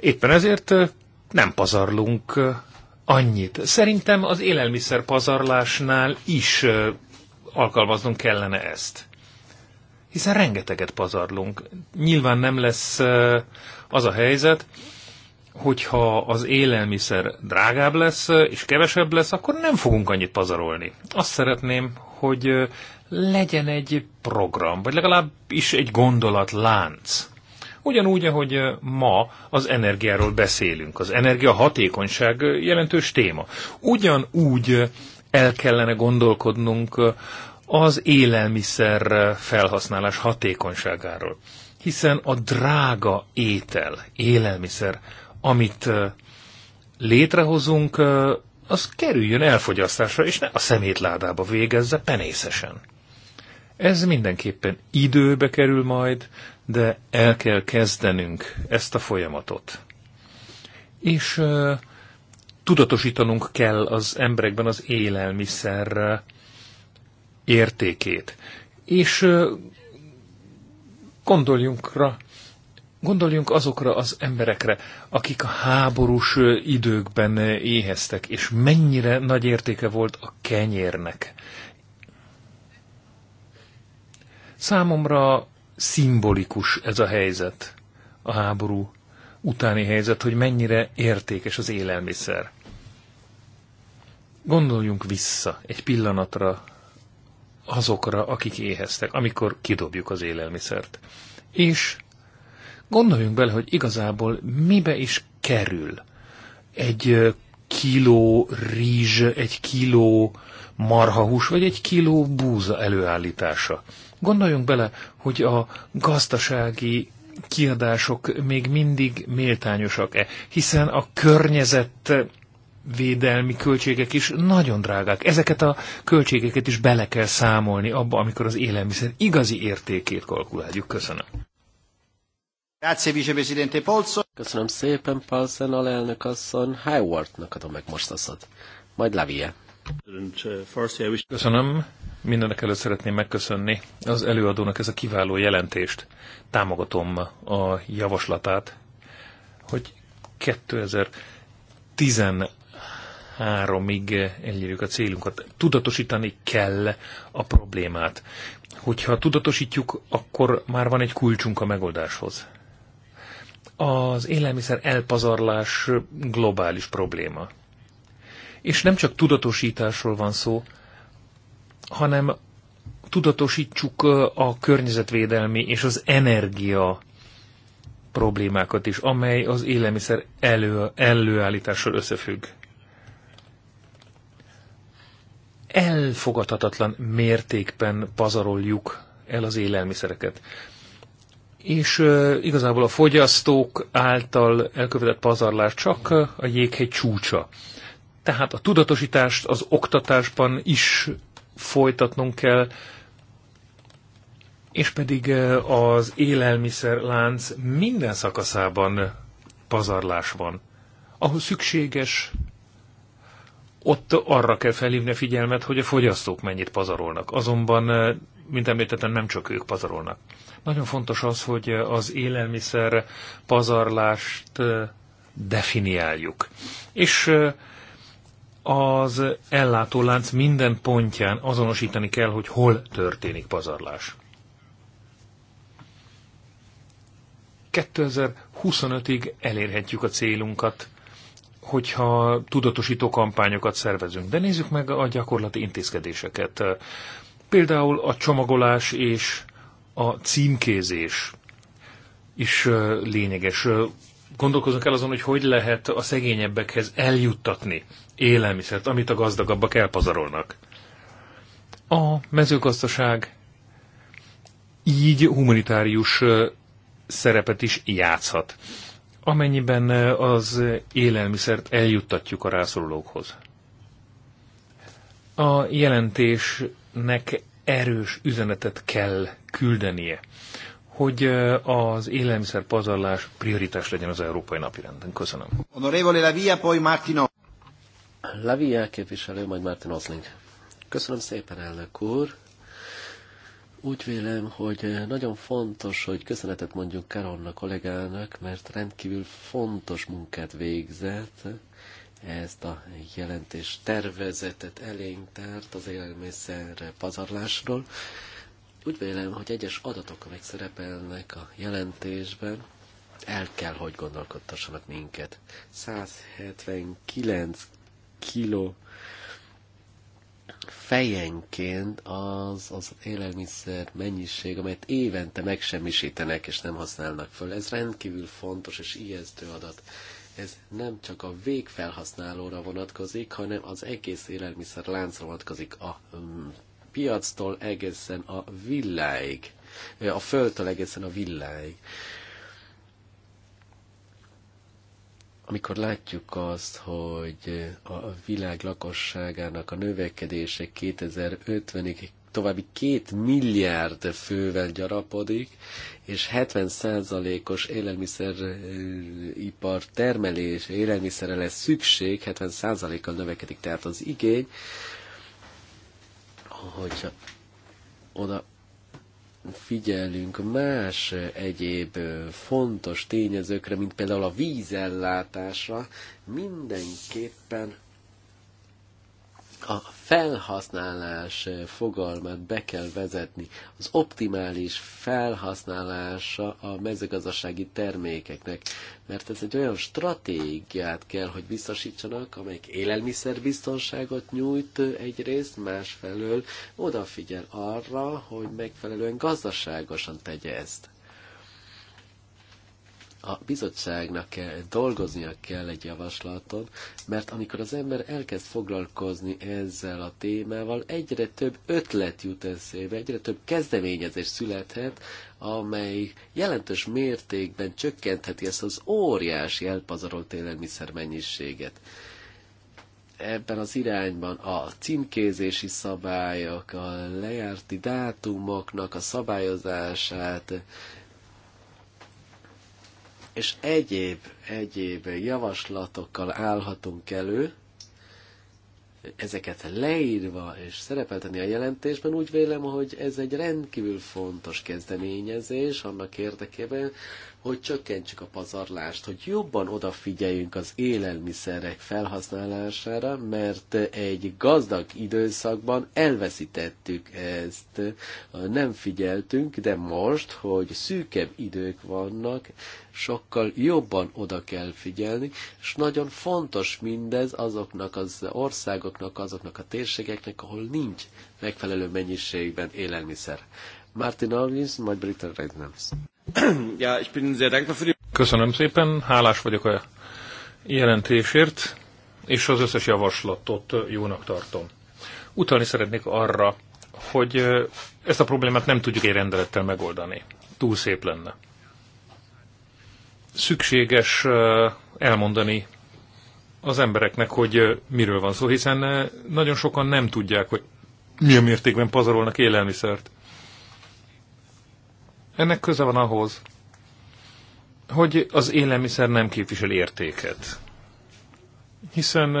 Éppen ezért nem pazarlunk annyit. Szerintem az élelmiszer pazarlásnál is alkalmaznunk kellene ezt. Hiszen rengeteget pazarlunk. Nyilván nem lesz az a helyzet, hogyha az élelmiszer drágább lesz és kevesebb lesz, akkor nem fogunk annyit pazarolni. Azt szeretném, hogy legyen egy program, vagy legalább is egy gondolatlánc Ugyanúgy, ahogy ma az energiáról beszélünk, az energia hatékonyság jelentős téma. Ugyanúgy el kellene gondolkodnunk az élelmiszer felhasználás hatékonyságáról. Hiszen a drága étel, élelmiszer, amit létrehozunk, az kerüljön elfogyasztásra, és ne a szemétládába végezze penészesen. Ez mindenképpen időbe kerül majd, de el kell kezdenünk ezt a folyamatot. És tudatosítanunk kell az emberekben az élelmiszer értékét. És uh, gondoljunkra, gondoljunk azokra az emberekre, akik a háborús időkben éheztek, és mennyire nagy értéke volt a kenyérnek. Számomra szimbolikus ez a helyzet, a háború utáni helyzet, hogy mennyire értékes az élelmiszer. Gondoljunk vissza egy pillanatra azokra, akik éheztek, amikor kidobjuk az élelmiszert. És gondoljunk bele, hogy igazából mibe is kerül egy kiló rizs, egy kiló marhahús, vagy egy kiló búza előállítása. Gondoljunk bele, hogy a gazdasági kiadások még mindig méltányosak-e, hiszen a környezet védelmi költségek is nagyon drágák. Ezeket a költségeket is bele kell számolni abba, amikor az élelmiszer igazi értékét kalkuláljuk. Köszönöm. Grazie,
vicepresidente Köszönöm szépen, Paulsen alelnök asszony. Howardnak adom meg most szót. Majd Lavia.
Köszönöm. Mindenek előtt szeretném megköszönni az előadónak ez a kiváló jelentést. Támogatom a javaslatát, hogy 2013-ig elérjük a célunkat. Tudatosítani kell a problémát. Hogyha tudatosítjuk, akkor már van egy kulcsunk a megoldáshoz az élelmiszer elpazarlás globális probléma. És nem csak tudatosításról van szó, hanem tudatosítsuk uh, a környezetvédelmi és az energia problémákat is, amely az élelmiszer elő, előállítással összefügg. Elfogadhatatlan mértékben pazaroljuk el az élelmiszereket és igazából a fogyasztók által elkövetett pazarlás csak a jéghegy csúcsa. Tehát a tudatosítást az oktatásban is folytatnunk kell, és pedig az élelmiszerlánc minden szakaszában pazarlás van. Ahol szükséges, ott arra kell felhívni a figyelmet, hogy a fogyasztók mennyit pazarolnak. Azonban, mint említettem, nem csak ők pazarolnak. Nagyon fontos az, hogy az élelmiszer pazarlást definiáljuk. És az ellátólánc minden pontján azonosítani kell, hogy hol történik pazarlás. 2025-ig elérhetjük a célunkat, hogyha tudatosító kampányokat szervezünk. De nézzük meg a gyakorlati intézkedéseket. Például a csomagolás és a címkézés is lényeges. Gondolkozunk el azon, hogy hogy lehet a szegényebbekhez eljuttatni élelmiszert, amit a gazdagabbak elpazarolnak. A mezőgazdaság így humanitárius szerepet is játszhat, amennyiben az élelmiszert eljuttatjuk a rászorulókhoz. A jelentésnek erős üzenetet kell küldenie, hogy az élelmiszer pazarlás prioritás legyen az európai napirenden. Köszönöm.
Honorevole Lavia, poi Martino.
Lavia képviselő, majd Martin Osling. Köszönöm szépen, elnök úr. Úgy vélem, hogy nagyon fontos, hogy köszönetet mondjuk Karonna kollégának, mert rendkívül fontos munkát végzett, ezt a jelentés tervezetet elénk tárt az élelmiszer pazarlásról. Úgy vélem, hogy egyes adatok, amik szerepelnek a jelentésben, el kell, hogy gondolkodtassanak minket. 179 kiló fejenként az az élelmiszer mennyiség, amelyet évente megsemmisítenek és nem használnak föl. Ez rendkívül fontos és ijesztő adat ez nem csak a végfelhasználóra vonatkozik, hanem az egész élelmiszer láncra vonatkozik a mm, piactól egészen a villáig, a földtől egészen a villáig. amikor látjuk azt, hogy a világ lakosságának a növekedése 2050-ig további két milliárd fővel gyarapodik, és 70%-os élelmiszeripar termelés, élelmiszerre lesz szükség, 70%-kal növekedik tehát az igény, hogyha oda figyelünk más egyéb fontos tényezőkre, mint például a vízellátásra, mindenképpen a felhasználás eh, fogalmát be kell vezetni. Az optimális felhasználása a mezőgazdasági termékeknek, mert ez egy olyan stratégiát kell, hogy biztosítsanak, amelyik élelmiszerbiztonságot nyújt eh, egyrészt, másfelől odafigyel arra, hogy megfelelően gazdaságosan tegye ezt a bizottságnak kell, dolgoznia kell egy javaslaton, mert amikor az ember elkezd foglalkozni ezzel a témával, egyre több ötlet jut eszébe, egyre több kezdeményezés születhet, amely jelentős mértékben csökkentheti ezt az óriási elpazarolt élelmiszer mennyiséget ebben az irányban a címkézési szabályok, a lejárti dátumoknak a szabályozását és egyéb, egyéb javaslatokkal állhatunk elő, ezeket leírva és szerepelteni a jelentésben, úgy vélem, hogy ez egy rendkívül fontos kezdeményezés annak érdekében, hogy csökkentsük a pazarlást, hogy jobban odafigyeljünk az élelmiszerek felhasználására, mert egy gazdag időszakban elveszítettük ezt, nem figyeltünk, de most, hogy szűkebb idők vannak, sokkal jobban oda kell figyelni, és nagyon fontos mindez azoknak az országoknak, azoknak a térségeknek, ahol nincs megfelelő mennyiségben élelmiszer. Martin Alvins, majd Britain Reynolds.
Köszönöm szépen, hálás vagyok a jelentésért, és az összes javaslatot jónak tartom. Utalni szeretnék arra, hogy ezt a problémát nem tudjuk egy rendelettel megoldani. Túl szép lenne. Szükséges elmondani az embereknek, hogy miről van szó, hiszen nagyon sokan nem tudják, hogy milyen mértékben pazarolnak élelmiszert. Ennek köze van ahhoz, hogy az élelmiszer nem képvisel értéket. Hiszen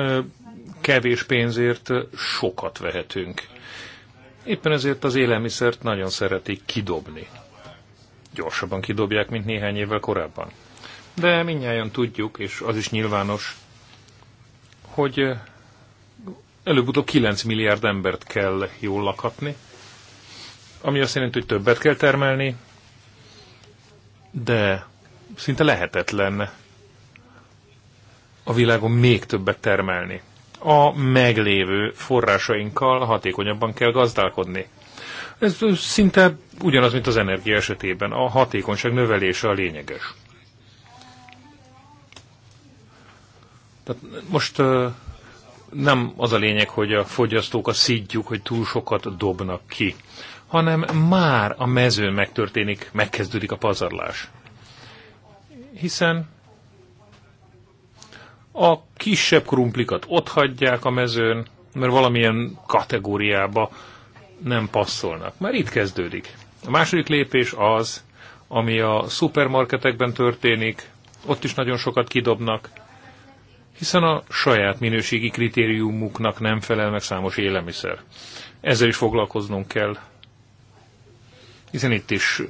kevés pénzért sokat vehetünk. Éppen ezért az élelmiszert nagyon szeretik kidobni. Gyorsabban kidobják, mint néhány évvel korábban. De mindnyáján tudjuk, és az is nyilvános, hogy előbb-utóbb 9 milliárd embert kell jól lakatni, ami azt jelenti, hogy többet kell termelni, de szinte lehetetlen a világon még többet termelni. A meglévő forrásainkkal hatékonyabban kell gazdálkodni. Ez szinte ugyanaz, mint az energia esetében. A hatékonyság növelése a lényeges. Tehát most nem az a lényeg, hogy a fogyasztókat szidjuk, hogy túl sokat dobnak ki hanem már a mezőn megtörténik, megkezdődik a pazarlás. Hiszen a kisebb krumplikat ott hagyják a mezőn, mert valamilyen kategóriába nem passzolnak. Már itt kezdődik. A második lépés az, ami a szupermarketekben történik, ott is nagyon sokat kidobnak, hiszen a saját minőségi kritériumuknak nem felel meg számos élelmiszer. Ezzel is foglalkoznunk kell hiszen itt is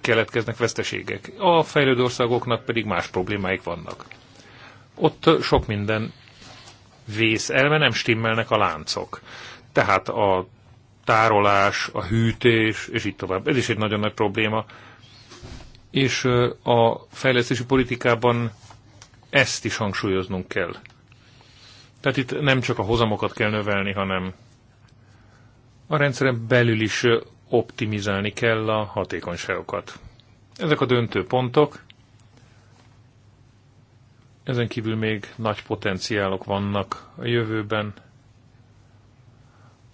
keletkeznek veszteségek. A fejlődő országoknak pedig más problémáik vannak. Ott sok minden vész elme, nem stimmelnek a láncok. Tehát a tárolás, a hűtés, és így tovább. Ez is egy nagyon nagy probléma. És a fejlesztési politikában ezt is hangsúlyoznunk kell. Tehát itt nem csak a hozamokat kell növelni, hanem a rendszeren belül is optimizálni kell a hatékonyságokat. Ezek a döntő pontok. Ezen kívül még nagy potenciálok vannak a jövőben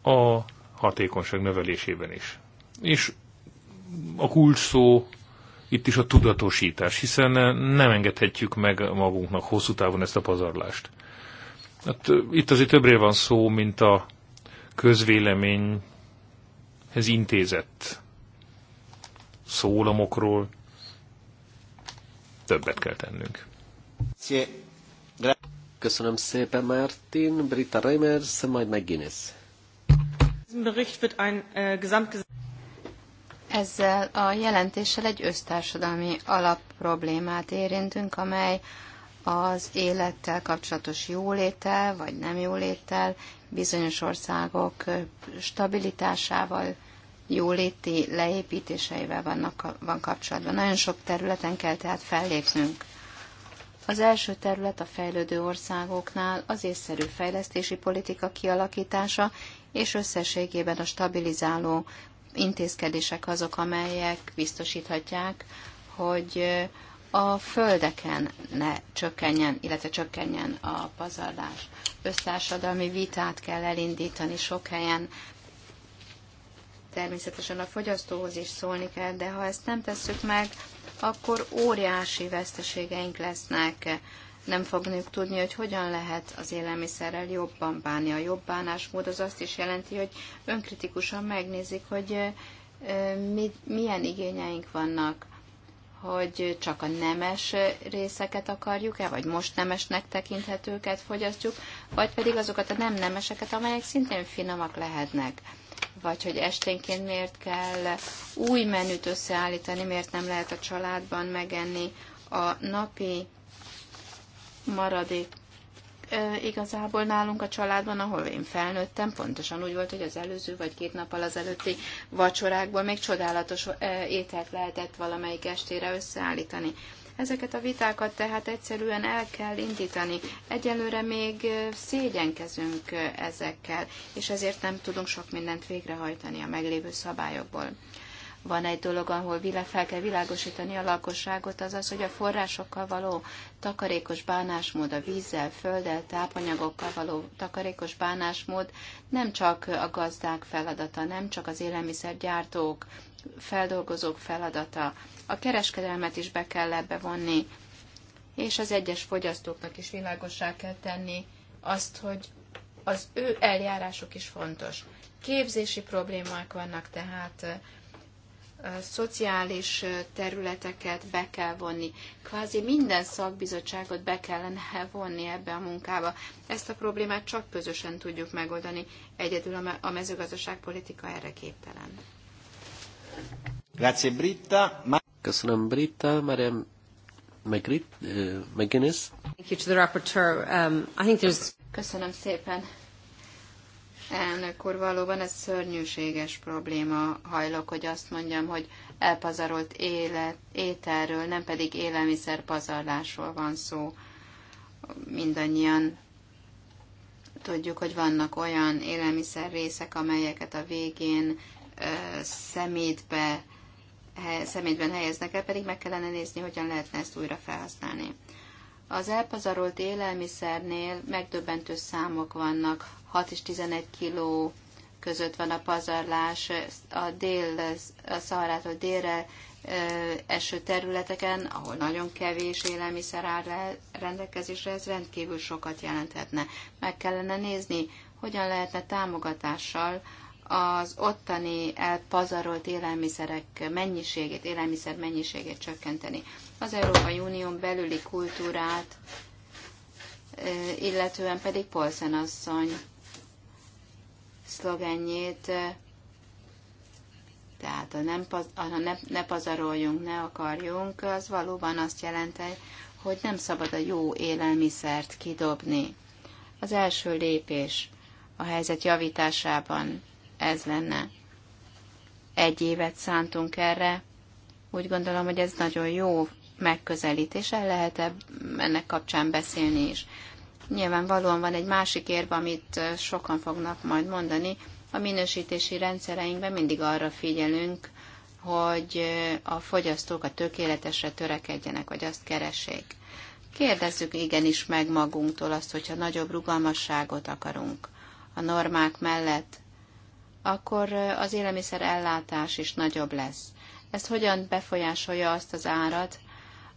a hatékonyság növelésében is. És a kulcs szó itt is a tudatosítás, hiszen nem engedhetjük meg magunknak hosszú távon ezt a pazarlást. Hát, itt azért többre van szó, mint a közvélemény ez intézett szólamokról többet kell tennünk.
Köszönöm szépen, Martin. Brita Reimers, majd Guinness. Äh,
Ezzel a jelentéssel egy össztársadalmi alapproblémát érintünk, amely az élettel kapcsolatos jólétel, vagy nem jólétel, bizonyos országok stabilitásával, jóléti leépítéseivel vannak, van kapcsolatban. Nagyon sok területen kell tehát fellépnünk. Az első terület a fejlődő országoknál az észszerű fejlesztési politika kialakítása, és összességében a stabilizáló intézkedések azok, amelyek biztosíthatják, hogy a földeken ne csökkenjen, illetve csökkenjen a pazarlás. Össztársadalmi vitát kell elindítani sok helyen. Természetesen a fogyasztóhoz is szólni kell, de ha ezt nem tesszük meg, akkor óriási veszteségeink lesznek. Nem fogjuk tudni, hogy hogyan lehet az élelmiszerrel jobban bánni. A jobb bánásmód az azt is jelenti, hogy önkritikusan megnézik, hogy milyen igényeink vannak hogy csak a nemes részeket akarjuk-e, vagy most nemesnek tekinthetőket fogyasztjuk, vagy pedig azokat a nem nemeseket, amelyek szintén finomak lehetnek. Vagy hogy esténként miért kell új menüt összeállítani, miért nem lehet a családban megenni a napi maradék igazából nálunk a családban, ahol én felnőttem, pontosan úgy volt, hogy az előző vagy két nappal az előtti vacsorákból még csodálatos ételt lehetett valamelyik estére összeállítani. Ezeket a vitákat tehát egyszerűen el kell indítani. Egyelőre még szégyenkezünk ezekkel, és ezért nem tudunk sok mindent végrehajtani a meglévő szabályokból van egy dolog, ahol világ, fel kell világosítani a lakosságot, az az, hogy a forrásokkal való takarékos bánásmód, a vízzel, földdel, tápanyagokkal való takarékos bánásmód nem csak a gazdák feladata, nem csak az élelmiszergyártók, feldolgozók feladata. A kereskedelmet is be kell ebbe vonni, és az egyes fogyasztóknak is világossá kell tenni azt, hogy az ő eljárásuk is fontos. Képzési problémák vannak tehát szociális területeket be kell vonni. Kvázi minden szakbizottságot be kellene vonni ebbe a munkába. Ezt a problémát csak közösen tudjuk megoldani, egyedül a mezőgazdaságpolitika erre képtelen.
Grazie Britta. Köszönöm Britta, Mariam McGuinness.
Thank you to the rapporteur. Um, I think there's... Köszönöm szépen. Elnök úr, valóban ez szörnyűséges probléma. Hajlok, hogy azt mondjam, hogy elpazarolt élet, ételről, nem pedig élelmiszer pazarlásról van szó. Mindannyian tudjuk, hogy vannak olyan élelmiszer részek, amelyeket a végén ö, szemétbe, he, szemétben helyeznek el, pedig meg kellene nézni, hogyan lehetne ezt újra felhasználni. Az elpazarolt élelmiszernél megdöbbentő számok vannak. 6 és 11 kiló között van a pazarlás a dél, a Szaharától délre eső területeken, ahol nagyon kevés élelmiszer áll rendelkezésre, ez rendkívül sokat jelenthetne. Meg kellene nézni, hogyan lehetne támogatással az ottani elpazarolt élelmiszerek mennyiségét, élelmiszer mennyiségét csökkenteni. Az Európai Unión belüli kultúrát, illetően pedig Polszen asszony szlogenjét, tehát a nem, a ne, ne pazaroljunk, ne akarjunk, az valóban azt jelenti, hogy nem szabad a jó élelmiszert kidobni. Az első lépés a helyzet javításában ez lenne. Egy évet szántunk erre, úgy gondolom, hogy ez nagyon jó megközelítés, el lehet -e ennek kapcsán beszélni is. Nyilvánvalóan van egy másik érve, amit sokan fognak majd mondani. A minősítési rendszereinkben mindig arra figyelünk, hogy a fogyasztók a tökéletesre törekedjenek, vagy azt keresék. Kérdezzük igenis meg magunktól azt, hogyha nagyobb rugalmasságot akarunk a normák mellett, akkor az élelmiszer ellátás is nagyobb lesz. Ezt hogyan befolyásolja azt az árat,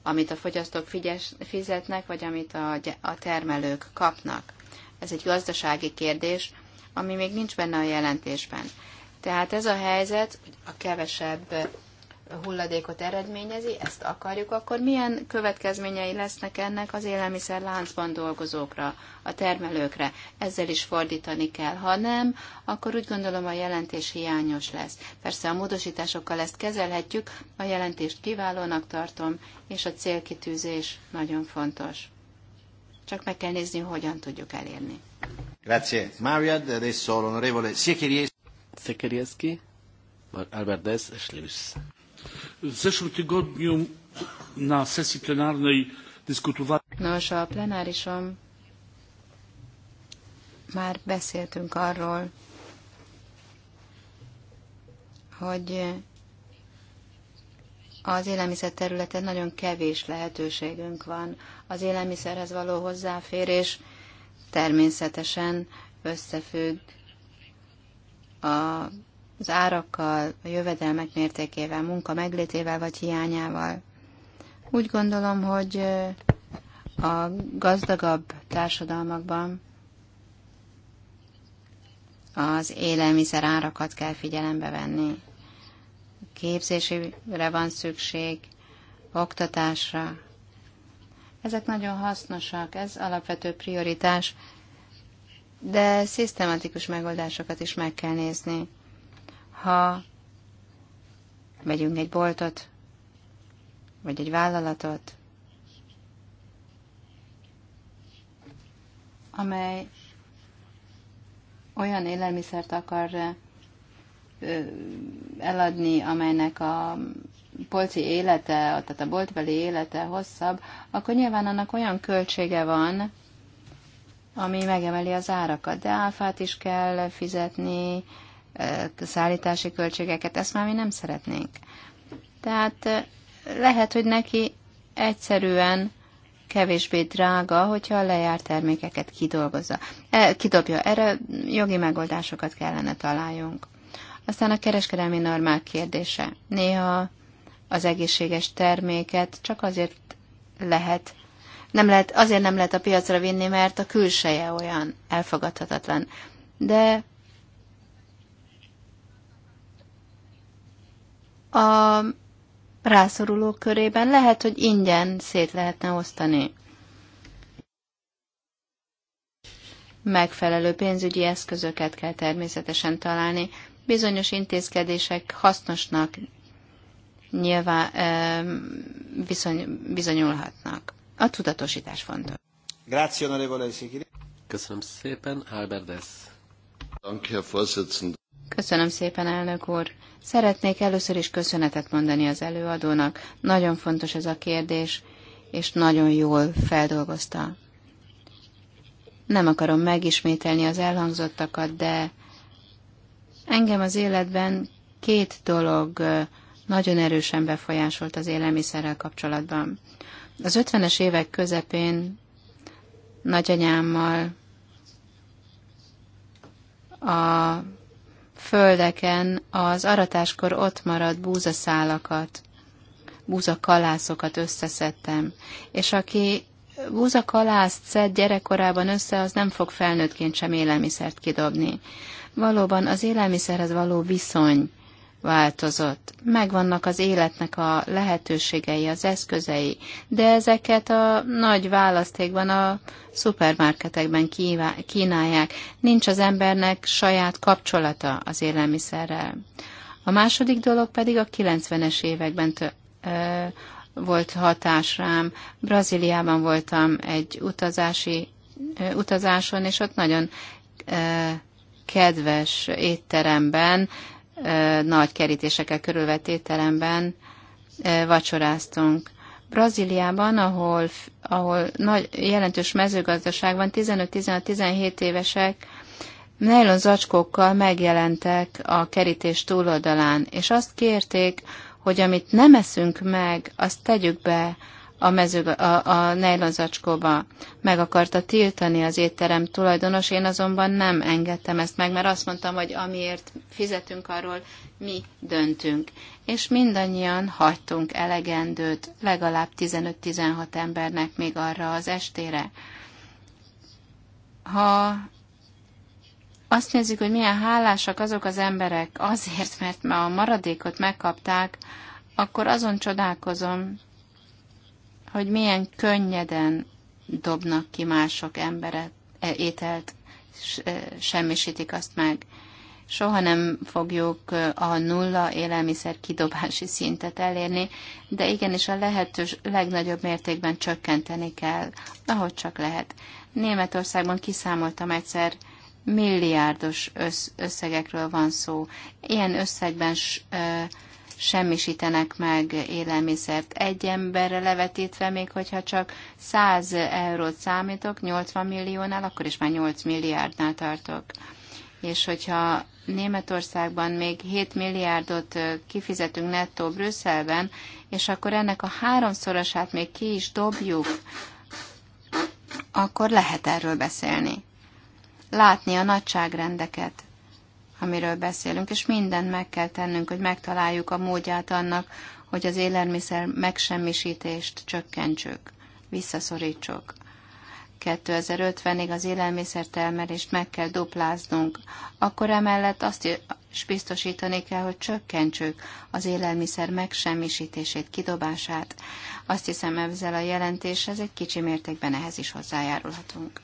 amit a fogyasztók figyes, fizetnek, vagy amit a, a termelők kapnak? Ez egy gazdasági kérdés, ami még nincs benne a jelentésben. Tehát ez a helyzet, hogy a kevesebb hulladékot eredményezi, ezt akarjuk, akkor milyen következményei lesznek ennek az élelmiszer láncban dolgozókra, a termelőkre? Ezzel is fordítani kell. Ha nem, akkor úgy gondolom a jelentés hiányos lesz. Persze a módosításokkal ezt kezelhetjük, a jelentést kiválónak tartom, és a célkitűzés nagyon fontos. Csak meg kell nézni, hogyan tudjuk elérni. Grazie,
Maria. Adesso l'onorevole Siekierieschi. Albert Dess, W zeszłym tygodniu na sesji plenarnej dyskutowaliśmy.
Nos, a plenárison már beszéltünk arról, hogy az élelmiszer területen nagyon kevés lehetőségünk van. Az élelmiszerhez való hozzáférés természetesen összefügg a az árakkal, a jövedelmek mértékével, munka meglétével vagy hiányával. Úgy gondolom, hogy a gazdagabb társadalmakban az élelmiszer árakat kell figyelembe venni. Képzésre van szükség, oktatásra. Ezek nagyon hasznosak, ez alapvető prioritás, de szisztematikus megoldásokat is meg kell nézni ha megyünk egy boltot, vagy egy vállalatot, amely olyan élelmiszert akar eladni, amelynek a polci élete, tehát a boltbeli élete hosszabb, akkor nyilván annak olyan költsége van, ami megemeli az árakat, de áfát is kell fizetni, szállítási költségeket, ezt már mi nem szeretnénk. Tehát lehet, hogy neki egyszerűen kevésbé drága, hogyha a lejárt termékeket kidolgozza, e, kidobja. Erre jogi megoldásokat kellene találjunk. Aztán a kereskedelmi normák kérdése. Néha az egészséges terméket csak azért lehet, nem lehet, azért nem lehet a piacra vinni, mert a külseje olyan elfogadhatatlan. De a rászorulók körében lehet, hogy ingyen szét lehetne osztani. Megfelelő pénzügyi eszközöket kell természetesen találni. Bizonyos intézkedések hasznosnak nyilván viszony, bizonyulhatnak. A tudatosítás fontos.
Grazie, Köszönöm szépen, Albert
Dess. Danke, Herr Vorsitzender. Köszönöm szépen, elnök úr. Szeretnék először is köszönetet mondani az előadónak. Nagyon fontos ez a kérdés, és nagyon jól feldolgozta. Nem akarom megismételni az elhangzottakat, de engem az életben két dolog nagyon erősen befolyásolt az élelmiszerrel kapcsolatban. Az 50-es évek közepén nagyanyámmal a földeken az aratáskor ott maradt búzaszálakat, búzakalászokat összeszedtem. És aki búzakalászt szed gyerekkorában össze, az nem fog felnőttként sem élelmiszert kidobni. Valóban az élelmiszerhez való viszony változott. Megvannak az életnek a lehetőségei, az eszközei, de ezeket a nagy választékban a szupermarketekben kínálják. Nincs az embernek saját kapcsolata az élelmiszerrel. A második dolog pedig a 90-es években volt hatás rám. Brazíliában voltam egy utazási ö, utazáson, és ott nagyon ö, kedves étteremben nagy kerítésekkel körülvett étteremben vacsoráztunk. Brazíliában, ahol, ahol nagy, jelentős mezőgazdaság van, 15-17 évesek nylon zacskókkal megjelentek a kerítés túloldalán, és azt kérték, hogy amit nem eszünk meg, azt tegyük be a, mező, a, a nejlonzacskóba. Meg akarta tiltani az étterem tulajdonos, én azonban nem engedtem ezt meg, mert azt mondtam, hogy amiért fizetünk, arról mi döntünk. És mindannyian hagytunk elegendőt, legalább 15-16 embernek még arra az estére. Ha azt nézzük, hogy milyen hálásak azok az emberek azért, mert ma a maradékot megkapták, akkor azon csodálkozom, hogy milyen könnyeden dobnak ki mások emberet, e, ételt, e, semmisítik azt meg. Soha nem fogjuk e, a nulla élelmiszer kidobási szintet elérni, de igenis a lehetős legnagyobb mértékben csökkenteni kell, ahogy csak lehet. Németországban kiszámoltam egyszer, milliárdos összegekről van szó. Ilyen összegben semmisítenek meg élelmiszert. Egy emberre levetítve, még hogyha csak 100 eurót számítok, 80 milliónál, akkor is már 8 milliárdnál tartok. És hogyha Németországban még 7 milliárdot kifizetünk nettó Brüsszelben, és akkor ennek a háromszorosát még ki is dobjuk, akkor lehet erről beszélni. Látni a nagyságrendeket amiről beszélünk, és mindent meg kell tennünk, hogy megtaláljuk a módját annak, hogy az élelmiszer megsemmisítést csökkentsük, visszaszorítsuk. 2050-ig az élelmiszer termelést meg kell dupláznunk, akkor emellett azt is biztosítani kell, hogy csökkentsük az élelmiszer megsemmisítését, kidobását. Azt hiszem, ezzel a jelentéshez egy kicsi mértékben ehhez is hozzájárulhatunk.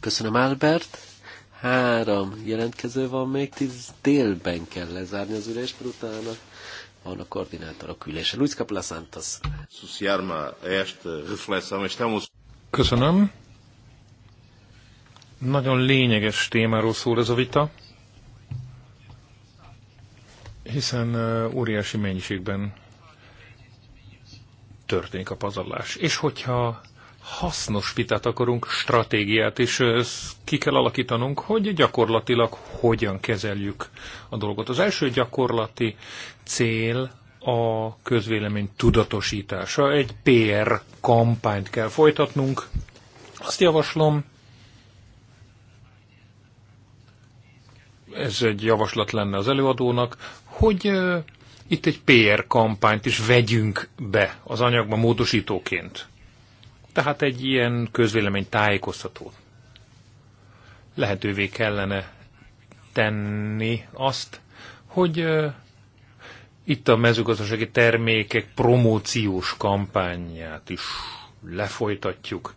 Köszönöm, Albert. Három jelentkező van még, tíz délben kell lezárni az ülést, mert utána van a koordinátorok ülése. Luis Capla Santos.
Köszönöm. Nagyon lényeges témáról szól ez a vita, hiszen uh, óriási mennyiségben történik a pazarlás. És hogyha hasznos vitát akarunk, stratégiát, és ki kell alakítanunk, hogy gyakorlatilag hogyan kezeljük a dolgot. Az első gyakorlati cél a közvélemény tudatosítása. Egy PR kampányt kell folytatnunk. Azt javaslom, ez egy javaslat lenne az előadónak, hogy itt egy PR kampányt is vegyünk be az anyagba módosítóként. Tehát egy ilyen közvélemény tájékoztató. Lehetővé kellene tenni azt, hogy itt a mezőgazdasági termékek promóciós kampányát is lefolytatjuk.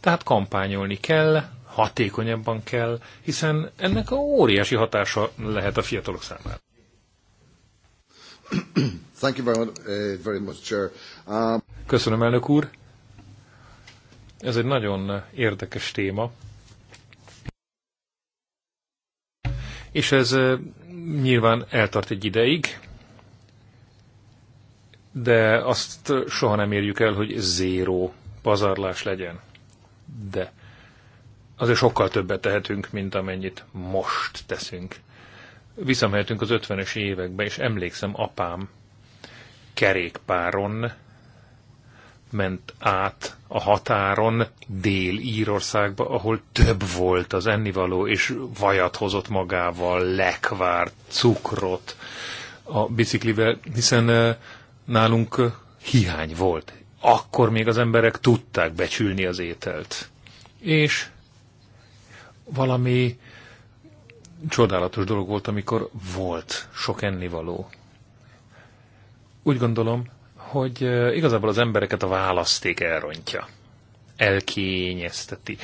Tehát kampányolni kell, hatékonyabban kell, hiszen ennek a óriási hatása lehet a fiatalok számára. Thank you very much, eh, Chair. Um... Köszönöm, elnök úr. Ez egy nagyon érdekes téma. És ez nyilván eltart egy ideig, de azt soha nem érjük el, hogy zéró pazarlás legyen. De azért sokkal többet tehetünk, mint amennyit most teszünk. Visszamehetünk az 50-es évekbe, és emlékszem apám kerékpáron ment át a határon Dél-Írországba, ahol több volt az ennivaló, és vajat hozott magával, lekvár, cukrot a biciklivel, hiszen nálunk hiány volt. Akkor még az emberek tudták becsülni az ételt. És valami csodálatos dolog volt, amikor volt sok ennivaló. Úgy gondolom, hogy igazából az embereket a választék elrontja, elkényezteti,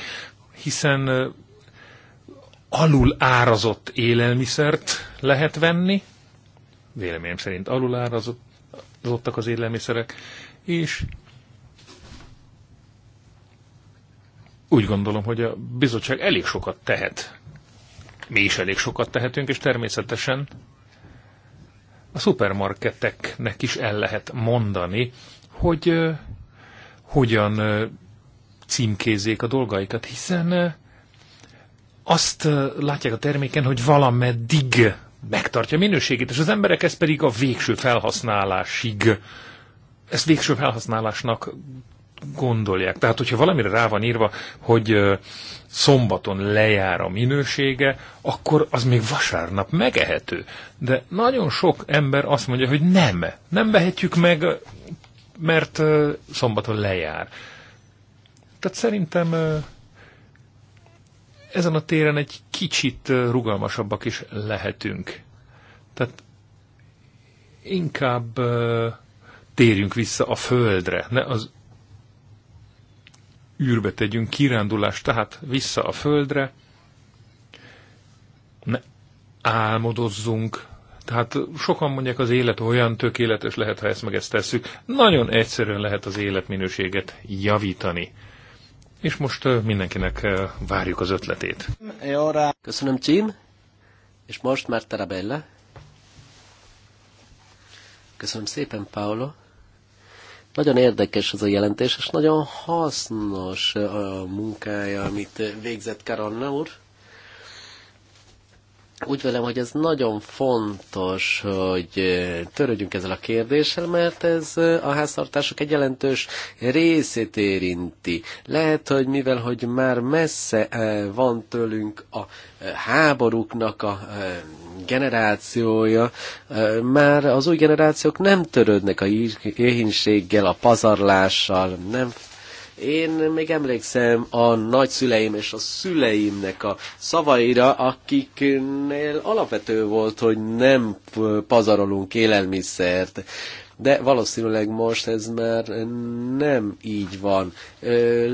hiszen alul árazott élelmiszert lehet venni, véleményem szerint alul árazottak az élelmiszerek, és úgy gondolom, hogy a bizottság elég sokat tehet. Mi is elég sokat tehetünk, és természetesen a szupermarketeknek is el lehet mondani, hogy hogyan címkézzék a dolgaikat, hiszen azt látják a terméken, hogy valameddig megtartja minőségét, és az emberek ezt pedig a végső felhasználásig, ezt végső felhasználásnak gondolják. Tehát, hogyha valamire rá van írva, hogy szombaton lejár a minősége, akkor az még vasárnap megehető. De nagyon sok ember azt mondja, hogy nem, nem vehetjük meg, mert szombaton lejár. Tehát szerintem ezen a téren egy kicsit rugalmasabbak is lehetünk. Tehát inkább térjünk vissza a földre, ne az űrbe tegyünk kirándulás, tehát vissza a földre, ne álmodozzunk. Tehát sokan mondják, az élet olyan tökéletes lehet, ha ezt meg ezt tesszük. Nagyon egyszerűen lehet az életminőséget javítani. És most mindenkinek várjuk az ötletét.
Jó rá. Köszönöm, Cím. És most már Tarabella. Köszönöm szépen, Paolo. Nagyon érdekes ez a jelentés, és nagyon hasznos a munkája, amit végzett Karanna úr úgy velem, hogy ez nagyon fontos, hogy eh, törődjünk ezzel a kérdéssel, mert ez eh, a háztartások egy jelentős részét érinti. Lehet, hogy mivel, hogy már messze eh, van tőlünk a háborúknak a generációja, már az új generációk nem törődnek a éhénységgel, a pazarlással, nem én még emlékszem a nagyszüleim és a szüleimnek a szavaira, akiknél alapvető volt, hogy nem pazarolunk élelmiszert de valószínűleg most ez már nem így van.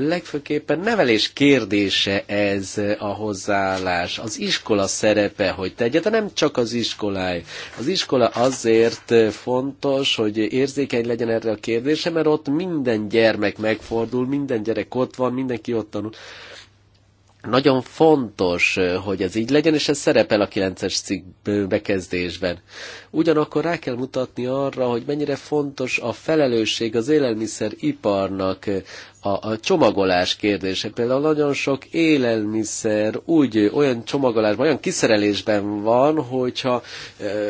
Legfőképpen nevelés kérdése ez a hozzáállás, az iskola szerepe, hogy tegye, de nem csak az iskoláj. Az iskola azért fontos, hogy érzékeny legyen erre a kérdése, mert ott minden gyermek megfordul, minden gyerek ott van, mindenki ott tanul. Nagyon fontos, hogy ez így legyen, és ez szerepel a 9-es cikk bekezdésben. Ugyanakkor rá kell mutatni arra, hogy mennyire fontos a felelősség az élelmiszeriparnak a, a csomagolás kérdése. Például nagyon sok élelmiszer úgy olyan csomagolásban, olyan kiszerelésben van, hogyha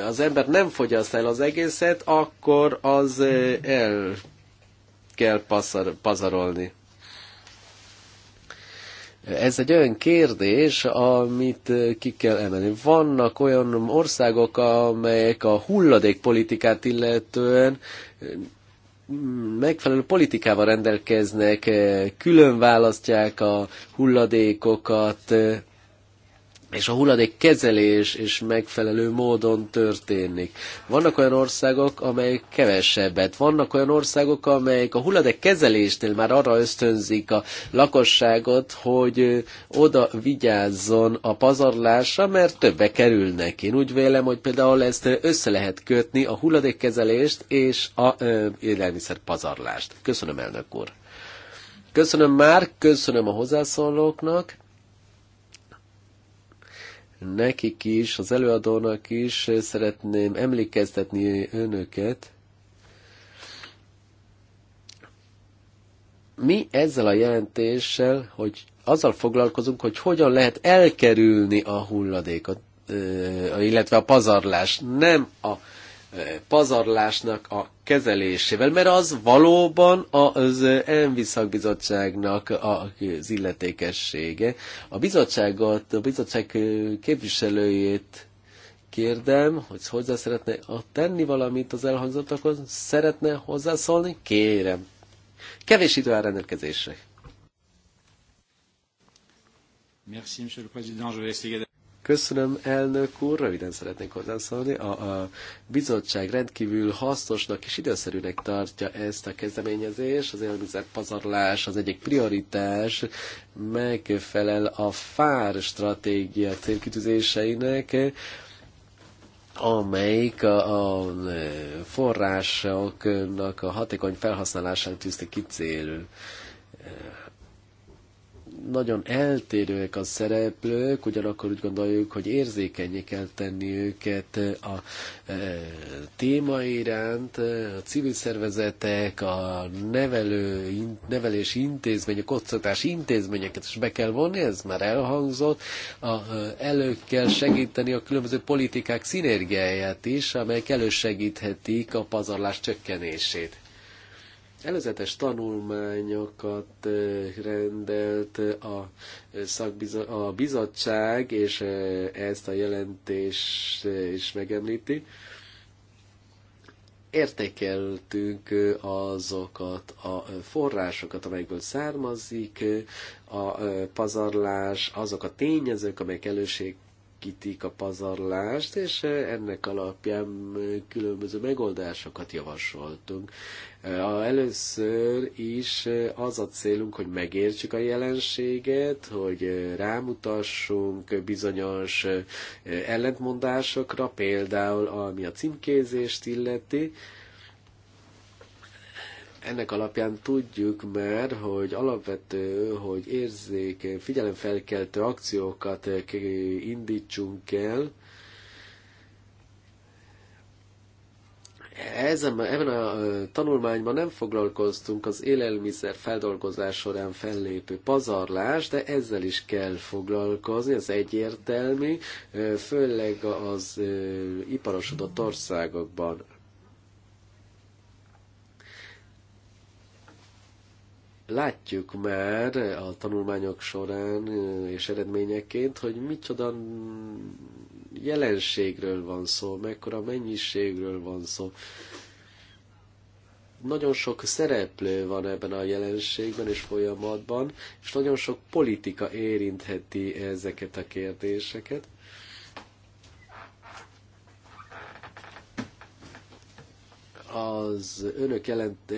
az ember nem fogyaszt el az egészet, akkor az el kell pazarolni ez egy olyan kérdés, amit eh, ki kell emelni. Vannak olyan országok, amelyek a hulladékpolitikát illetően eh, megfelelő politikával rendelkeznek, eh, külön választják a hulladékokat, és a hulladék kezelés is megfelelő módon történik. Vannak olyan országok, amelyek kevesebbet, vannak olyan országok, amelyek a hulladék kezelésnél már arra ösztönzik a lakosságot, hogy oda vigyázzon a pazarlásra, mert többe kerülnek. Én úgy vélem, hogy például ezt össze lehet kötni a hulladékkezelést és a ö, élelmiszer pazarlást. Köszönöm, elnök úr! Köszönöm már, köszönöm a hozzászólóknak nekik is, az előadónak is szeretném emlékeztetni önöket, mi ezzel a jelentéssel, hogy azzal foglalkozunk, hogy hogyan lehet elkerülni a hulladékot, illetve a pazarlást, nem a Eh, pazarlásnak a kezelésével, mert az valóban az ENVI szakbizottságnak az illetékessége. A bizottságot, a bizottság képviselőjét kérdem, hogy hozzá szeretne tenni valamit az elhangzottakhoz, szeretne hozzászólni? Kérem. Kevés idő áll rendelkezésre. Köszönöm, elnök úr, röviden szeretnék hozzászólni. A, a bizottság rendkívül hasznosnak és időszerűnek tartja ezt a kezdeményezést. Az élelmiszer pazarlás az egyik prioritás, megfelel a FÁR stratégia célkitűzéseinek amelyik a, a forrásoknak a hatékony felhasználását tűzte ki célul nagyon eltérőek a szereplők, ugyanakkor úgy gondoljuk, hogy érzékenyé kell tenni őket a e, téma iránt, e, a civil szervezetek, a nevelő, nevelés intézmények, oktatás intézményeket is be kell vonni, ez már elhangzott, a, e, elő kell segíteni a különböző politikák szinergiáját is, amelyek elősegíthetik a pazarlás csökkenését előzetes tanulmányokat eh, rendelt a, eh, szakbizo- a bizottság, és eh, ezt a jelentést is megemlíti. Értékeltünk azokat a forrásokat, amelyekből származik a pazarlás, azok a tényezők, amelyek előség kitik a pazarlást, és ennek alapján különböző megoldásokat javasoltunk. Először is az a célunk, hogy megértsük a jelenséget, hogy rámutassunk bizonyos ellentmondásokra, például ami a címkézést illeti, ennek alapján tudjuk már, hogy alapvető, hogy érzék, figyelemfelkeltő akciókat indítsunk el, ezen, ebben a tanulmányban nem foglalkoztunk az élelmiszer feldolgozás során fellépő pazarlás, de ezzel is kell foglalkozni, ez egyértelmű, főleg az iparosodott országokban. látjuk már a tanulmányok során és eredményeként, hogy micsoda jelenségről van szó, mekkora mennyiségről van szó. Nagyon sok szereplő van ebben a jelenségben és folyamatban, és nagyon sok politika érintheti ezeket a kérdéseket. az önök, jelent,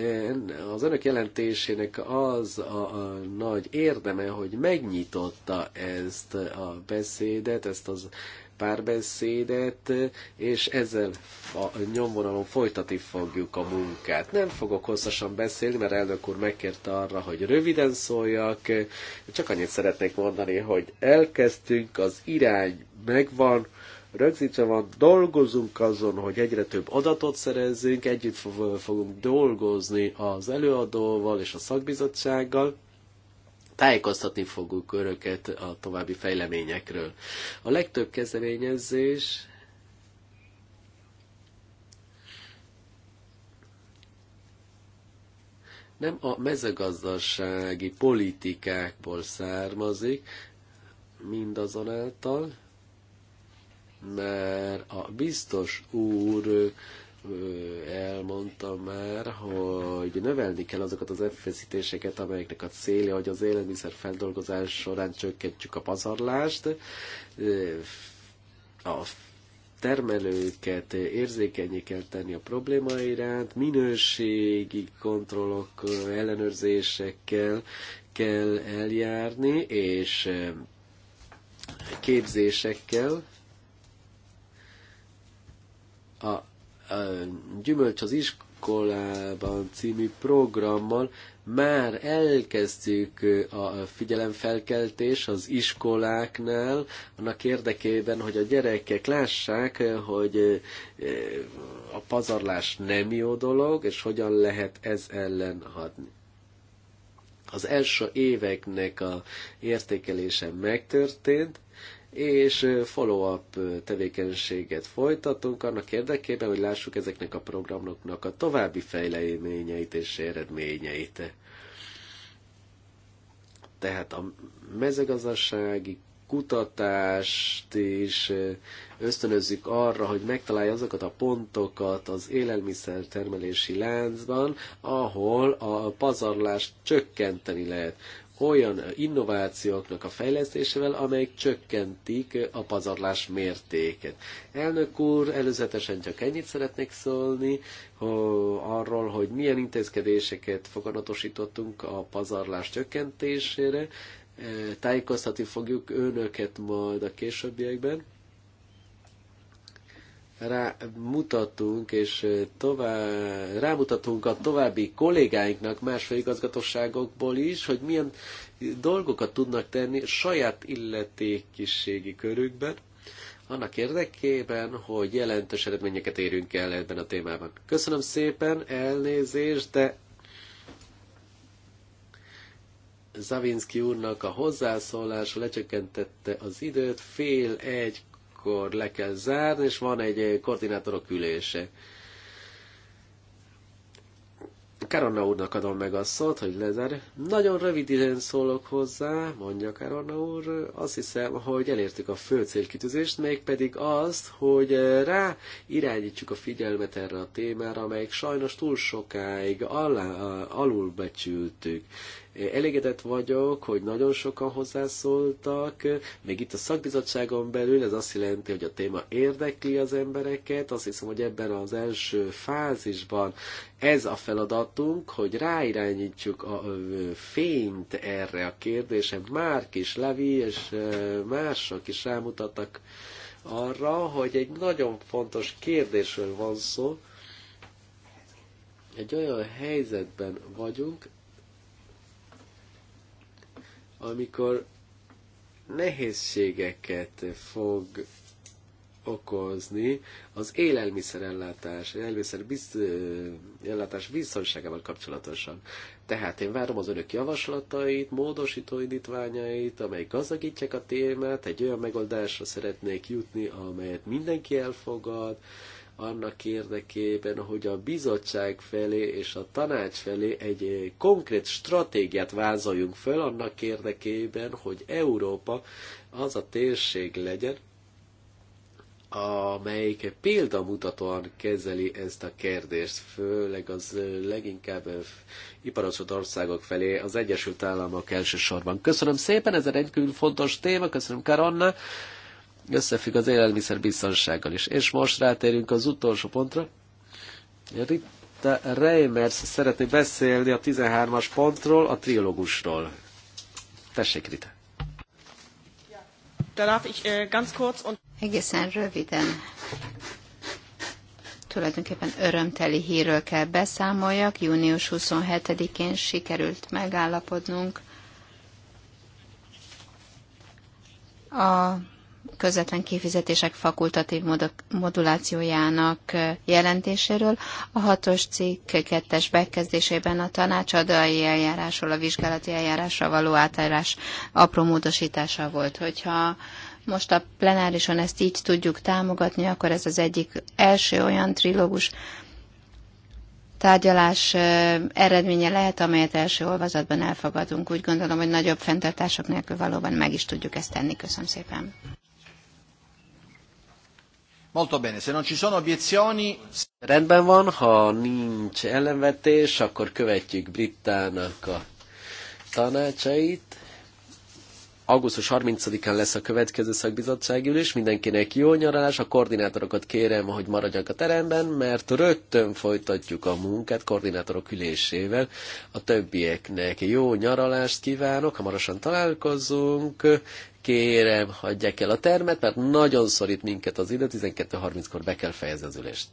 az önök jelentésének az a, a nagy érdeme, hogy megnyitotta ezt a beszédet, ezt az párbeszédet, és ezzel a nyomvonalon folytatni fogjuk a munkát. Nem fogok hosszasan beszélni, mert elnök úr megkérte arra, hogy röviden szóljak. Csak annyit szeretnék mondani, hogy elkezdtünk, az irány megvan, rögzítve van, dolgozunk azon, hogy egyre több adatot szerezzünk, együtt fogunk dolgozni az előadóval és a szakbizottsággal, tájékoztatni fogunk Önöket a további fejleményekről. A legtöbb kezdeményezés nem a mezőgazdasági politikákból származik, mindazonáltal, mert a biztos úr Elmondtam már, hogy növelni kell azokat az erőfeszítéseket, amelyeknek a célja, hogy az élelmiszer feldolgozás során csökkentjük a pazarlást, a termelőket érzékenyé kell tenni a probléma iránt, minőségi kontrollok, ellenőrzésekkel kell eljárni, és képzésekkel a Gyümölcs az iskolában című programmal már elkezdjük a figyelemfelkeltés az iskoláknál, annak érdekében, hogy a gyerekek lássák, hogy eh, a pazarlás nem jó dolog, és hogyan lehet ez ellen hadni az első éveknek a értékelése megtörtént, és follow-up tevékenységet folytatunk annak érdekében, hogy lássuk ezeknek a programoknak a további fejleményeit és eredményeit. Tehát a mezőgazdasági kutatást is ösztönözzük arra, hogy megtalálja azokat a pontokat az élelmiszer termelési láncban, ahol a pazarlást csökkenteni lehet olyan innovációknak a fejlesztésével, amelyek csökkentik a pazarlás mértéket. Elnök úr, előzetesen csak ennyit szeretnék szólni arról, hogy milyen intézkedéseket foganatosítottunk a pazarlás csökkentésére. Tájékoztatni fogjuk önöket majd a későbbiekben rámutatunk, és tovább, rámutatunk a további kollégáinknak más főigazgatóságokból is, hogy milyen dolgokat tudnak tenni saját illetékiségi körükben, annak érdekében, hogy jelentős eredményeket érünk el ebben a témában. Köszönöm szépen, elnézést, de Zavinski úrnak a hozzászólása lecsökkentette az időt, fél egy akkor le kell zárni, és van egy koordinátorok ülése. Karonna úrnak adom meg a szót, hogy lezár. Nagyon időn szólok hozzá, mondja Karonna úr. Azt hiszem, hogy elértük a fő célkitűzést, mégpedig azt, hogy rá irányítsuk a figyelmet erre a témára, amelyik sajnos túl sokáig alá, alulbecsültük. Elégedett vagyok, hogy nagyon sokan hozzászóltak, még itt a szakbizottságon belül ez azt jelenti, hogy a téma érdekli az embereket. Azt hiszem, hogy ebben az első fázisban ez a feladatunk, hogy ráirányítjuk a fényt erre a kérdésre. Márk Kis Levi és mások is rámutattak arra, hogy egy nagyon fontos kérdésről van szó, egy olyan helyzetben vagyunk, amikor nehézségeket fog okozni az élelmiszerellátás, élelmiszer biz, ellátás biztonságával kapcsolatosan. Tehát én várom az önök javaslatait, módosító indítványait, amely gazdagítják a témát, egy olyan megoldásra szeretnék jutni, amelyet mindenki elfogad, annak érdekében, hogy a bizottság felé és a tanács felé egy eh, konkrét stratégiát vázoljunk föl annak érdekében, hogy Európa az a térség legyen, amelyik példamutatóan kezeli ezt a kérdést, főleg az eh, leginkább eh, iparosodott országok felé, az Egyesült Államok elsősorban. Köszönöm szépen, ez egy rendkívül fontos téma, köszönöm Karonna összefügg az élelmiszerbiztonsággal is. És most rátérünk az utolsó pontra. Rita Reimers szeretné beszélni a 13-as pontról, a trilógusról. Tessék, Rita.
Äh, Egészen röviden tulajdonképpen örömteli hírről kell beszámoljak. Június 27-én sikerült megállapodnunk a közvetlen kifizetések fakultatív modulációjának jelentéséről. A hatos cikk kettes bekezdésében a tanácsadai eljárásról, a vizsgálati eljárásra való átállás apró módosítása volt. Hogyha most a plenárison ezt így tudjuk támogatni, akkor ez az egyik első olyan trilógus tárgyalás eredménye lehet, amelyet első olvasatban elfogadunk. Úgy gondolom, hogy nagyobb fenntartások nélkül valóban meg is tudjuk ezt tenni. Köszönöm szépen. Molto bene, se non ci sono obiezioni...
Rendben van, ha nincs ellenvetés, akkor követjük Brittának a tanácsait. Augusztus 30-án lesz a következő szakbizottsági ülés, mindenkinek jó nyaralás, a koordinátorokat kérem, hogy maradjanak a teremben, mert rögtön folytatjuk a munkát koordinátorok ülésével. A többieknek jó nyaralást kívánok, hamarosan találkozunk, Kérem, hagyják el a termet, mert nagyon szorít minket az idő, 12.30-kor be kell fejezni az ülést.